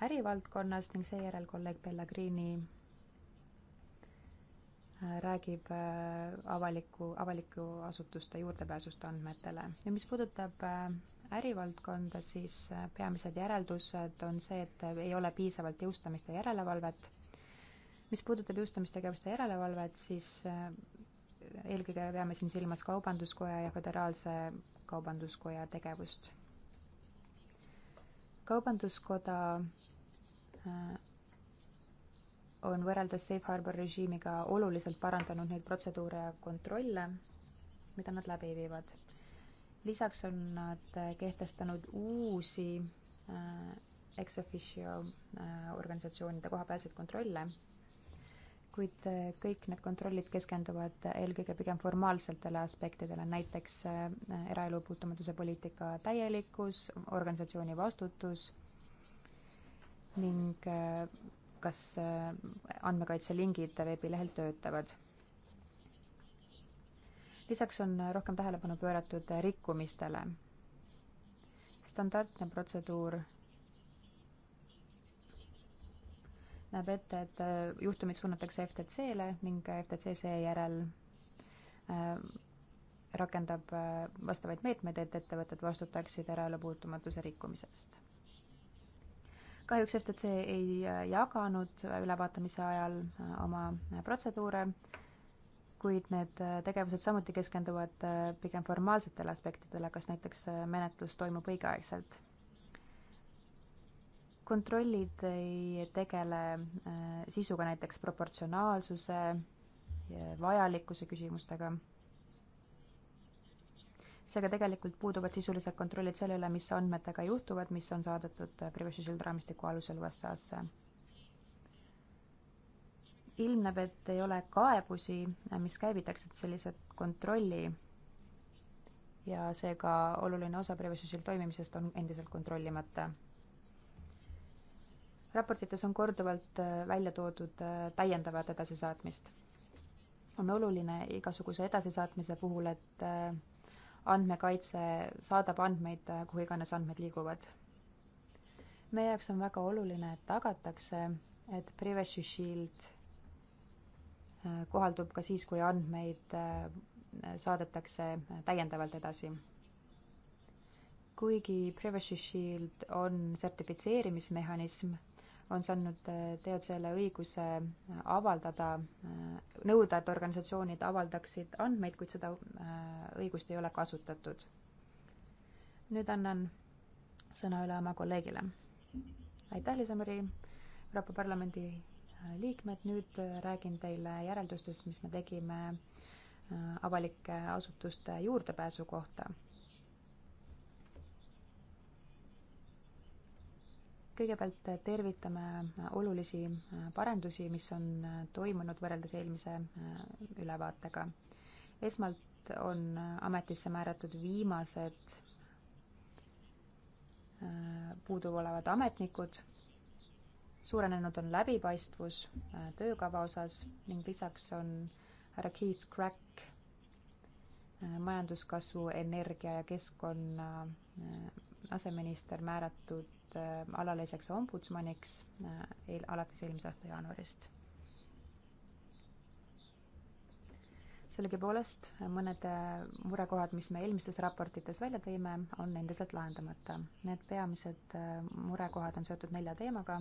ärivaldkonnas ning seejärel kolleeg Bella Greeni räägib avaliku, avaliku asutuste juurdepääsust andmetele. ja mis puudutab ärivaldkonda, siis peamised järeldused on see, et ei ole piisavalt jõustamist ja järelevalvet mis puudutab jõustamistegevuste järelevalvet, siis äh, eelkõige peame siin silmas Kaubanduskoja ja Föderaalse Kaubanduskoja tegevust. kaubanduskoda äh, on võrreldes safe harbor režiimiga oluliselt parandanud neid protseduure ja kontrolle, mida nad läbi viivad. lisaks on nad kehtestanud uusi äh, ex officio organisatsioonide kohapealseid kontrolle kuid äh, kõik need kontrollid keskenduvad äh, eelkõige pigem formaalsetele aspektidele, näiteks äh, eraelu puutumatuse poliitika täielikkus, organisatsiooni vastutus ning kas andmekaitselingid veebilehel töötavad. lisaks on rohkem tähelepanu pööratud rikkumistele. standardne protseduur näeb ette, et äh, juhtumid suunatakse FTC-le ning FTC seejärel äh, rakendab äh, vastavaid meetmeid, et ettevõtted vastutaksid eraelupuutumatuse rikkumisest. kahjuks FTC ei jaganud ülevaatamise ajal oma protseduure, kuid need tegevused samuti keskenduvad pigem formaalsetele aspektidele, kas näiteks menetlus toimub õigeaegselt kontrollid ei tegele äh, sisuga näiteks proportsionaalsuse, vajalikkuse küsimustega. seega tegelikult puuduvad sisulised kontrollid selle üle, mis andmetega juhtuvad, mis on saadetud äh, Privacy Shield raamistiku alusel USA-sse. ilmneb, et ei ole kaebusi, äh, mis käivitaksid sellised kontrolli ja seega oluline osa Privacy Shield toimimisest on endiselt kontrollimata raportites on korduvalt äh, välja toodud äh, täiendavat edasisaatmist. on oluline igasuguse edasisaatmise puhul, et äh, andmekaitse saadab andmeid, kuhu iganes andmed liiguvad. meie jaoks on väga oluline, et tagatakse, et Privacy Shield kohaldub ka siis, kui andmeid saadetakse täiendavalt edasi. kuigi Privacy Shield on sertifitseerimismehhanism, on saanud äh, teadusele õiguse äh, avaldada, äh, nõuda, et organisatsioonid avaldaksid andmeid, kuid seda õigust ei ole kasutatud. nüüd annan sõna üle oma kolleegile. aitäh, Liisa-Mari, Euroopa Parlamendi liikmed, nüüd räägin teile järeldustest, mis me tegime avalike asutuste juurdepääsu kohta kõigepealt tervitame olulisi parendusi, mis on toimunud võrreldes eelmise äh, ülevaatega. esmalt on ametisse määratud viimased äh, puuduolevad ametnikud, suurenenud on läbipaistvus äh, töökava osas ning lisaks on härra Keith Crack majanduskasvu, energia ja keskkonna aseminister määratud valitud äh, alaliseks ombudsmaniks äh, eel, alates eelmise aasta jaanuarist. sellegipoolest äh, mõned murekohad, mis me eelmistes raportites välja tõime, on endiselt lahendamata. Need peamised murekohad on seotud nelja teemaga.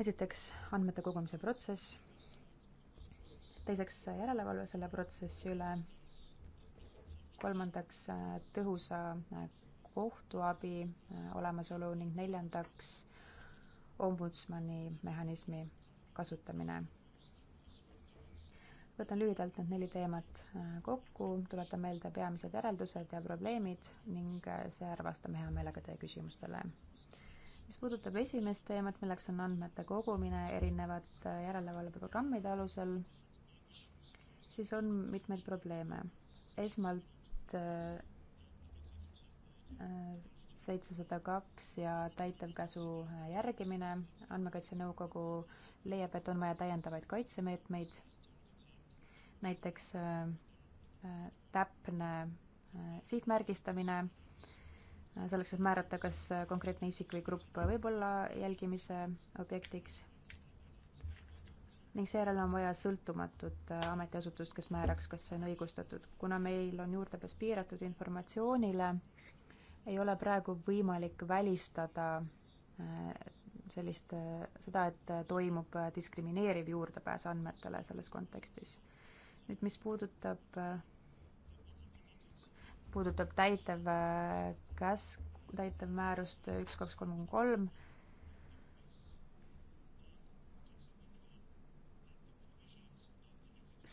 esiteks andmete kogumise protsess, teiseks järelevalve selle protsessi üle, kolmandaks tõhusa kohtuabi äh, olemasolu ning neljandaks ombudsmani mehhanismi kasutamine. võtan lühidalt need neli teemat äh, kokku, tuletan meelde peamised järeldused ja probleemid ning äh, seejärel vastame hea meelega teie küsimustele. mis puudutab esimest teemat, milleks on andmete kogumine erinevate järelevalveprogrammide alusel, siis on mitmeid probleeme. esmalt seitsesada kaks ja täitevkäsu äh, järgimine. andmekaitse Nõukogu leiab, et on vaja täiendavaid kaitsemeetmeid, näiteks äh, äh, täpne sihtmärgistamine, selleks, et määrata, kas konkreetne isik või grupp võib olla jälgimise objektiks ning seejärel on vaja sõltumatut ametiasutust, kes määraks, kas see on õigustatud. kuna meil on juurdepääs piiratud informatsioonile, ei ole praegu võimalik välistada äh, sellist, äh, seda, et äh, toimub diskrimineeriv juurdepääs andmetele selles kontekstis. nüüd, mis puudutab, puudutab täitev käsk, täitev määrust üks, kaks, kolm, kolm,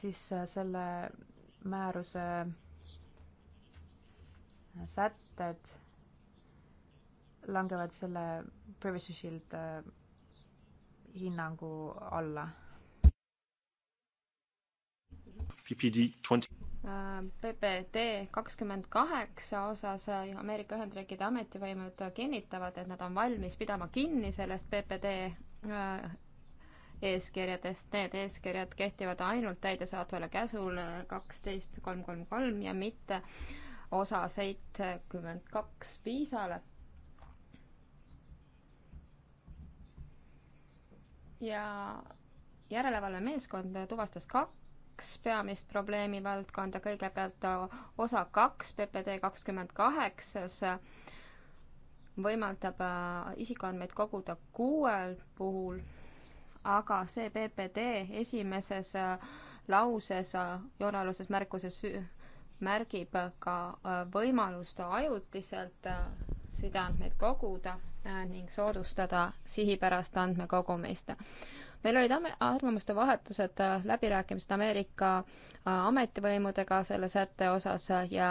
siis selle määruse sätted langevad selle Privacy Shield äh, hinnangu alla. PPD äh, PPD kakskümmend kaheksa osas äh, Ameerika Ühendriikide ametivõimud kinnitavad, et nad on valmis pidama kinni sellest PPD eeskirjadest, need eeskirjad kehtivad ainult täidesaatvale käsule kaksteist kolm kolm kolm ja mitte osa seitsekümmend kaks piisale ja järelevalvemeeskond tuvastas kaks peamist probleemi valdkonda, kõigepealt osa kaks PPD kakskümmend kaheksas võimaldab äh, isikuandmeid koguda kuuel puhul, aga see PPD esimeses äh, lauses, äh, joonealuses märkuses märgib ka võimalust ajutiselt seda andmeid koguda äh, ning soodustada sihipärast andmekogumist. meil olid arvamuste vahetused, äh, läbirääkimised Ameerika äh, ametivõimudega selle sätte osas ja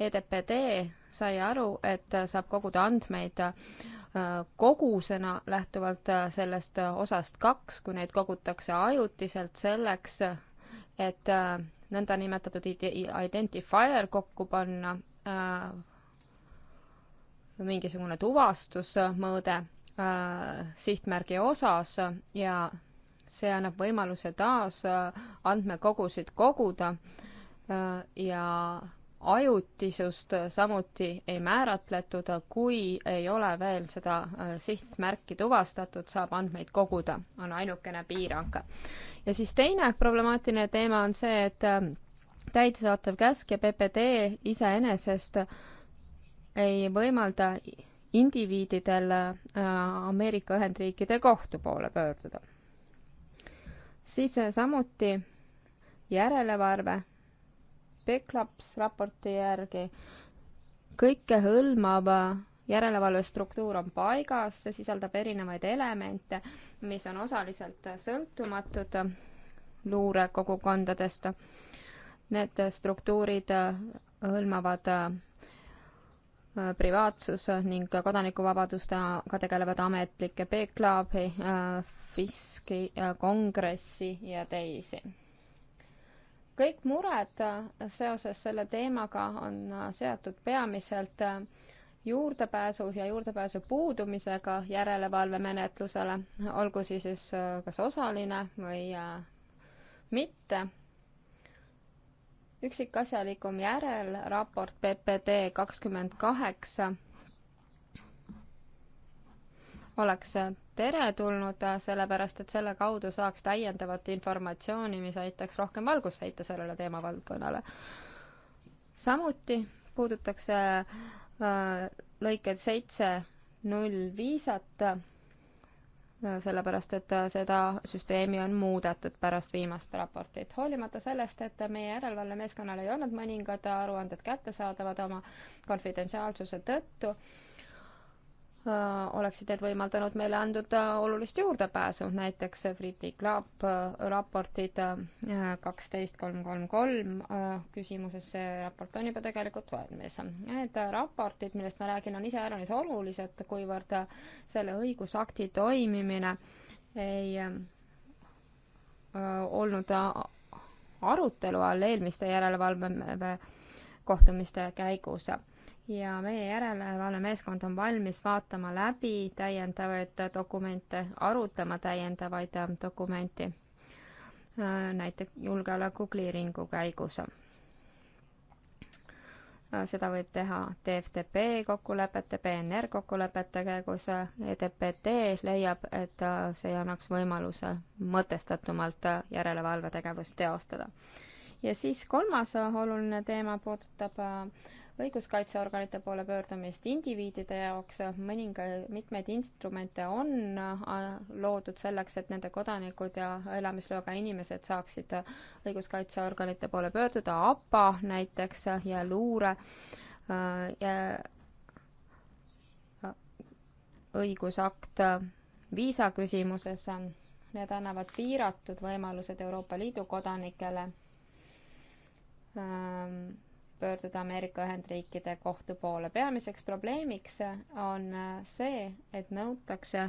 EDPD sai aru, et saab koguda andmeid kogusena lähtuvalt sellest osast kaks, kui neid kogutakse ajutiselt selleks, et nõndanimetatud identifier kokku panna äh, mingisugune tuvastusmõõde äh, sihtmärgi osas ja see annab võimaluse taas äh, andmekogusid koguda äh, ja ajutisust samuti ei määratletud, kui ei ole veel seda sihtmärki tuvastatud, saab andmeid koguda, on ainukene piirang. ja siis teine problemaatiline teema on see, et täidesaatev käsk ja PPD iseenesest äh, ei võimalda indiviididel äh, Ameerika Ühendriikide kohtu poole pöörduda. siis äh, samuti järelevalve Peklaps raporti järgi kõikehõlmav äh, järelevalvestruktuur on paigas, see sisaldab erinevaid elemente, mis on osaliselt sõltumatud luurekogukondadest. Need struktuurid hõlmavad privaatsus ning kodanikuvabadustega tegelevad ametlikke Beklaabi, Fiski, Kongressi ja teisi. kõik mured seoses selle teemaga on seotud peamiselt juurdepääsu ja juurdepääsu puudumisega järelevalvemenetlusele, olgu siis kas osaline või mitte üksikasjalikum järelraport PPD kakskümmend kaheksa oleks teretulnud, sellepärast et selle kaudu saaks täiendavat informatsiooni, mis aitaks rohkem valgust heita sellele teemavaldkonnale. samuti puudutakse äh, lõiked seitse null viisat sellepärast et seda süsteemi on muudetud pärast viimast raportit. hoolimata sellest, et meie järelevalvemeeskonnal ei olnud mõningad aruanded kättesaadavad oma konfidentsiaalsuse tõttu, Äh, oleksid need võimaldanud meile andnud äh, olulist juurdepääsu, näiteks Freeply Club äh, raportid kaksteist kolm kolm kolm küsimuses, see raport on juba tegelikult valmis. Need raportid, millest ma räägin, on iseäranis olulised, kuivõrd selle õigusakti toimimine ei olnud arutelu all eelmiste järelevalve kohtumiste käigus ja meie järelevalvemeeskond on valmis vaatama läbi täiendavaid dokumente, arutama täiendavaid ähm, dokumenti, äh, näiteks julgeoleku kliiringu käigus. Äh, seda võib teha TFTP kokkulepete, PNR kokkulepete käigus, äh, EDPT leiab, et see annaks võimaluse mõtestatumalt järelevalvetegevust teostada. ja siis kolmas oluline teema puudutab äh, õiguskaitseorganite poole pöördumist indiviidide jaoks, mõninga, mitmeid instrumente on äh, loodud selleks, et nende kodanikud ja elamisloaga inimesed saaksid õiguskaitseorganite poole pöörduda, APA näiteks ja luure äh, ja äh, õigusakt viisaküsimuses, need annavad piiratud võimalused Euroopa Liidu kodanikele ähm, pöörduda Ameerika Ühendriikide kohtu poole. peamiseks probleemiks on see, et nõutakse,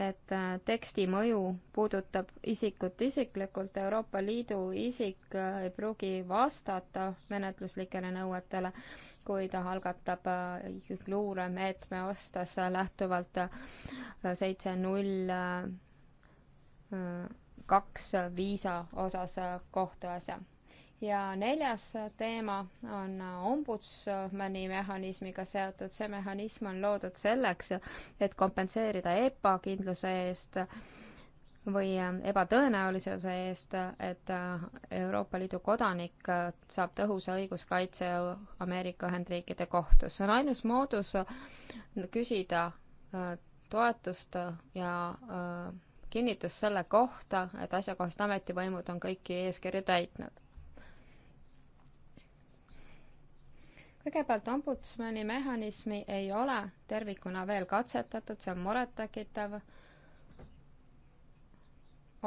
et teksti mõju puudutab isikut isiklikult, Euroopa Liidu isik ei pruugi vastata menetluslikele nõuetele, kui ta algatab luuremeetme ostas lähtuvalt seitse null äh, kaks viisa osas kohtuasja. ja neljas teema on ombudsmani mehhanismiga seotud. see mehhanism on loodud selleks, et kompenseerida ebakindluse eest või ebatõenäolisuse eest, et Euroopa Liidu kodanik saab tõhusa õiguskaitse Ameerika Ühendriikide kohtus. see on ainus moodus küsida toetust ja äh, kinnitust selle kohta, et asjakohased ametivõimud on kõiki eeskirju täitnud. kõigepealt ombudsmani mehhanismi ei ole tervikuna veel katsetatud, see on murettekitav.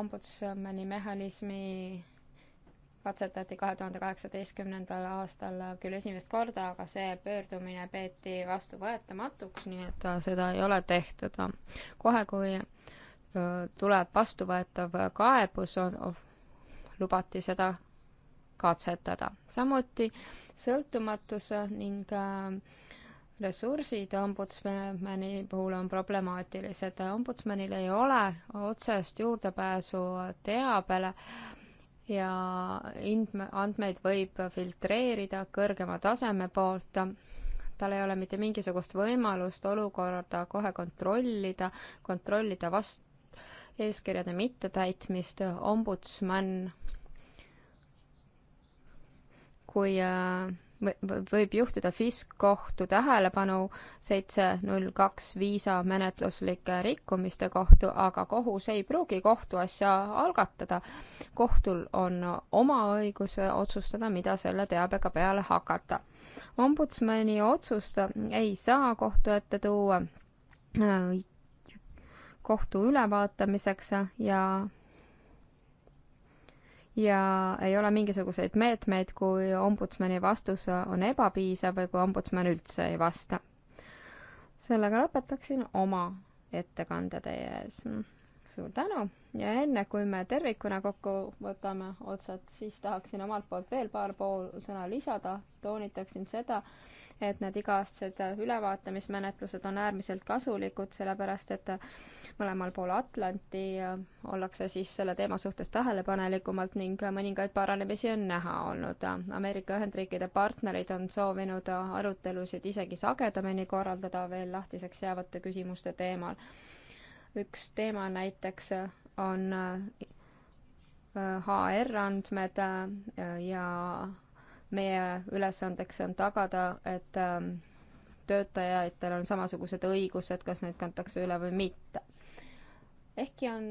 ombudsmani mehhanismi katsetati kahe tuhande kaheksateistkümnendal aastal küll esimest korda, aga see pöördumine peeti vastuvõetamatuks, nii et seda ei ole tehtud. kohe, kui tuleb vastuvõetav kaebus, on, lubati seda katsetada. samuti sõltumatus ning ressursid ombudsmani puhul on problemaatilised. ombudsmanil ei ole otsest juurdepääsu teabele ja andmeid võib filtreerida kõrgema taseme poolt tal ei ole mitte mingisugust võimalust olukorda kohe kontrollida, kontrollida vast-, eeskirjade mittetäitmist, ombudsman, kui äh, võib juhtida FIS-kohtu tähelepanu seitse null kaks viisa menetluslike rikkumiste kohta, aga kohus ei pruugi kohtuasja algatada. kohtul on oma õigus otsustada, mida selle teabega peale hakata. ombudsmani otsust ei saa kohtu ette tuua äh, kohtu ülevaatamiseks ja ja ei ole mingisuguseid meetmeid, kui ombudsmani vastus on ebapiisav või kui ombudsman üldse ei vasta. sellega lõpetaksin oma ettekande teie ees suur tänu ja enne, kui me tervikuna kokku võtame otsad, siis tahaksin omalt poolt veel paar pool sõna lisada. toonitaksin seda, et need iga-aastased ülevaatamismenetlused on äärmiselt kasulikud, sellepärast et mõlemal pool Atlanti ollakse siis selle teema suhtes tähelepanelikumalt ning mõningaid paranemisi on näha olnud. Ameerika Ühendriikide partnerid on soovinud arutelusid isegi sagedamini korraldada veel lahtiseks jäävate küsimuste teemal üks teema näiteks äh, on HR-andmed äh, äh, ja meie ülesandeks on tagada, et ähm, töötajatel on samasugused õigused, kas neid kantakse üle või mitte. ehkki on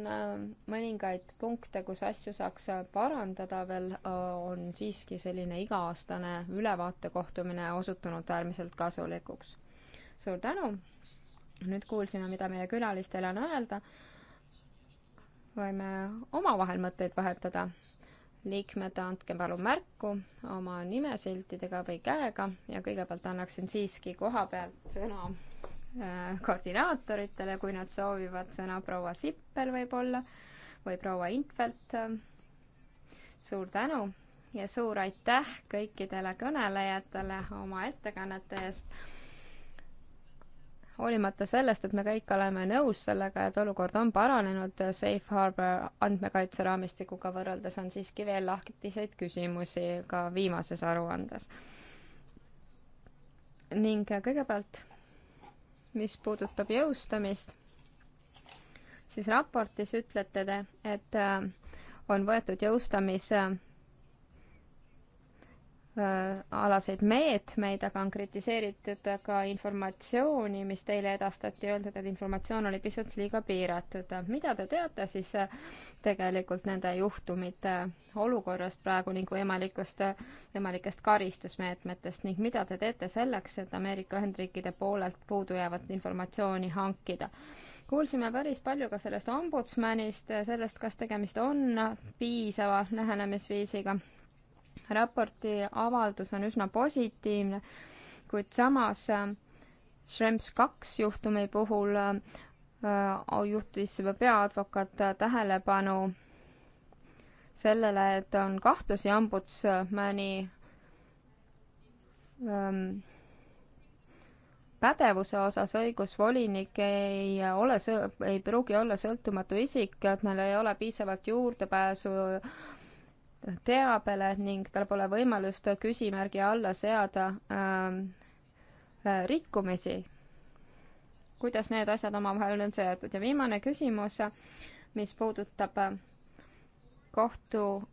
mõningaid punkte, kus asju saaks parandada veel, on siiski selline iga-aastane ülevaatekohtumine osutunud äärmiselt kasulikuks. suur tänu! nüüd kuulsime, mida meie külalistel on öelda. võime omavahel mõtteid vahetada. liikmed, andke palun märku oma nimesiltidega või käega ja kõigepealt annaksin siiski koha pealt sõna äh, koordinaatoritele, kui nad soovivad sõna proua Sippel võib-olla või proua Infelt. suur tänu ja suur aitäh kõikidele kõnelejatele oma ettekannete eest hoolimata sellest, et me kõik oleme nõus sellega, et olukord on paranenud Safe Harbor andmekaitseraamistikuga võrreldes, on siiski veel lahkitiseid küsimusi ka viimases aruandes. ning kõigepealt, mis puudutab jõustamist, siis raportis ütlete te, et äh, on võetud jõustamise äh, alaseid meetmeid, aga on kritiseeritud ka informatsiooni, mis teile edastati, öeldud, et informatsioon oli pisut liiga piiratud. mida te teate siis äh, tegelikult nende juhtumite olukorrast praegu ning võimalikust, äh, võimalikest karistusmeetmetest ning mida te teete selleks, et Ameerika Ühendriikide poolelt puudujäävat informatsiooni hankida? kuulsime päris palju ka sellest ombudsmanist, äh, sellest, kas tegemist on piisava lähenemisviisiga raporti avaldus on üsna positiivne, kuid samas äh, Schrems kaks juhtumi puhul äh, juhtis peaadvokaat äh, tähelepanu sellele, et on kahtlusi ombudsmani ähm, pädevuse osas õigusvolinik ei ole, ei pruugi olla sõltumatu isik, et neil ei ole piisavalt juurdepääsu teabele ning tal pole võimalust küsimärgi alla seada äh, äh, rikkumisi. kuidas need asjad omavahel on seotud ja viimane küsimus, mis puudutab äh, kohtuasju,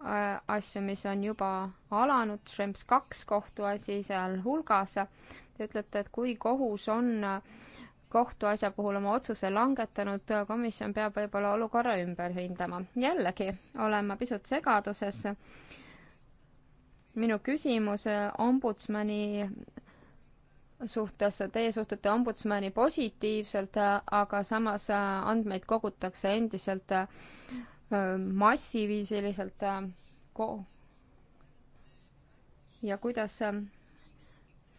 äh, mis on juba alanud, Shrems kaks kohtuasi sealhulgas. Te ütlete, et kui kohus on äh, kohtuasja puhul oma otsuse langetanud, komisjon peab võib-olla olukorra ümber hindama. jällegi olen ma pisut segaduses. minu küsimus eh, ombudsmani suhtes, teie suhtute ombudsmani positiivselt, aga samas eh, andmeid kogutakse endiselt eh, massiviisiliselt ko-. ja kuidas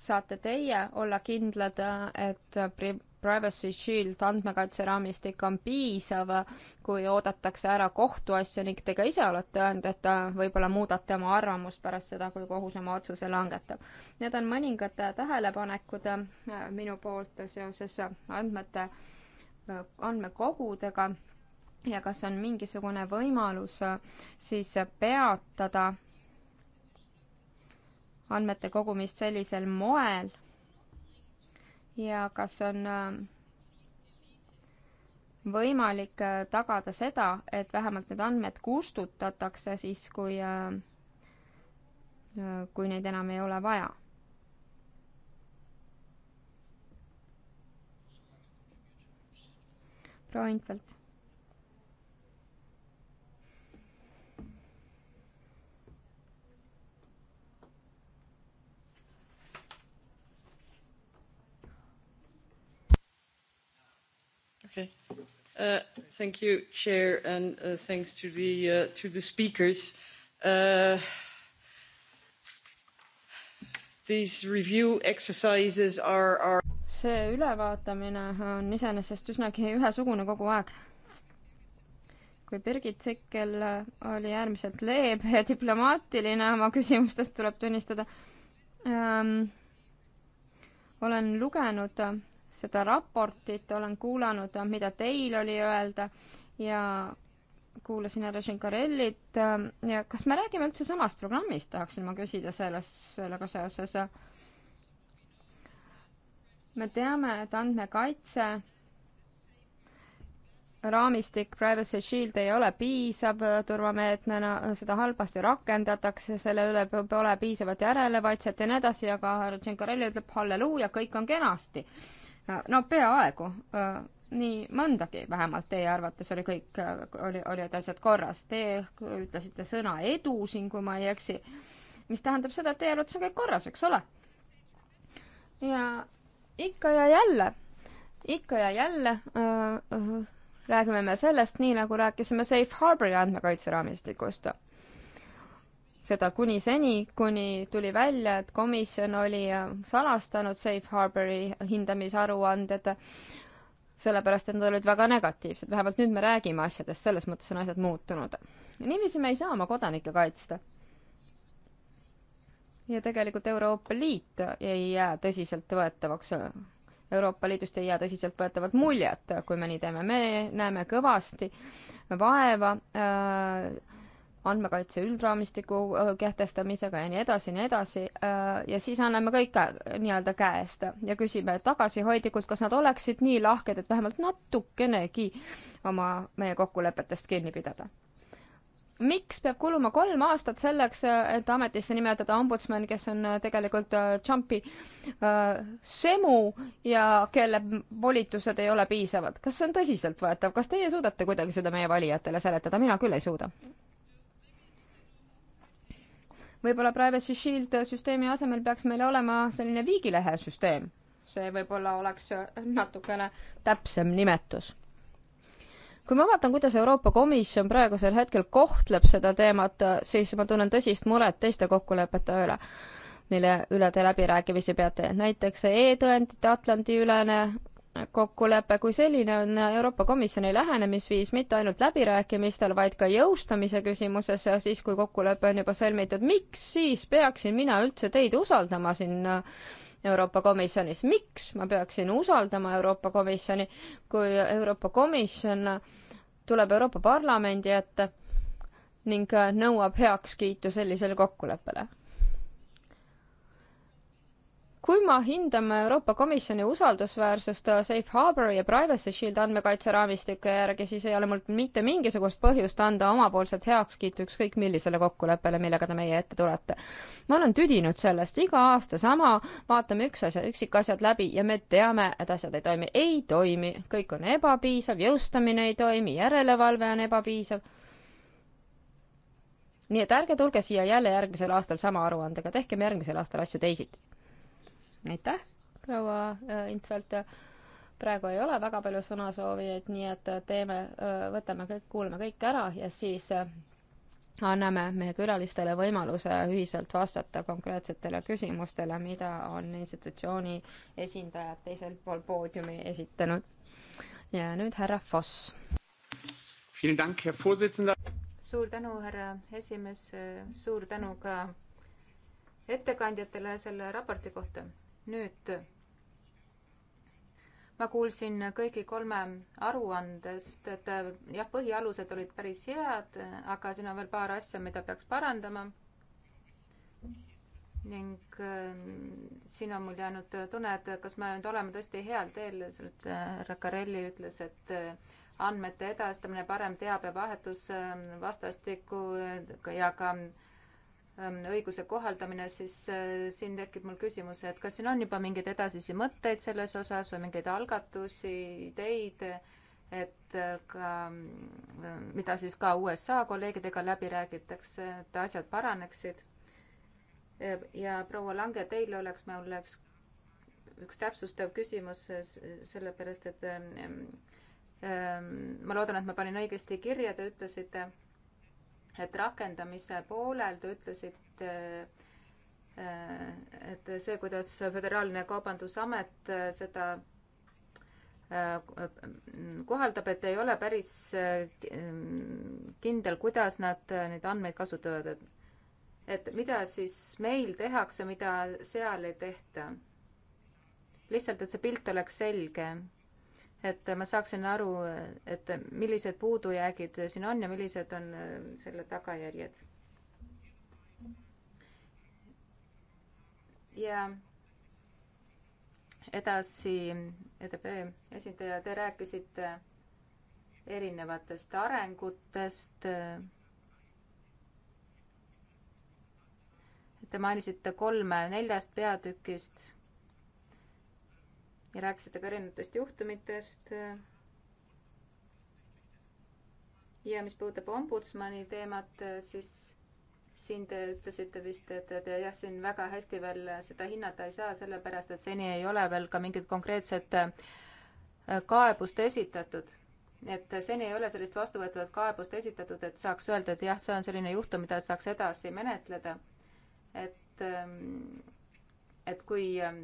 saate teie olla kindlad, et pri-, Privacy Shield andmekaitseraamistik on piisav, kui oodatakse ära kohtuasja ning te ka ise olete öelnud, et äh, võib-olla muudate oma arvamust pärast seda, kui kohus oma otsuse langetab. Need on mõningad äh, tähelepanekud äh, minu poolt seoses andmete, andmekogudega ja kas on mingisugune võimalus siis peatada andmete kogumist sellisel moel ja kas on ähm, võimalik äh, tagada seda, et vähemalt need andmed kustutatakse siis, kui, äh, äh, kui neid enam ei ole vaja proua Infeld. Okay. Uh, thank you, Chair, and uh, thanks to the uh, to the speakers. Uh, these review exercises are, are see ülevaatamine on iseenesest üsnagi ühesugune kogu aeg. kui Birgit Sikkel oli äärmiselt leebe ja diplomaatiline oma küsimustest, tuleb tunnistada ähm,, olen lugenud seda raportit, olen kuulanud, mida teil oli öelda ja kuulasin härra Šinkarellit ja kas me räägime üldse samast programmist, tahaksin ma küsida selles, sellega seoses. me teame, et andmekaitse raamistik Privacy Shield ei ole piisav turvameetmena, seda halvasti rakendatakse, selle üle pole piisavat järelevaitset ja nii edasi, aga härra Tšenkarelli ütleb halleluuja, kõik on kenasti. Äh, no peaaegu, äh, nii mõndagi vähemalt teie arvates oli kõik, äh, oli, olid asjad korras. Teie ütlesite sõna edu siin, kui ma ei eksi, mis tähendab seda, et teie arvates on kõik korras, eks ole? ja ikka ja jälle, ikka ja jälle äh, äh, räägime me sellest, nii nagu rääkisime Safe Harbori andmekaitse raamistikust seda kuni seni, kuni tuli välja, et komisjon oli äh, salastanud Safe Harbori hindamisaruanded, sellepärast et nad olid väga negatiivsed, vähemalt nüüd me räägime asjadest, selles mõttes on asjad muutunud. niiviisi me ei saa oma kodanikke kaitsta. ja tegelikult Euroopa Liit ei jää tõsiseltvõetavaks Euroopa Liidust ei jää tõsiseltvõetavat muljet, kui me nii teeme. me näeme kõvasti vaeva äh, andmekaitse üldraamistiku äh, kehtestamisega ja nii edasi ja nii edasi, äh, ja siis anname kõik nii-öelda käest ja küsime tagasihoidlikult, kas nad oleksid nii lahked, et vähemalt natukenegi oma, meie kokkulepetest kinni pidada miks peab kuluma kolm aastat selleks, et ametisse nimetada ombudsman, kes on äh, tegelikult Trumpi äh, semu ja kelle volitused ei ole piisavad? kas see on tõsiseltvõetav, kas teie suudate kuidagi seda meie valijatele seletada, mina küll ei suuda võib-olla Privacy Shield süsteemi asemel peaks meil olema selline viigilehe süsteem. see võib-olla oleks natukene täpsem nimetus. kui ma vaatan, kuidas Euroopa Komisjon praegusel hetkel kohtleb seda teemat, siis ma tunnen tõsist muret teiste kokkulepete üle, mille üle te läbirääkimisi peate. näiteks e-tõendite Atlandi ülene kokkulepe kui selline on Euroopa Komisjoni lähenemisviis mitte ainult läbirääkimistel, vaid ka jõustamise küsimuses, siis kui kokkulepe on juba sõlmitud. miks siis peaksin mina üldse teid usaldama siin äh, Euroopa Komisjonis, miks ma peaksin usaldama Euroopa Komisjoni, kui Euroopa Komisjon tuleb Euroopa Parlamendi ette ning äh, nõuab heakskiitu sellisele kokkuleppele? kui me hindame Euroopa Komisjoni usaldusväärsust Safe Harbor ja Privacy Shield andmekaitseraamistike järgi, siis ei ole mul mitte mingisugust põhjust anda omapoolset heakskiitu ükskõik millisele kokkuleppele, millega te meie ette tulete. ma olen tüdinud sellest iga aasta sama, vaatame üks asja, üksikasjad läbi ja me teame, et asjad ei toimi. ei toimi, kõik on ebapiisav, jõustamine ei toimi, järelevalve on ebapiisav nii et ärge tulge siia jälle järgmisel aastal sama aruandega, tehkem järgmisel aastal asju teisiti aitäh, proua äh, Intvelt. Äh, praegu ei ole väga palju sõnasoovijaid, nii et äh, teeme, võtame kõik, kuulame kõik ära ja siis anname meie külalistele võimaluse ühiselt vastata konkreetsetele küsimustele, mida on institutsiooni esindajad teisel pool poodiumi esitanud. ja nüüd härra Foss. suur tänu, härra esimees, suur tänu ka ettekandjatele selle raporti kohta nüüd ma kuulsin kõigi kolme aruandest, et äh, jah, põhialused olid päris head, aga siin on veel paar asja, mida peaks parandama. ning äh, siin on mul jäänud tunne, et kas me nüüd oleme tõesti heal teel, sealt äh, Rakarelli ütles, et andmete edastamine, parem teabevahetus vastastikku ja ka Ähm, õiguse kohaldamine, siis äh, siin tekib mul küsimus, et kas siin on juba mingeid edasisi mõtteid selles osas või mingeid algatusi, ideid, et äh, ka, äh, mida siis ka USA kolleegidega läbi räägitakse, et asjad paraneksid. ja proua Lange, teile oleks mul üks, üks täpsustav küsimus, sellepärast et ähm, ähm, ma loodan, et ma panin õigesti kirja, te ütlesite et rakendamise poolel te ütlesite, äh, et see, kuidas Föderaalne Kaubandusamet äh, seda äh, kohaldab, et ei ole päris kindel, kuidas nad neid andmeid kasutavad, et et mida siis meil tehakse, mida seal ei tehta. lihtsalt, et see pilt oleks selge et ma saaksin aru, et millised puudujäägid siin on ja millised on äh, selle tagajärjed. ja edasi, EDB esindaja, te rääkisite erinevatest arengutest. Te mainisite kolme neljast peatükist ja rääkisite ka erinevatest juhtumitest. ja mis puudutab ombudsmani teemat, siis siin te ütlesite vist, et, et jah, siin väga hästi veel seda hinnata ei saa, sellepärast et seni ei ole veel ka mingit konkreetset äh, kaebust esitatud. et seni ei ole sellist vastuvõetavat kaebust esitatud, et saaks öelda, et jah, see on selline juhtum, mida saaks edasi menetleda. et ähm, et kui ähm,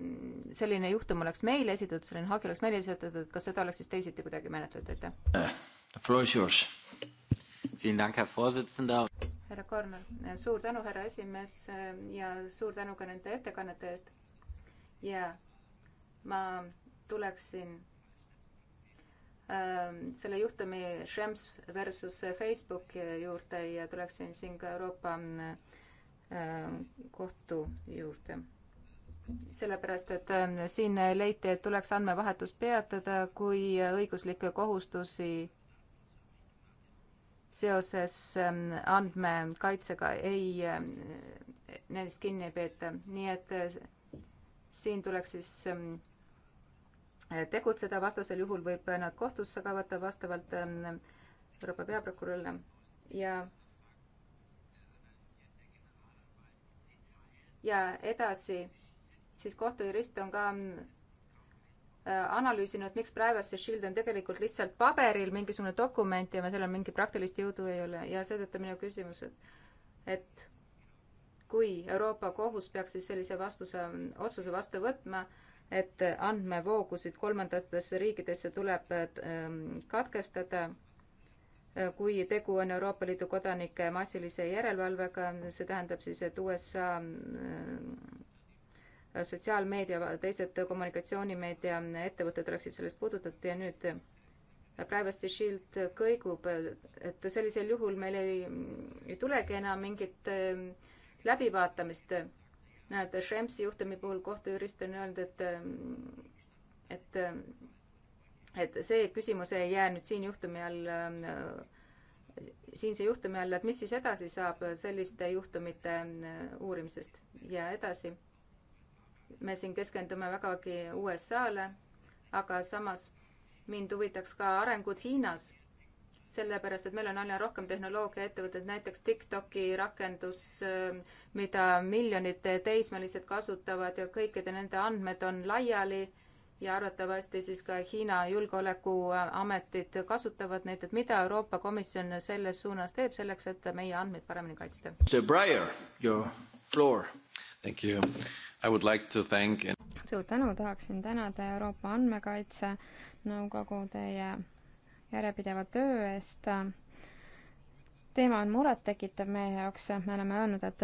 selline juhtum oleks meile esitatud, selline hagi oleks meile esitatud, et kas seda oleks siis teisiti kuidagi menetletud, aitäh? Äh, floor is yours. härra Korner, äh, suur tänu, härra esimees äh, ja suur tänu ka nende ettekannete eest. ja ma tuleksin ähm, selle juhtumi Schrems versus Facebook juurde ja tuleksin siin ka Euroopa kohtu juurde sellepärast, et ähm, siin leiti, et tuleks andmevahetust peatada, kui õiguslikke kohustusi seoses ähm, andmekaitsega ei, ähm, nendest kinni ei peeta, nii et äh, siin tuleks siis tegutseda, vastasel juhul võib nad kohtusse kaevata vastavalt Euroopa peaprokurörile ja ja edasi siis kohtujurist on ka mm, äh, analüüsinud, miks Privacy Shield on tegelikult lihtsalt paberil mingisugune dokument ja sellel mingit praktilist jõudu ei ole ja seetõttu minu küsimus, et, et kui Euroopa Kohus peaks siis sellise vastuse, otsuse vastu võtma, et andmevoogusid kolmandatesse riikidesse tuleb ähm, katkestada, äh, kui tegu on Euroopa Liidu kodanike massilise järelevalvega, see tähendab siis, et USA mm, sotsiaalmeedia, teised kommunikatsioonimeedia ettevõtted oleksid sellest puudutatud ja nüüd Privacy Shield kõigub, et sellisel juhul meil ei, ei tulegi enam mingit eh, läbivaatamist. näed, Schrems'i juhtumi puhul kohtujurist on öelnud, et, eh, et, eh, et see küsimus ei jää nüüd siin juhtumi all siinse juhtumi all, et mis siis edasi saab selliste juhtumite uurimisest ja edasi me siin keskendume vägagi USA-le, aga samas mind huvitaks ka arengud Hiinas, sellepärast et meil on aina rohkem tehnoloogiaettevõtteid, näiteks TikToki rakendus, ähm, mida miljonid teismelised kasutavad ja kõikide nende andmed on laiali ja arvatavasti siis ka Hiina julgeolekuametid kasutavad neid, et mida Euroopa Komisjon selles suunas teeb selleks, et meie andmeid paremini kaitsta? Thank you. I would like to thank suur tänu, tahaksin tänada Euroopa Andmekaitse Nõukogu teie järjepideva töö eest. teema on murettekitav meie jaoks, me oleme öelnud, et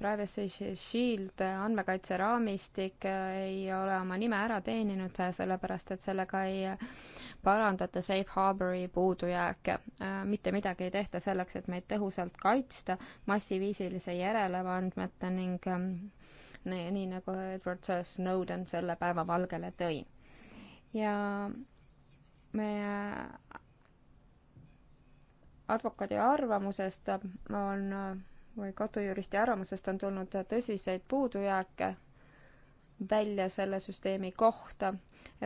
Privacy Shield andmekaitseraamistik eh, ei ole oma nime ära teeninud, eh, sellepärast et sellega ei eh, parandata safe harbori puudujääke. mitte midagi ei tehta selleks, et meid tõhusalt kaitsta massiviisilise järelevalvete ning nii, nii nagu Edward Snowden selle päeva valgele tõi. ja me advokaadi arvamusest on või kodujuristi arvamusest on tulnud tõsiseid puudujääke välja selle süsteemi kohta.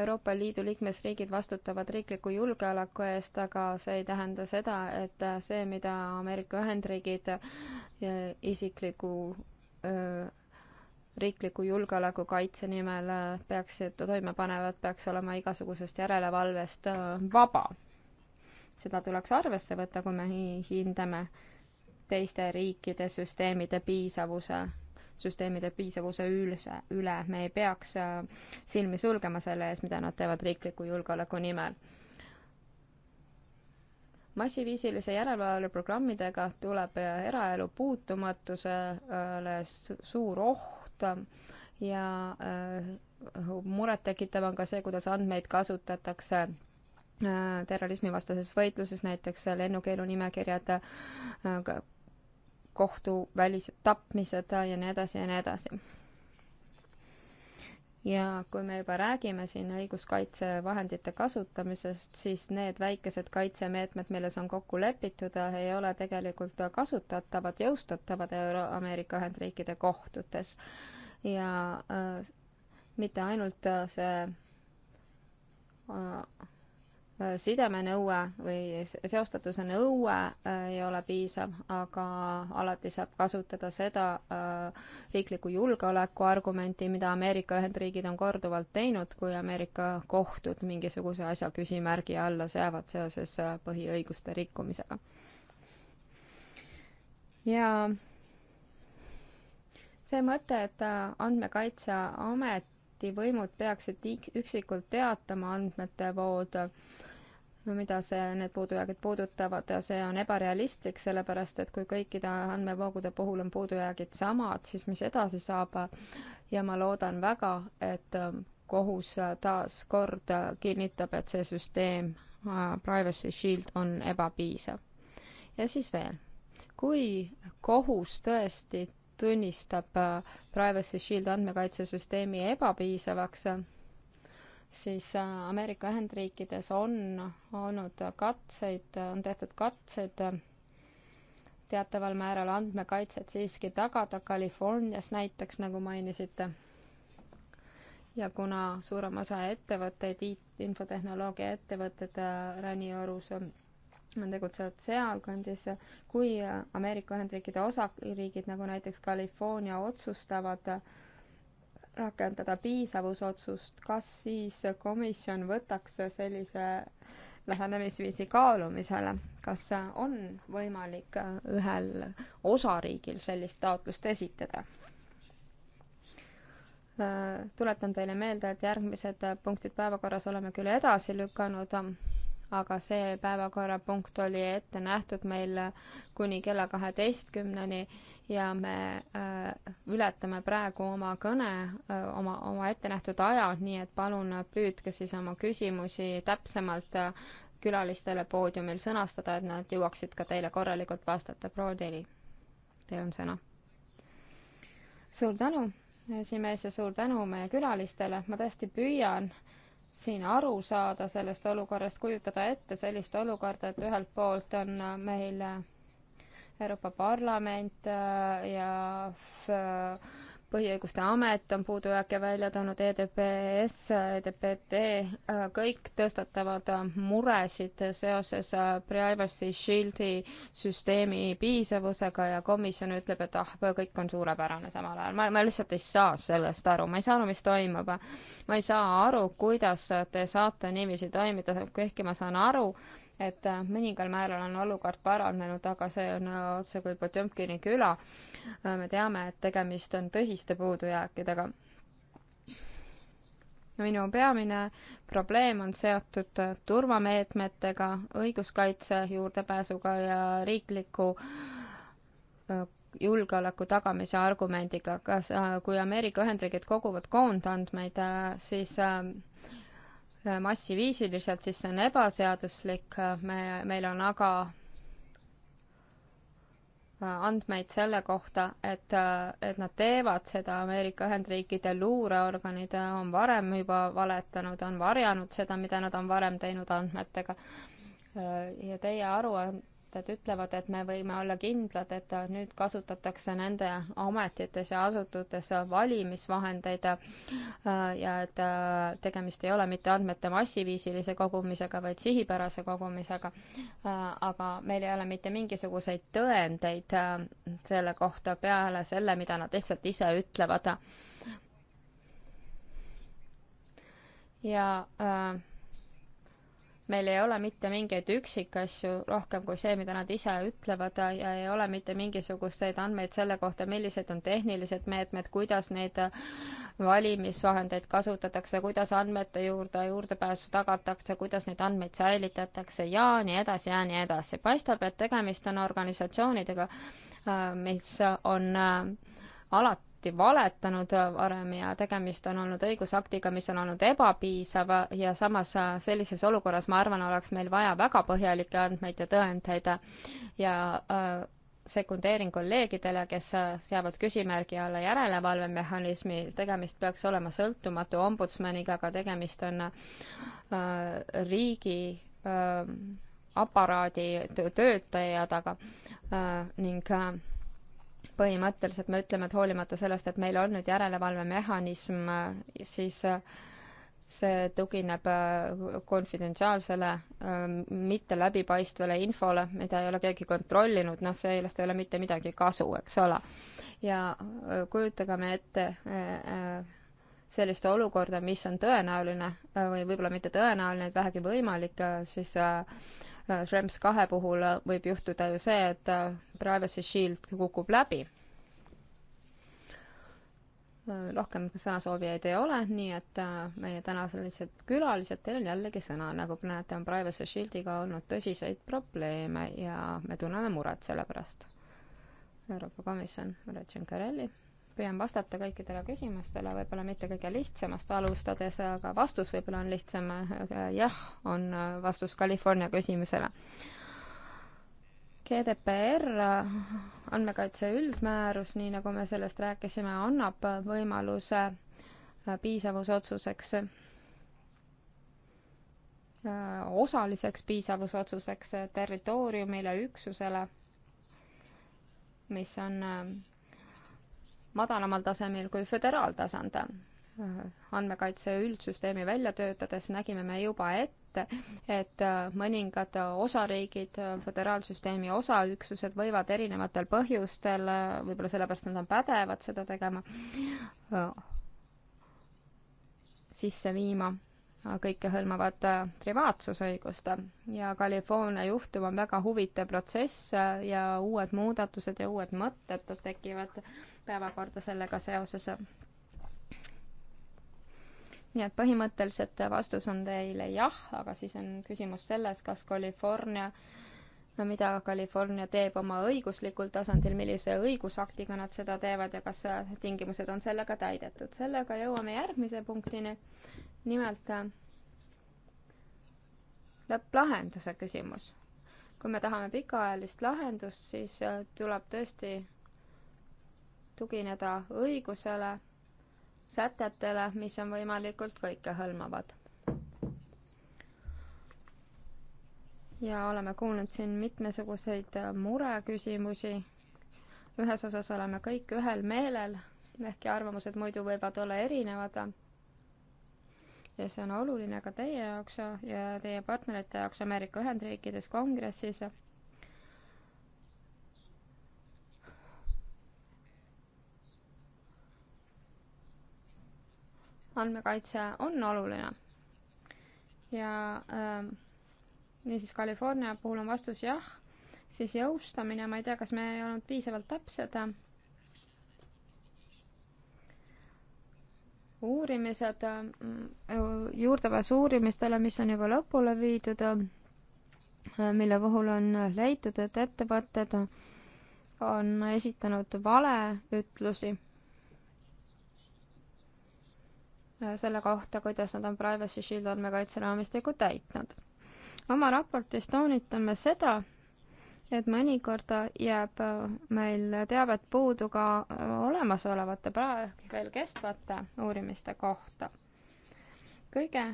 Euroopa Liidu liikmesriigid vastutavad riikliku julgeoleku eest, aga see ei tähenda seda, et see, mida Ameerika Ühendriigid isikliku riikliku julgeoleku kaitse nimel peaksid toime panevad, peaks olema igasugusest järelevalvest vaba. seda tuleks arvesse võtta, kui me hindame teiste riikide süsteemide piisavuse, süsteemide piisavuse üldse üle. me ei peaks äh, silmi sulgema selle ees, mida nad teevad riikliku julgeoleku nimel. massiviisilise järelevalve programmidega tuleb äh, eraelu puutumatusele suur oht ja äh, murettekitav on ka see, kuidas andmeid kasutatakse terrorismivastases võitluses, näiteks lennukeelunimekirjad kohtuvälised tapmised ja nii edasi ja nii edasi. ja kui me juba räägime siin õiguskaitsevahendite kasutamisest, siis need väikesed kaitsemeetmed, milles on kokku lepitud, ei ole tegelikult kasutatavad, jõustatavad Euro-, Ameerika Ühendriikide kohtutes. ja äh, mitte ainult äh, see äh, Äh, sidemenõue või seostatuse nõue äh, ei ole piisav, aga alati saab kasutada seda äh, riikliku julgeoleku argumenti, mida Ameerika Ühendriigid on korduvalt teinud, kui Ameerika kohtud mingisuguse asja küsimärgi alla seavad seoses põhiõiguste rikkumisega. ja see mõte, et Andmekaitseamet ametivõimud peaksid üksikult teatama andmete vood, mida see, need puudujäägid puudutavad ja see on ebarealistlik, sellepärast et kui kõikide andmevoogude puhul on puudujäägid samad, siis mis edasi saab ja ma loodan väga, et ähm, kohus taas kord kinnitab, et see süsteem äh, Privacy Shield on ebapiisav. ja siis veel, kui kohus tõesti tunnistab äh, Privacy Shield andmekaitsesüsteemi ebapiisavaks, siis äh, Ameerika Ühendriikides on olnud katseid, on tehtud katseid teataval määral andmekaitset siiski tagada Californias näiteks, nagu mainisite. ja kuna suurem osa ettevõtteid, IT, infotehnoloogia ettevõtted äh, Rani Orus tegutsevad sealkandis, kui Ameerika Ühendriikide osariigid, nagu näiteks California, otsustavad rakendada piisavusotsust, kas siis komisjon võtaks sellise lähenemisviisi kaalumisele, kas on võimalik ühel osariigil sellist taotlust esitada? tuletan teile meelde, et järgmised punktid päevakorras oleme küll edasi lükanud aga see päevakorrapunkt oli ette nähtud meil kuni kella kaheteistkümneni ja me äh, ületame praegu oma kõne, äh, oma, oma ettenähtud aja, nii et palun püüdke siis oma küsimusi täpsemalt äh, külalistele poodiumil sõnastada, et nad jõuaksid ka teile korralikult vastata. proua Teli, teil on sõna. suur tänu, esimees, ja suur tänu meie külalistele. ma tõesti püüan äh, siin aru saada sellest olukorrast, kujutada ette sellist olukorda, et ühelt poolt on meil Euroopa Parlament äh, ja põhiõiguste amet on puudujääke välja toonud, EDPS, EDPT, äh, kõik tõstatavad äh, muresid seoses äh, Privacy Shieldi süsteemi piisavusega ja komisjon ütleb, et ah, kõik on suurepärane samal ajal. ma, ma lihtsalt ei saa sellest aru, ma ei saa aru, mis toimub. ma ei saa aru, kuidas te saate niiviisi toimida, ehkki ma saan aru, et äh, mõningal määral on olukord paranenud, aga see on äh, otsekui Potjomkini küla. Äh, me teame, et tegemist on tõsiste puudujääkidega. minu peamine probleem on seotud turvameetmetega, õiguskaitse juurdepääsuga ja riikliku julgeoleku tagamise argumendiga, kas, kui Ameerika Ühendriigid koguvad koondandmeid, siis äh, Äh, massiviisiliselt, siis see on ebaseaduslik, äh, me, meil on aga äh, andmeid selle kohta, et, et nad teevad seda, Ameerika Ühendriikide luureorganid on varem juba valetanud, on varjanud seda, mida nad on varem teinud andmetega. ja teie aruanne ettevõtted ütlevad, et me võime olla kindlad, et nüüd kasutatakse nende ametites ja asututes valimisvahendeid äh, ja et äh, tegemist ei ole mitte andmete massiviisilise kogumisega, vaid sihipärase kogumisega. Äh, aga meil ei ole mitte mingisuguseid tõendeid selle kohta peale selle, mida nad lihtsalt ise ütlevad. ja äh, meil ei ole mitte mingeid üksikasju rohkem kui see, mida nad ise ütlevad ja ei ole mitte mingisuguseid andmeid selle kohta, millised on tehnilised meetmed, kuidas neid äh, valimisvahendeid kasutatakse, kuidas andmete juurde juurdepääsu tagatakse, kuidas neid andmeid säilitatakse ja nii edasi ja nii edasi. paistab, et tegemist on organisatsioonidega, äh, mis on äh, alati alati valetanud äh, varem ja tegemist on olnud õigusaktiga, mis on olnud ebapiisav ja samas äh, sellises olukorras, ma arvan, oleks meil vaja väga põhjalikke andmeid ja tõendeid ja äh, sekundeerin kolleegidele, kes seavad küsimärgi alla järelevalvemehhanismi, tegemist peaks olema sõltumatu ombudsmaniga, aga tegemist on äh, riigi äh, aparaadi töötajad, aga äh, ning äh, põhimõtteliselt me ütleme, et hoolimata sellest, et meil on nüüd järelevalvemehhanism, siis äh, see tugineb äh, konfidentsiaalsele, ähm, mitte läbipaistvale infole, mida ei ole keegi kontrollinud, noh, sellest ei ole mitte midagi kasu, eks ole. ja äh, kujutagem ette sellist olukorda, mis on tõenäoline või võib-olla mitte tõenäoline, et vähegi võimalik, siis äh, Äh, Schrems kahe puhul äh, võib juhtuda ju see, et äh, Privacy Shield kukub läbi. rohkem sõnasoovijaid ei ole, nii et meie tänased külalised, teil on jällegi sõna, nagu näete, on Privacy Shieldiga olnud tõsiseid probleeme ja me tunneme muret selle pärast. Euroopa Komisjon, Marek Tšenkarelli püüan vastata kõikidele küsimustele, võib-olla mitte kõige lihtsamast alustades, aga vastus võib-olla on lihtsam. jah, on vastus California küsimusele. GDPR, andmekaitse üldmäärus, nii nagu me sellest rääkisime, annab võimaluse piisavusotsuseks, osaliseks piisavusotsuseks territooriumile, üksusele, mis on madalamal tasemel kui föderaaltasand. andmekaitse üldsüsteemi välja töötades nägime me juba ette, et mõningad osariigid, föderaalsüsteemi osaüksused võivad erinevatel põhjustel, võib-olla sellepärast nad on pädevad seda tegema, sisse viima kõikehõlmavat äh, privaatsusõigust ja California juhtum on väga huvitav protsess äh, ja uued muudatused ja uued mõtted tekivad päevakorda sellega seoses. nii et põhimõtteliselt vastus on teile jah, aga siis on küsimus selles, kas California no mida California teeb oma õiguslikul tasandil, millise õigusaktiga nad seda teevad ja kas tingimused on sellega täidetud. sellega jõuame järgmise punktini nimelt äh, lõpplahenduse küsimus. kui me tahame pikaajalist lahendust, siis äh, tuleb tõesti tugineda õigusele, sätetele, mis on võimalikult kõikehõlmavad. ja oleme kuulnud siin mitmesuguseid äh, mureküsimusi. ühes osas oleme kõik ühel meelel, ehkki arvamused muidu võivad olla erinevad ja see on oluline ka teie jaoks ja teie partnerite jaoks Ameerika Ühendriikides kongressis. andmekaitse on oluline ja ähm, niisiis California puhul on vastus jah, siis jõustamine, ma ei tea, kas me ei olnud piisavalt täpsed uurimised, mm, juurdepääs uurimistele, mis on juba lõpule viidud, mille puhul on leitud, et ettevõtted on esitanud valeütlusi selle kohta, kuidas nad on Privacy Shield andmekaitse raamistikku täitnud. oma raportis toonitame seda, et mõnikord jääb äh, meil teavet puudu ka äh, olemasolevate, praegu veel kestvate uurimiste kohta. kõige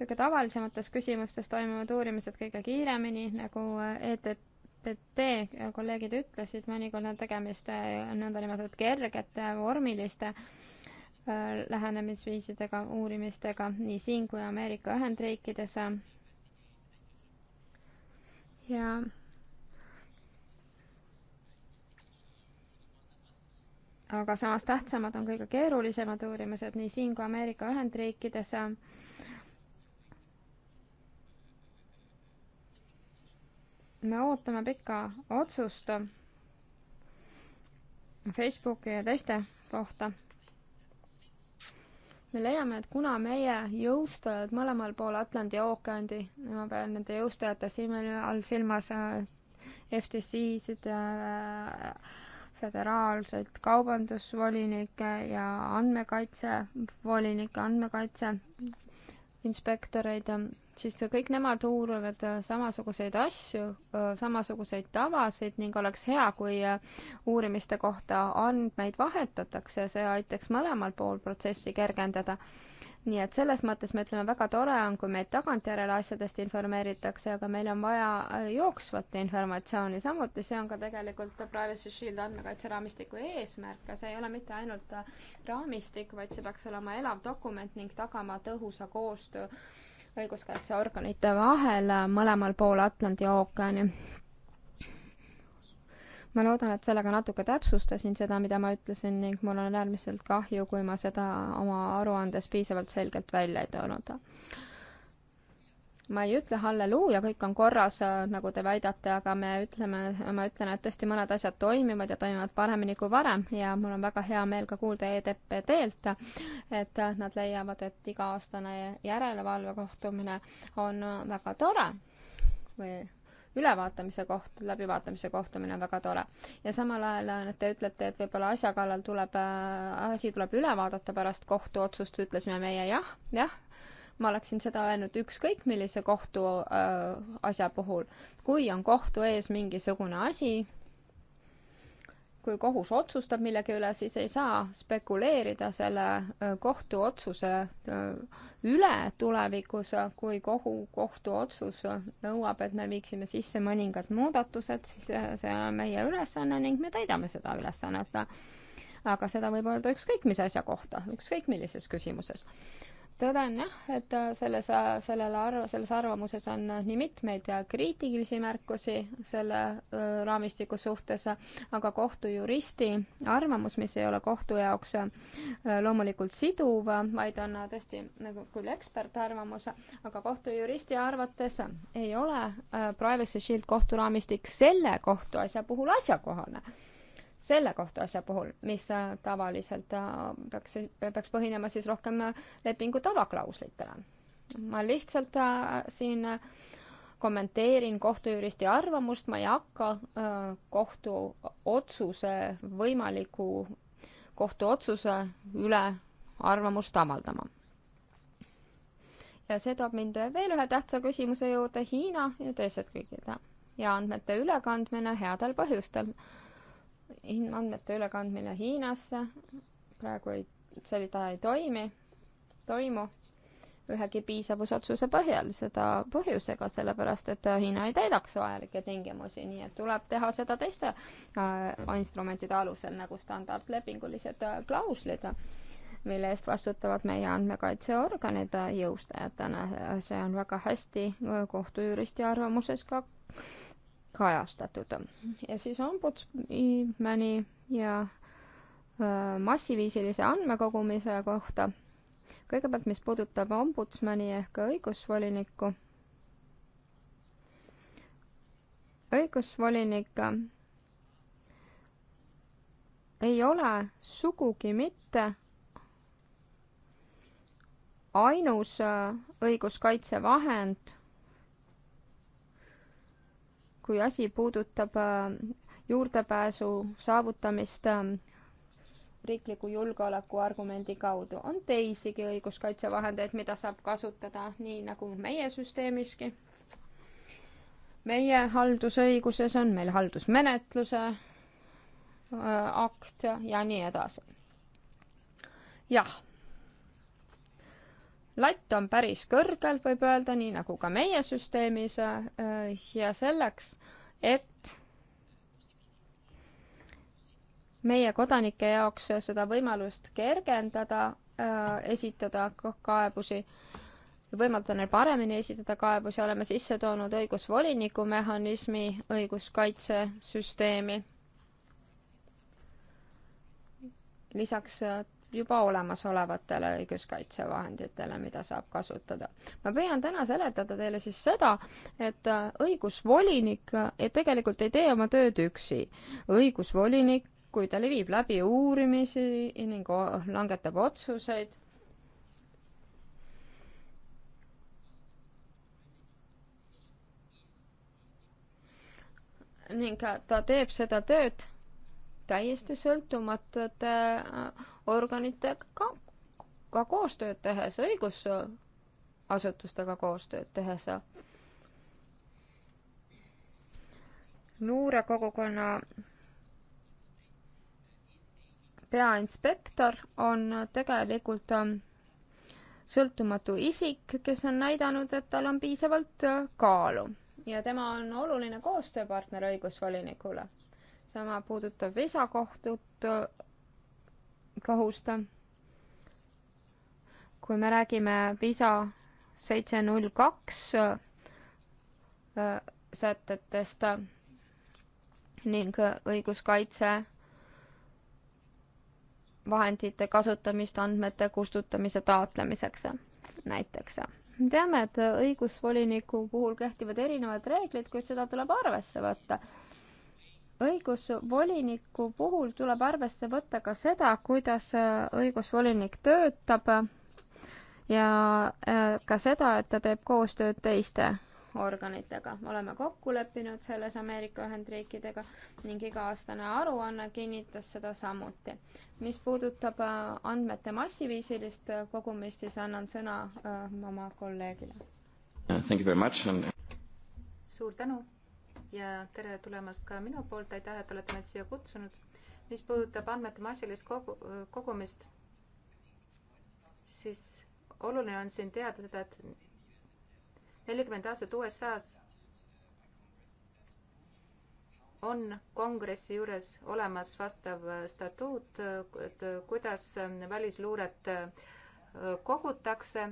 kõige tavalisemates küsimustes toimuvad uurimised kõige kiiremini, nagu äh, ETPT kolleegid ütlesid, mõnikord on tegemist nõndanimetatud kergete vormiliste äh, Äh, lähenemisviisidega, uurimistega nii siin kui Ameerika Ühendriikides. ja aga samas tähtsamad on kõige keerulisemad uurimused nii siin kui Ameerika Ühendriikides. me ootame pikka otsust Facebooki ja teiste kohta me leiame, et kuna meie jõustajad mõlemal pool Atlandi ookeani, ma pean nende jõustajate silme all silmas äh, FTC-sid ja äh, föderaalseid kaubandusvolinikke ja andmekaitsevolinikke, andmekaitse inspektoreid siis kõik nemad uurivad äh, samasuguseid asju, äh, samasuguseid tavasid ning oleks hea, kui äh, uurimiste kohta andmeid vahetatakse, see aitaks mõlemal pool protsessi kergendada. nii et selles mõttes me ütleme, väga tore on, kui meid tagantjärele asjadest informeeritakse, aga meil on vaja jooksvat informatsiooni, samuti see on ka tegelikult Privacy Shield andmekaitseraamistiku eesmärk ja see ei ole mitte ainult raamistik, vaid see peaks olema elav dokument ning tagama tõhusa koostöö õiguskaitseorganite vahel mõlemal pool Atlandi ookeani. ma loodan, et sellega natuke täpsustasin seda, mida ma ütlesin ning mul on äärmiselt kahju, kui ma seda oma aruandes piisavalt selgelt välja ei toonud ma ei ütle halleluuja, kõik on korras, äh, nagu te väidate, aga me ütleme, ma ütlen, et tõesti mõned asjad toimivad ja toimivad paremini kui varem ja mul on väga hea meel ka kuulda EDPD-lt, et nad leiavad, et iga-aastane järelevalvekohtumine on väga tore või ülevaatamise koht, läbivaatamise kohtumine on väga tore. ja samal ajal äh, te ütlete, et võib-olla asja kallal tuleb, äh, asi tuleb üle vaadata pärast kohtuotsust, ütlesime meie jah, jah, ma oleksin seda öelnud ükskõik millise kohtu äh, asja puhul. kui on kohtu ees mingisugune asi, kui kohus otsustab millegi üle, siis ei saa spekuleerida selle äh, kohtuotsuse äh, üle tulevikus, kui kohu, kohtuotsus nõuab, et me viiksime sisse mõningad muudatused, siis äh, see on meie ülesanne ning me täidame seda ülesannet aga seda võib öelda ükskõik mis asja kohta, ükskõik millises küsimuses tõden jah, et äh, selles, äh, sellel arv, selles arvamuses on äh, nii mitmeid kriitilisi märkusi selle raamistiku suhtes, aga kohtujuristi arvamus, mis ei ole kohtu jaoks loomulikult siduv, vaid on tõesti nagu küll ekspertarvamus, aga kohtujuristi arvates ei ole Privacy Shield kohturaamistik selle kohtuasja puhul asjakohane selle kohta asja puhul, mis äh, tavaliselt äh, peaks, peaks põhinema siis rohkem äh, lepingu tavaklauslitele. ma lihtsalt siin kommenteerin kohtujuristi arvamust, ma ei hakka kohtuotsuse, võimaliku kohtuotsuse üle arvamust avaldama. ja see toob mind veel ühe tähtsa küsimuse juurde, Hiina ja teised riigid ja andmete ülekandmine headel põhjustel andmete ülekandmine Hiinasse praegu ei, seda ei toimi, toimu ühegi piisavusotsuse põhjal, seda põhjusega, sellepärast et Hiina ei täidaks vajalikke tingimusi, nii et tuleb teha seda teiste äh, instrumentide alusel, nagu standardlepingulised äh, klauslid, mille eest vastutavad meie andmekaitseorganid äh, jõustajatena. see on väga hästi äh, kohtujuristi arvamuses ka kajastatud. ja siis ombudsmani ja äh, massiviisilise andmekogumise kohta. kõigepealt, mis puudutab ombudsmani ehk õigusvolinikku. õigusvolinik äh, ei ole sugugi mitte ainus äh, õiguskaitsevahend kui asi puudutab äh, juurdepääsu saavutamist äh, riikliku julgeoleku argumendi kaudu. on teisigi õiguskaitsevahendeid, mida saab kasutada nii nagu meie süsteemiski. meie haldusõiguses on meil haldusmenetluse äh, akt ja nii edasi. jah latt on päris kõrgel, võib öelda, nii nagu ka meie süsteemis äh, ja selleks, et meie kodanike jaoks seda võimalust kergendada, äh, esitada kaebusi, võimaldada neil paremini esitada kaebusi, oleme sisse toonud õigusvoliniku mehhanismi õiguskaitsesüsteemi. lisaks äh, juba olemasolevatele õiguskaitsevahenditele, mida saab kasutada. ma püüan täna seletada teile siis seda, et äh, õigusvolinik äh, tegelikult ei tee oma tööd üksi. õigusvolinik, kui ta viib läbi uurimisi ning langetab otsuseid, ning äh, ta teeb seda tööd täiesti sõltumatute äh, organitega ka, ka koostööd tehes, õigusasutustega koostööd tehes. luurekogukonna peainspektor on tegelikult sõltumatu isik, kes on näidanud, et tal on piisavalt kaalu ja tema on oluline koostööpartner õigusvolinikule. sama puudutab visakohtut kohust. kui me räägime PISA seitse null kaks äh, sätetest ning õiguskaitse vahendite kasutamist andmete kustutamise taotlemiseks näiteks. me teame, et õigusvoliniku puhul kehtivad erinevad reeglid, kuid seda tuleb arvesse võtta õigusvoliniku puhul tuleb arvesse võtta ka seda, kuidas äh, õigusvolinik töötab ja äh, ka seda, et ta teeb koostööd teiste organitega. oleme kokku leppinud selles Ameerika Ühendriikidega ning iga-aastane aruanne kinnitas seda samuti. mis puudutab äh, andmete massiviisilist kogumist, siis annan sõna oma kolleegile. suur tänu ja tere tulemast ka minu poolt, aitäh, et olete meid siia kutsunud. mis puudutab andmete massilist kogu, kogumist, siis oluline on siin teada seda, et nelikümmend aastat USA-s on kongressi juures olemas vastav statuut, et kuidas välisluuret kogutakse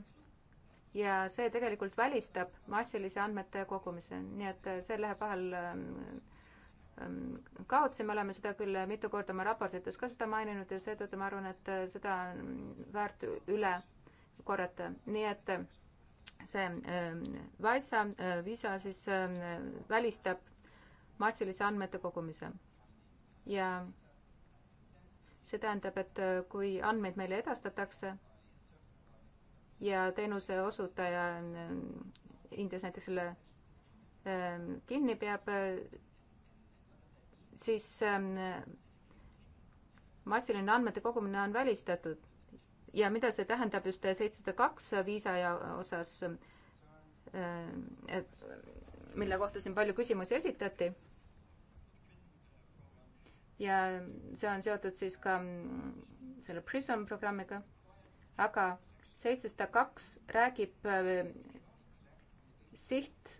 ja see tegelikult välistab massilise andmete kogumise, nii et äh, see läheb vahel ähm, ähm, kaotsi, me oleme seda küll äh, mitu korda oma raportites ka seda maininud ja seetõttu ma arvan, et äh, seda on väärt üle korrata, nii et see ähm, Vaisa visa siis välistab massilise andmete kogumise ja see tähendab, et kui andmeid meile edastatakse ja teenuse osutaja äh, Indias näiteks selle ähm, kinni peab, äh, siis ähm, massiline andmete kogumine on välistatud ja mida see tähendab just seitsesada kaks viisa ja osas, äh, et mille kohta siin palju küsimusi esitati. ja see on seotud siis ka mm, selle Prism programmiga, aga seitsesada kaks räägib äh, siht,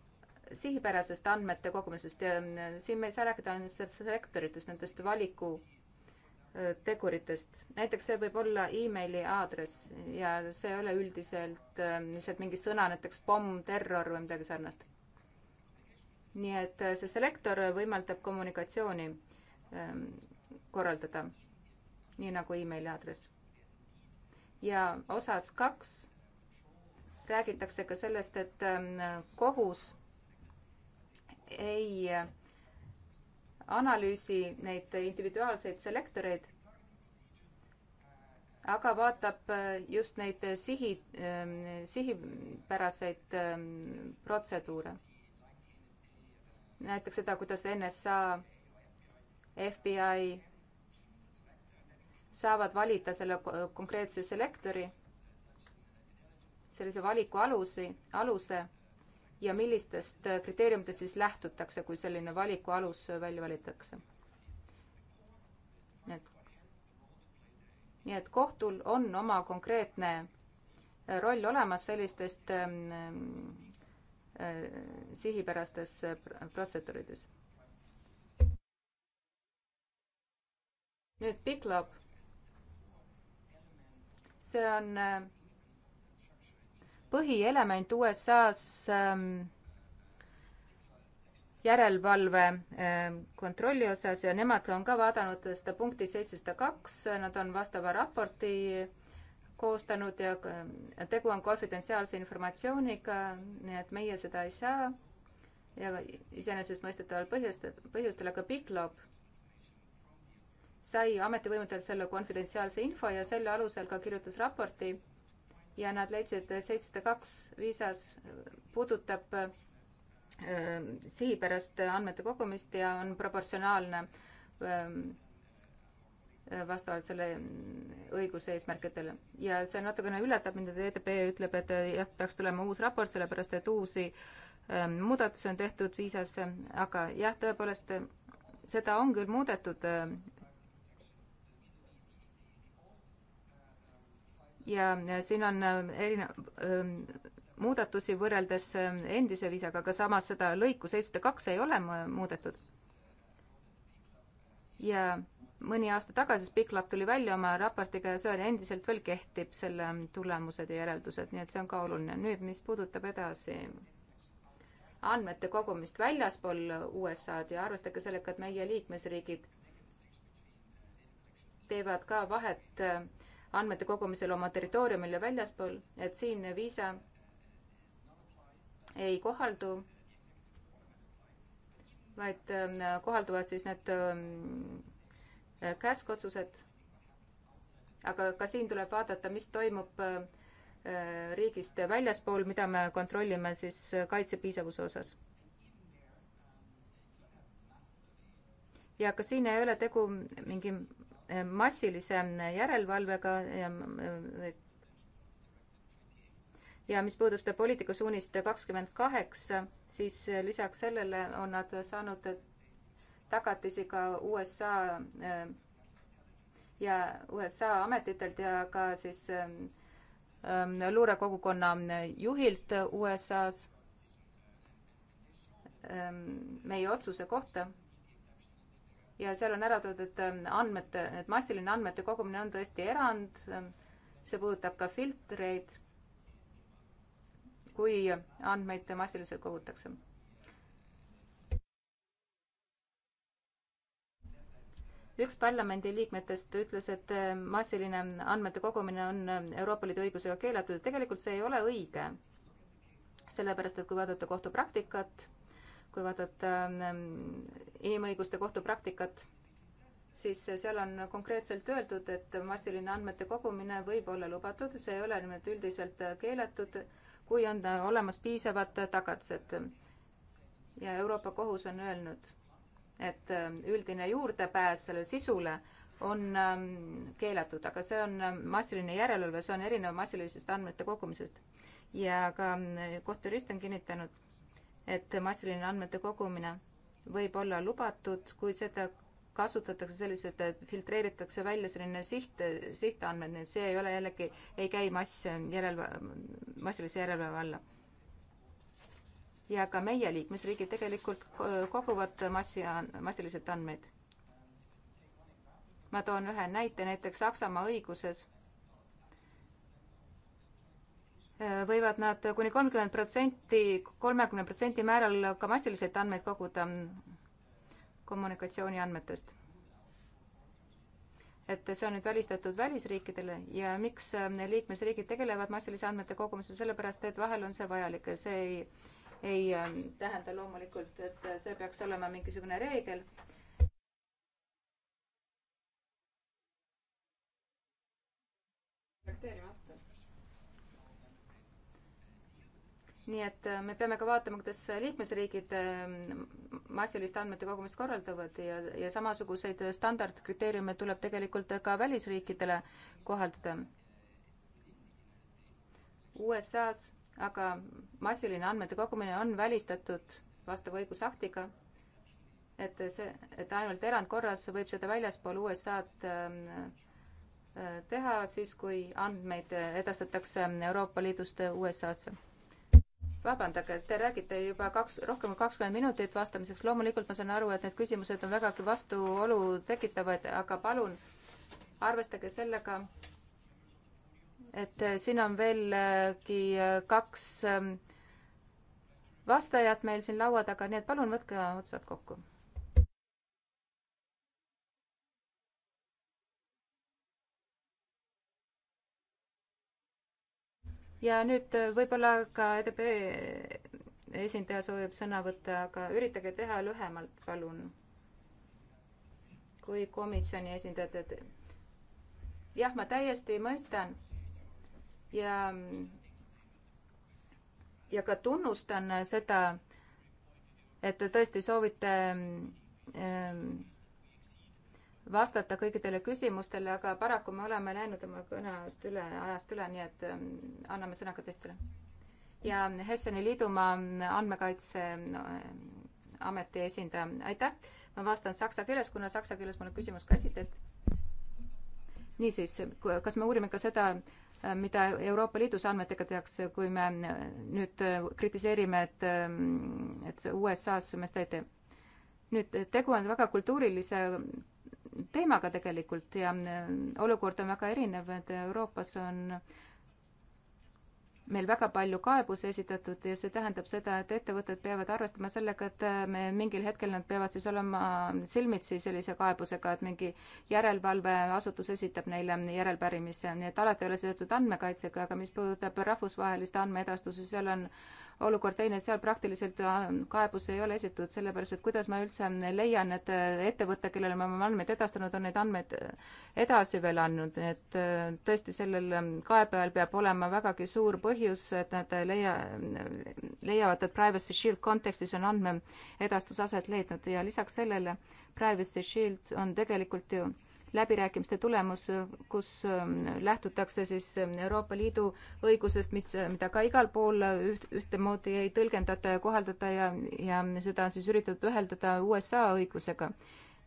sihipärasest andmete kogumisest ja äh, siin me ei saa rääkida ainult sektoritest, nendest valiku äh, teguritest. näiteks see võib olla emaili aadress ja see ei ole üldiselt lihtsalt mingi sõna, näiteks pomm, terror või midagi sarnast. nii et see selektor võimaldab kommunikatsiooni ähm, korraldada, nii nagu emaili aadress ja osas kaks räägitakse ka sellest, et ähm, kohus ei analüüsi neid individuaalseid selektoreid, aga vaatab äh, just neid sihi, ähm, sihipäraseid ähm, protseduure. näiteks seda, kuidas NSA, FBI saavad valida selle konkreetse selektori, sellise valiku alusi, aluse ja millistest äh, kriteeriumitest siis lähtutakse, kui selline valiku alus äh, välja valitakse. et nii et kohtul on oma konkreetne äh, roll olemas sellistest ähm, sihipärastes protseduurides. nüüd Big Lab see on äh, põhielement USA-s ähm, järelevalve äh, kontrolli osas ja nemad on ka vaadanud seda punkti seitsesada kaks, nad on vastava raporti koostanud ja äh, tegu on konfidentsiaalse informatsiooniga, nii et meie seda ei saa ja iseenesestmõistetaval põhjustel, põhjustel, aga Big Lob sai ametivõimudelt selle konfidentsiaalse info ja selle alusel ka kirjutas raporti ja nad leidsid, et seitsesada kaks viisas puudutab äh, sihipärast andmete kogumist ja on proportsionaalne äh, vastavalt selle mm, õiguse eesmärkidele. ja see natukene üllatab mind, et EDP ütleb, et äh, jah, peaks tulema uus raport, sellepärast et uusi ähm, muudatusi on tehtud viisasse, äh, aga jah, tõepoolest, äh, seda on küll muudetud äh, ja siin on äh, erinev, ähm, muudatusi võrreldes ähm, endise viisaga, aga samas seda lõiku seitsesada kaks ei ole muudetud. ja mõni aasta tagasi Spiklab tuli välja oma raportiga ja see oli endiselt veel kehtib, selle ähm, tulemused ja järeldused, nii et see on ka oluline. nüüd, mis puudutab edasi andmete kogumist väljaspool USA-d ja arvestage sellega, et meie liikmesriigid teevad ka vahet äh, andmete kogumisel oma territooriumil ja väljaspool, et siin viisa ei kohaldu, vaid ähm, kohalduvad siis need ähm, käskotsused. aga ka siin tuleb vaadata, mis toimub äh, äh, riigist väljaspool, mida me kontrollime siis äh, kaitsepiisavuse osas ja ka siin ei ole tegu mingi massilise järelevalvega ja, ja mis puudub seda poliitikasuunist kakskümmend kaheksa, siis lisaks sellele on nad saanud tagatisi ka USA ja USA ametitelt ja ka siis ähm, luurekogukonna juhilt USA-s ähm, meie otsuse kohta ja seal on ära toodud, et ähm, andmete, et massiline andmete kogumine on tõesti erand, ähm, see puudutab ka filtreid, kui andmeid massiliselt kogutakse. üks parlamendi liikmetest ütles, et ähm, massiline andmete kogumine on Euroopa Liidu õigusega keelatud, tegelikult see ei ole õige. sellepärast, et kui vaadata kohtupraktikat kui vaadata ähm, inimõiguste kohtupraktikat, siis seal on konkreetselt öeldud, et massiline andmete kogumine võib olla lubatud, see ei ole nüüd üldiselt keelatud, kui on olemas piisavad tagatised. ja Euroopa Kohus on öelnud, et ähm, üldine juurdepääs sellele sisule on ähm, keelatud, aga see on massiline järelevalve, see on erinev massilisest andmete kogumisest. ja ka kohtujurist on kinnitanud et massiline andmete kogumine võib olla lubatud, kui seda kasutatakse selliselt, et filtreeritakse välja selline siht, sihtandmed, nii et see ei ole jällegi, ei käi mass järelva-, massilise järelevalve alla. ja ka meie liikmesriigid tegelikult koguvad massi, massiliselt andmeid. ma toon ühe näite, näiteks Saksamaa õiguses võivad nad kuni kolmkümmend protsenti, kolmekümne protsendi määral ka massiliselt andmeid koguda kommunikatsiooniandmetest. et see on nüüd välistatud välisriikidele ja miks äh, liikmesriigid tegelevad massilise andmete kogumisega, sellepärast et vahel on see vajalik ja see ei, ei ähm, tähenda loomulikult, et äh, see peaks olema mingisugune reegel reflekteerima. nii et äh, me peame ka vaatama, kuidas liikmesriigid ähm, massilist andmete kogumist korraldavad ja, ja samasuguseid standardkriteeriume tuleb tegelikult ka välisriikidele kohaldada. USA-s aga massiline andmete kogumine on välistatud vastava õigusaktiga, et see, et ainult erandkorras võib seda väljaspool USA-d ähm, äh, teha siis, kui andmeid äh, edastatakse ähm, Euroopa Liidust USA-sse vabandage, te räägite juba kaks, rohkem kui kakskümmend minutit vastamiseks, loomulikult ma saan aru, et need küsimused on vägagi vastuolu tekitavad, aga palun arvestage sellega, et siin on veelgi äh, kaks ähm, vastajat meil siin laua taga, nii et palun võtke otsad kokku. ja nüüd äh, võib-olla ka EDB esindaja soovib sõna võtta, aga üritage teha lühemalt, palun. kui komisjoni esindajad, et jah, ma täiesti mõistan ja, ja ka tunnustan seda, et te tõesti soovite ähm, vastata kõikidele küsimustele, aga paraku me oleme läinud oma kõneajast üle, ajast üle, nii et ähm, anname sõna ka teistele. ja Hesseni liidumaa andmekaitseameti ähm, esindaja, aitäh. ma vastan saksa keeles, kuna saksa keeles mulle küsimus ka esitati. niisiis, kas me uurime ka seda, äh, mida Euroopa Liidus andmetega tehakse, kui me äh, nüüd äh, kritiseerime, et, ähm, et USA-s me seda ei tee? nüüd tegu on väga kultuurilise teemaga tegelikult ja äh, olukord on väga erinev, et Euroopas on meil väga palju kaebusi esitatud ja see tähendab seda, et ettevõtted peavad arvestama sellega, et äh, me mingil hetkel nad peavad siis olema silmitsi sellise kaebusega, et mingi järelevalveasutus esitab neile järelpärimise, nii et alati ei ole seotud andmekaitsega, aga mis puudutab rahvusvahelist andmeedastuse, seal on äh, olukord teine, seal praktiliselt äh, kaebusi ei ole esitatud, sellepärast et kuidas ma üldse äh, leian, et äh, ettevõte, kellele me oleme andmeid edastanud, on neid andmeid edasi veel andnud, et tõesti, sellel kaebajal peab olema vägagi suur põhjus, et nad leia, leiavad, et Privacy Shield kontekstis on andmeedastus aset leidnud ja lisaks sellele Privacy Shield on tegelikult ju läbirääkimiste tulemus, kus ähm, lähtutakse siis ähm, Euroopa Liidu õigusest, mis, äh, mida ka igal pool äh, üht, ühtemoodi ei tõlgendata ja kohaldata ja, ja seda on siis üritatud üheldada USA õigusega.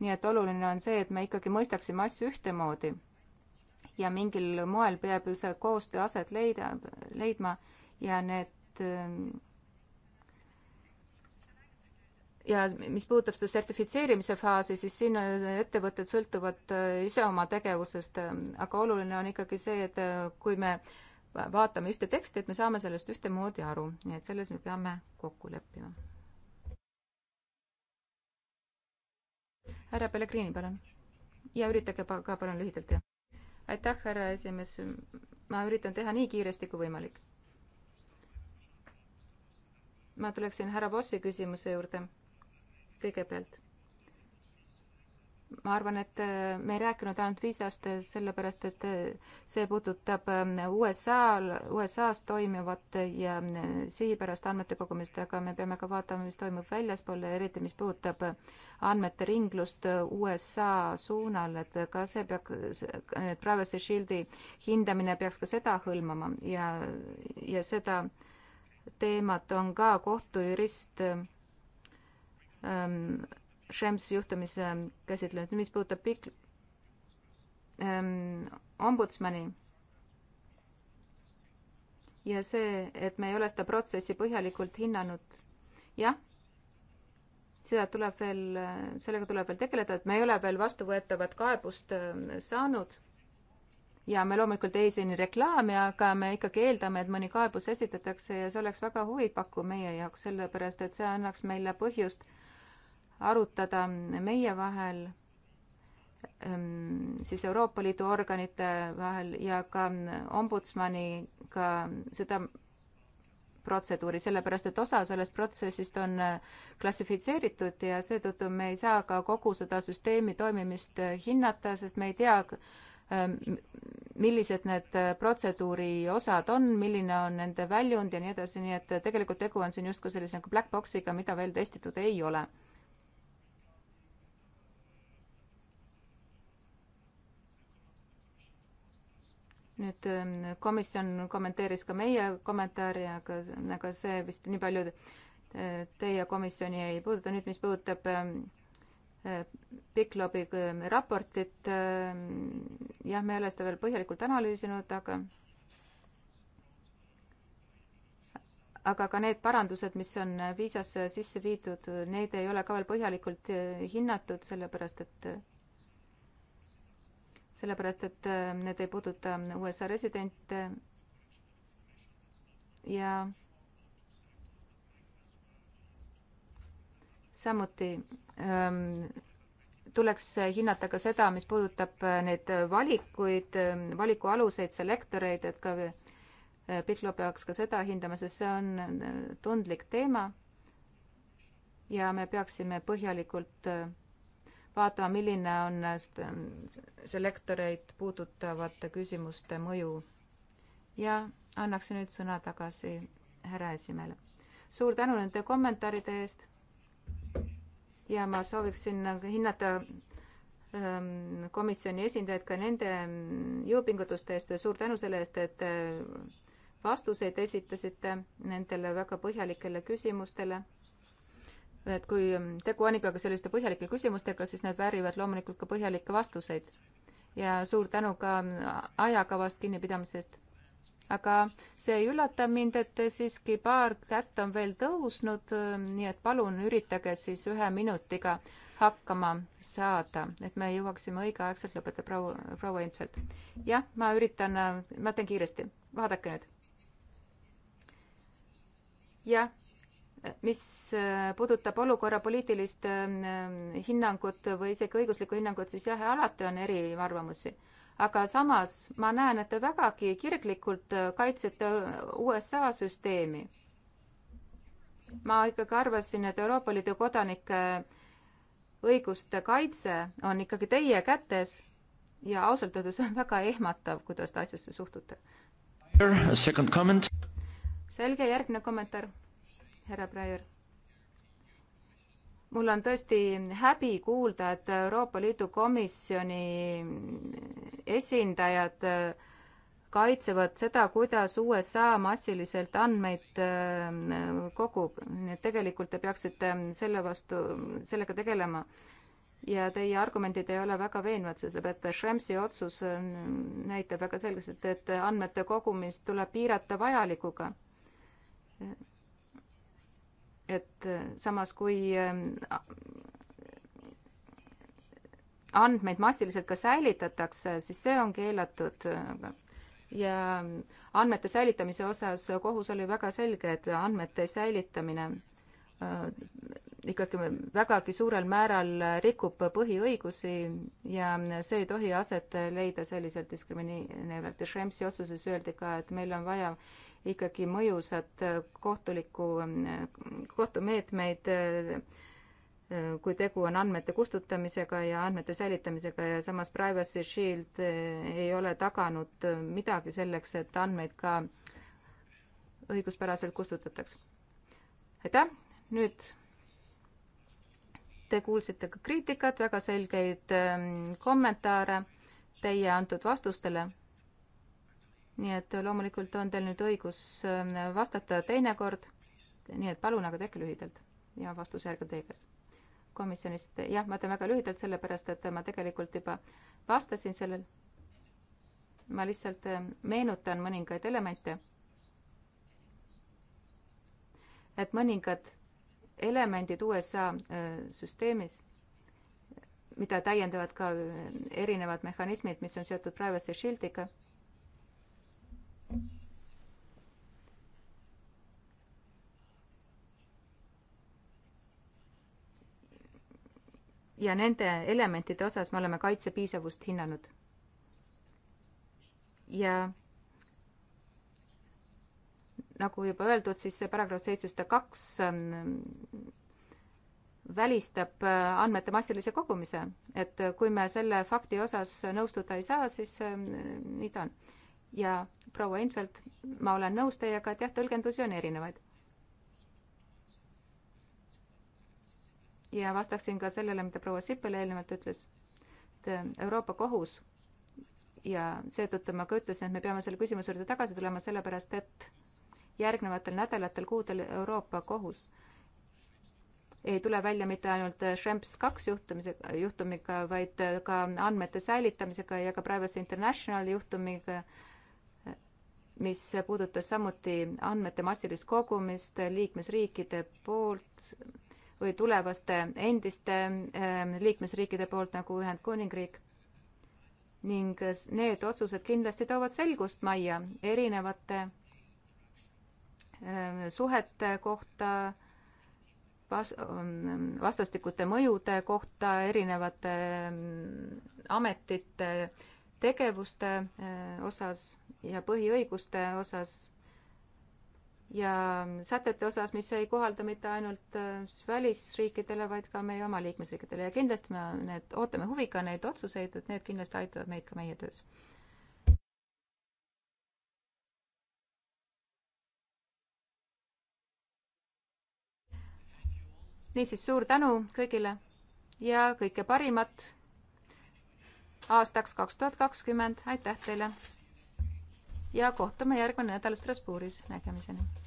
nii et oluline on see, et me ikkagi mõistaksime asju ühtemoodi. ja mingil moel peab ju see koostöö aset leida, leidma ja need ähm, ja mis puudutab seda sertifitseerimise faasi, siis siin ettevõtted sõltuvad äh, ise oma tegevusest, äh, aga oluline on ikkagi see, et äh, kui me vaatame ühte teksti, et me saame sellest ühtemoodi aru, nii et selles me peame kokku leppima. härra Pellegrini, palun. ja üritage ka palun lühidalt teha. aitäh, härra esimees. ma üritan teha nii kiiresti kui võimalik. ma tuleksin härra Vossi küsimuse juurde kõigepealt. ma arvan, et äh, me ei rääkinud ainult viisast, äh, sellepärast et äh, see puudutab ähm, USA-l, USA-s toimuvat ja sihipärast andmete kogumist, aga me peame ka vaatama, mis toimub väljaspool, eriti mis puudutab andmete ringlust USA suunal, et ka see peaks, et Privacy Shieldi hindamine peaks ka seda hõlmama ja, ja seda teemat on ka kohtujurist ähm, Schrems juhtumise käsitlenud. mis puudutab pik-, ähm, ombudsmani ja see, et me ei ole seda protsessi põhjalikult hinnanud, jah, seda tuleb veel, sellega tuleb veel tegeleda, et me ei ole veel vastuvõetavat kaebust ähm, saanud ja me loomulikult ei siin reklaami, aga me ikkagi eeldame, et mõni kaebus esitatakse ja see oleks väga huvipakkuv meie jaoks, sellepärast et see annaks meile põhjust äh, arutada meie vahel, ehm, siis Euroopa Liidu organite vahel ja ka ombudsmaniga seda protseduuri, sellepärast et osa sellest protsessist on äh, klassifitseeritud ja seetõttu me ei saa ka kogu seda süsteemi toimimist äh, hinnata, sest me ei tea, ehm, millised need äh, protseduuri osad on, milline on nende väljund ja nii edasi, nii et tegelikult tegu on siin justkui sellise nagu black box'iga, mida veel testitud ei ole. nüüd ähm, komisjon kommenteeris ka meie kommentaari, aga, aga see vist nii palju äh, teie komisjoni ei puuduta. nüüd, mis puudutab Piklobi ähm, äh, ähm, raportit, jah, me ei ole seda veel põhjalikult analüüsinud, aga aga ka need parandused, mis on viisasse sisse viidud, neid ei ole ka veel põhjalikult äh, hinnatud, sellepärast et sellepärast et äh, need ei puuduta USA residente ja samuti ähm, tuleks hinnata ka seda, mis puudutab äh, neid valikuid, ähm, valikualuseid, selektoreid, et ka äh, Pihlo peaks ka seda hindama, sest see on tundlik teema. ja me peaksime põhjalikult vaatama, milline on äh, selektoreid puudutavate küsimuste mõju. ja annaksin nüüd sõna tagasi härra esimehele. suur tänu nende kommentaaride eest. ja ma sooviksin hinnata ähm, komisjoni esindajaid ka nende ähm, jõupingutuste eest ja suur tänu selle eest, et äh, vastuseid esitasite nendele väga põhjalikele küsimustele et kui tegu on ikkagi selliste põhjalike küsimustega, siis need väärivad loomulikult ka põhjalikke vastuseid. ja suur tänu ka ajakavast kinnipidamise eest. aga see ei üllata mind, et siiski paar kätt on veel tõusnud, nii et palun üritage siis ühe minutiga hakkama saada, et me jõuaksime õigeaegselt lõpetada, proua, proua Infeld. jah, ma üritan, ma teen kiiresti, vaadake nüüd. jah mis äh, puudutab olukorra poliitilist äh, hinnangut või isegi õiguslikku hinnangut, siis jah, alati on eriarvamusi. aga samas ma näen, et te vägagi kirglikult äh, kaitsete USA süsteemi. ma ikkagi arvasin, et Euroopa Liidu kodanike õiguste kaitse on ikkagi teie kätes ja ausalt öeldes on väga ehmatav, kuidas te asjasse suhtute. selge, järgmine kommentaar härra Breyer. mul on tõesti häbi kuulda, et Euroopa Liidu Komisjoni esindajad kaitsevad seda, kuidas USA massiliselt andmeid äh, kogub. nii et tegelikult te peaksite selle vastu, sellega tegelema. ja teie argumendid ei ole väga veenvad, sest et Schrems'i otsus äh, näitab väga selgelt, et andmete kogumist tuleb piirata vajalikuga et äh, samas, kui ähm, andmeid massiliselt ka säilitatakse, siis see on keelatud. ja ähm, andmete säilitamise osas kohus oli väga selge, et andmete säilitamine äh, ikkagi vägagi suurel määral rikub põhiõigusi ja see ei tohi aset leida selliselt diskrimineerivalt. ja Schrems'i otsuses öeldi ka, et meil on vaja ikkagi mõjusat kohtulikku, kohtumeetmeid, kui tegu on andmete kustutamisega ja andmete säilitamisega ja samas Privacy Shield ei ole taganud midagi selleks, et andmeid ka õiguspäraselt kustutataks. aitäh, nüüd te kuulsite ka kriitikat, väga selgeid ähm, kommentaare teie antud vastustele nii et loomulikult on teil nüüd õigus ähm, vastata teinekord, nii et palun, aga tehke lühidalt ja vastuse järgi on teie käes. komisjonist, jah, ma teen väga lühidalt, sellepärast et ma tegelikult juba vastasin sellel. ma lihtsalt ähm, meenutan mõningaid elemente. et mõningad elemendid USA äh, süsteemis, mida täiendavad ka äh, erinevad mehhanismid, mis on seotud Privacy Shieldiga ja nende elementide osas me oleme kaitsepiisavust hinnanud. ja nagu juba öeldud, siis see paragrahv seitsesada kaks ähm, välistab äh, andmete massilise kogumise, et äh, kui me selle fakti osas nõustuda ei saa, siis ähm, nii ta on. ja proua Infeld, ma olen nõus teiega, et jah, tõlgendusi on erinevaid ja vastaksin ka sellele, mida proua Sippel eelnevalt ütles, et äh, Euroopa Kohus ja seetõttu ma ka ütlesin, et me peame selle küsimuse juurde tagasi tulema, sellepärast et järgnevatel nädalatel, kuudel Euroopa Kohus ei tule välja mitte ainult äh, Shrems kaks juhtumise, juhtumiga, vaid äh, ka andmete säilitamisega ja ka Privacy Internationali juhtumiga, mis puudutas samuti andmete massilist kogumist liikmesriikide poolt või tulevaste endiste ähm, liikmesriikide poolt nagu Ühendkuningriik. ning need otsused kindlasti toovad selgust majja erinevate ähm, suhete kohta, ähm, vastastikute mõjude kohta, erinevate ametite tegevuste äh, osas ja põhiõiguste osas ja sätete osas, mis ei kohalda mitte ainult äh, välisriikidele, vaid ka meie oma liikmesriikidele ja kindlasti me need, ootame huviga neid otsuseid, et need kindlasti aitavad meid ka meie töös. niisiis, suur tänu kõigile ja kõike parimat aastaks kaks tuhat kakskümmend, aitäh teile! ja kohtume järgmine nädal Strasbourgis, nägemiseni!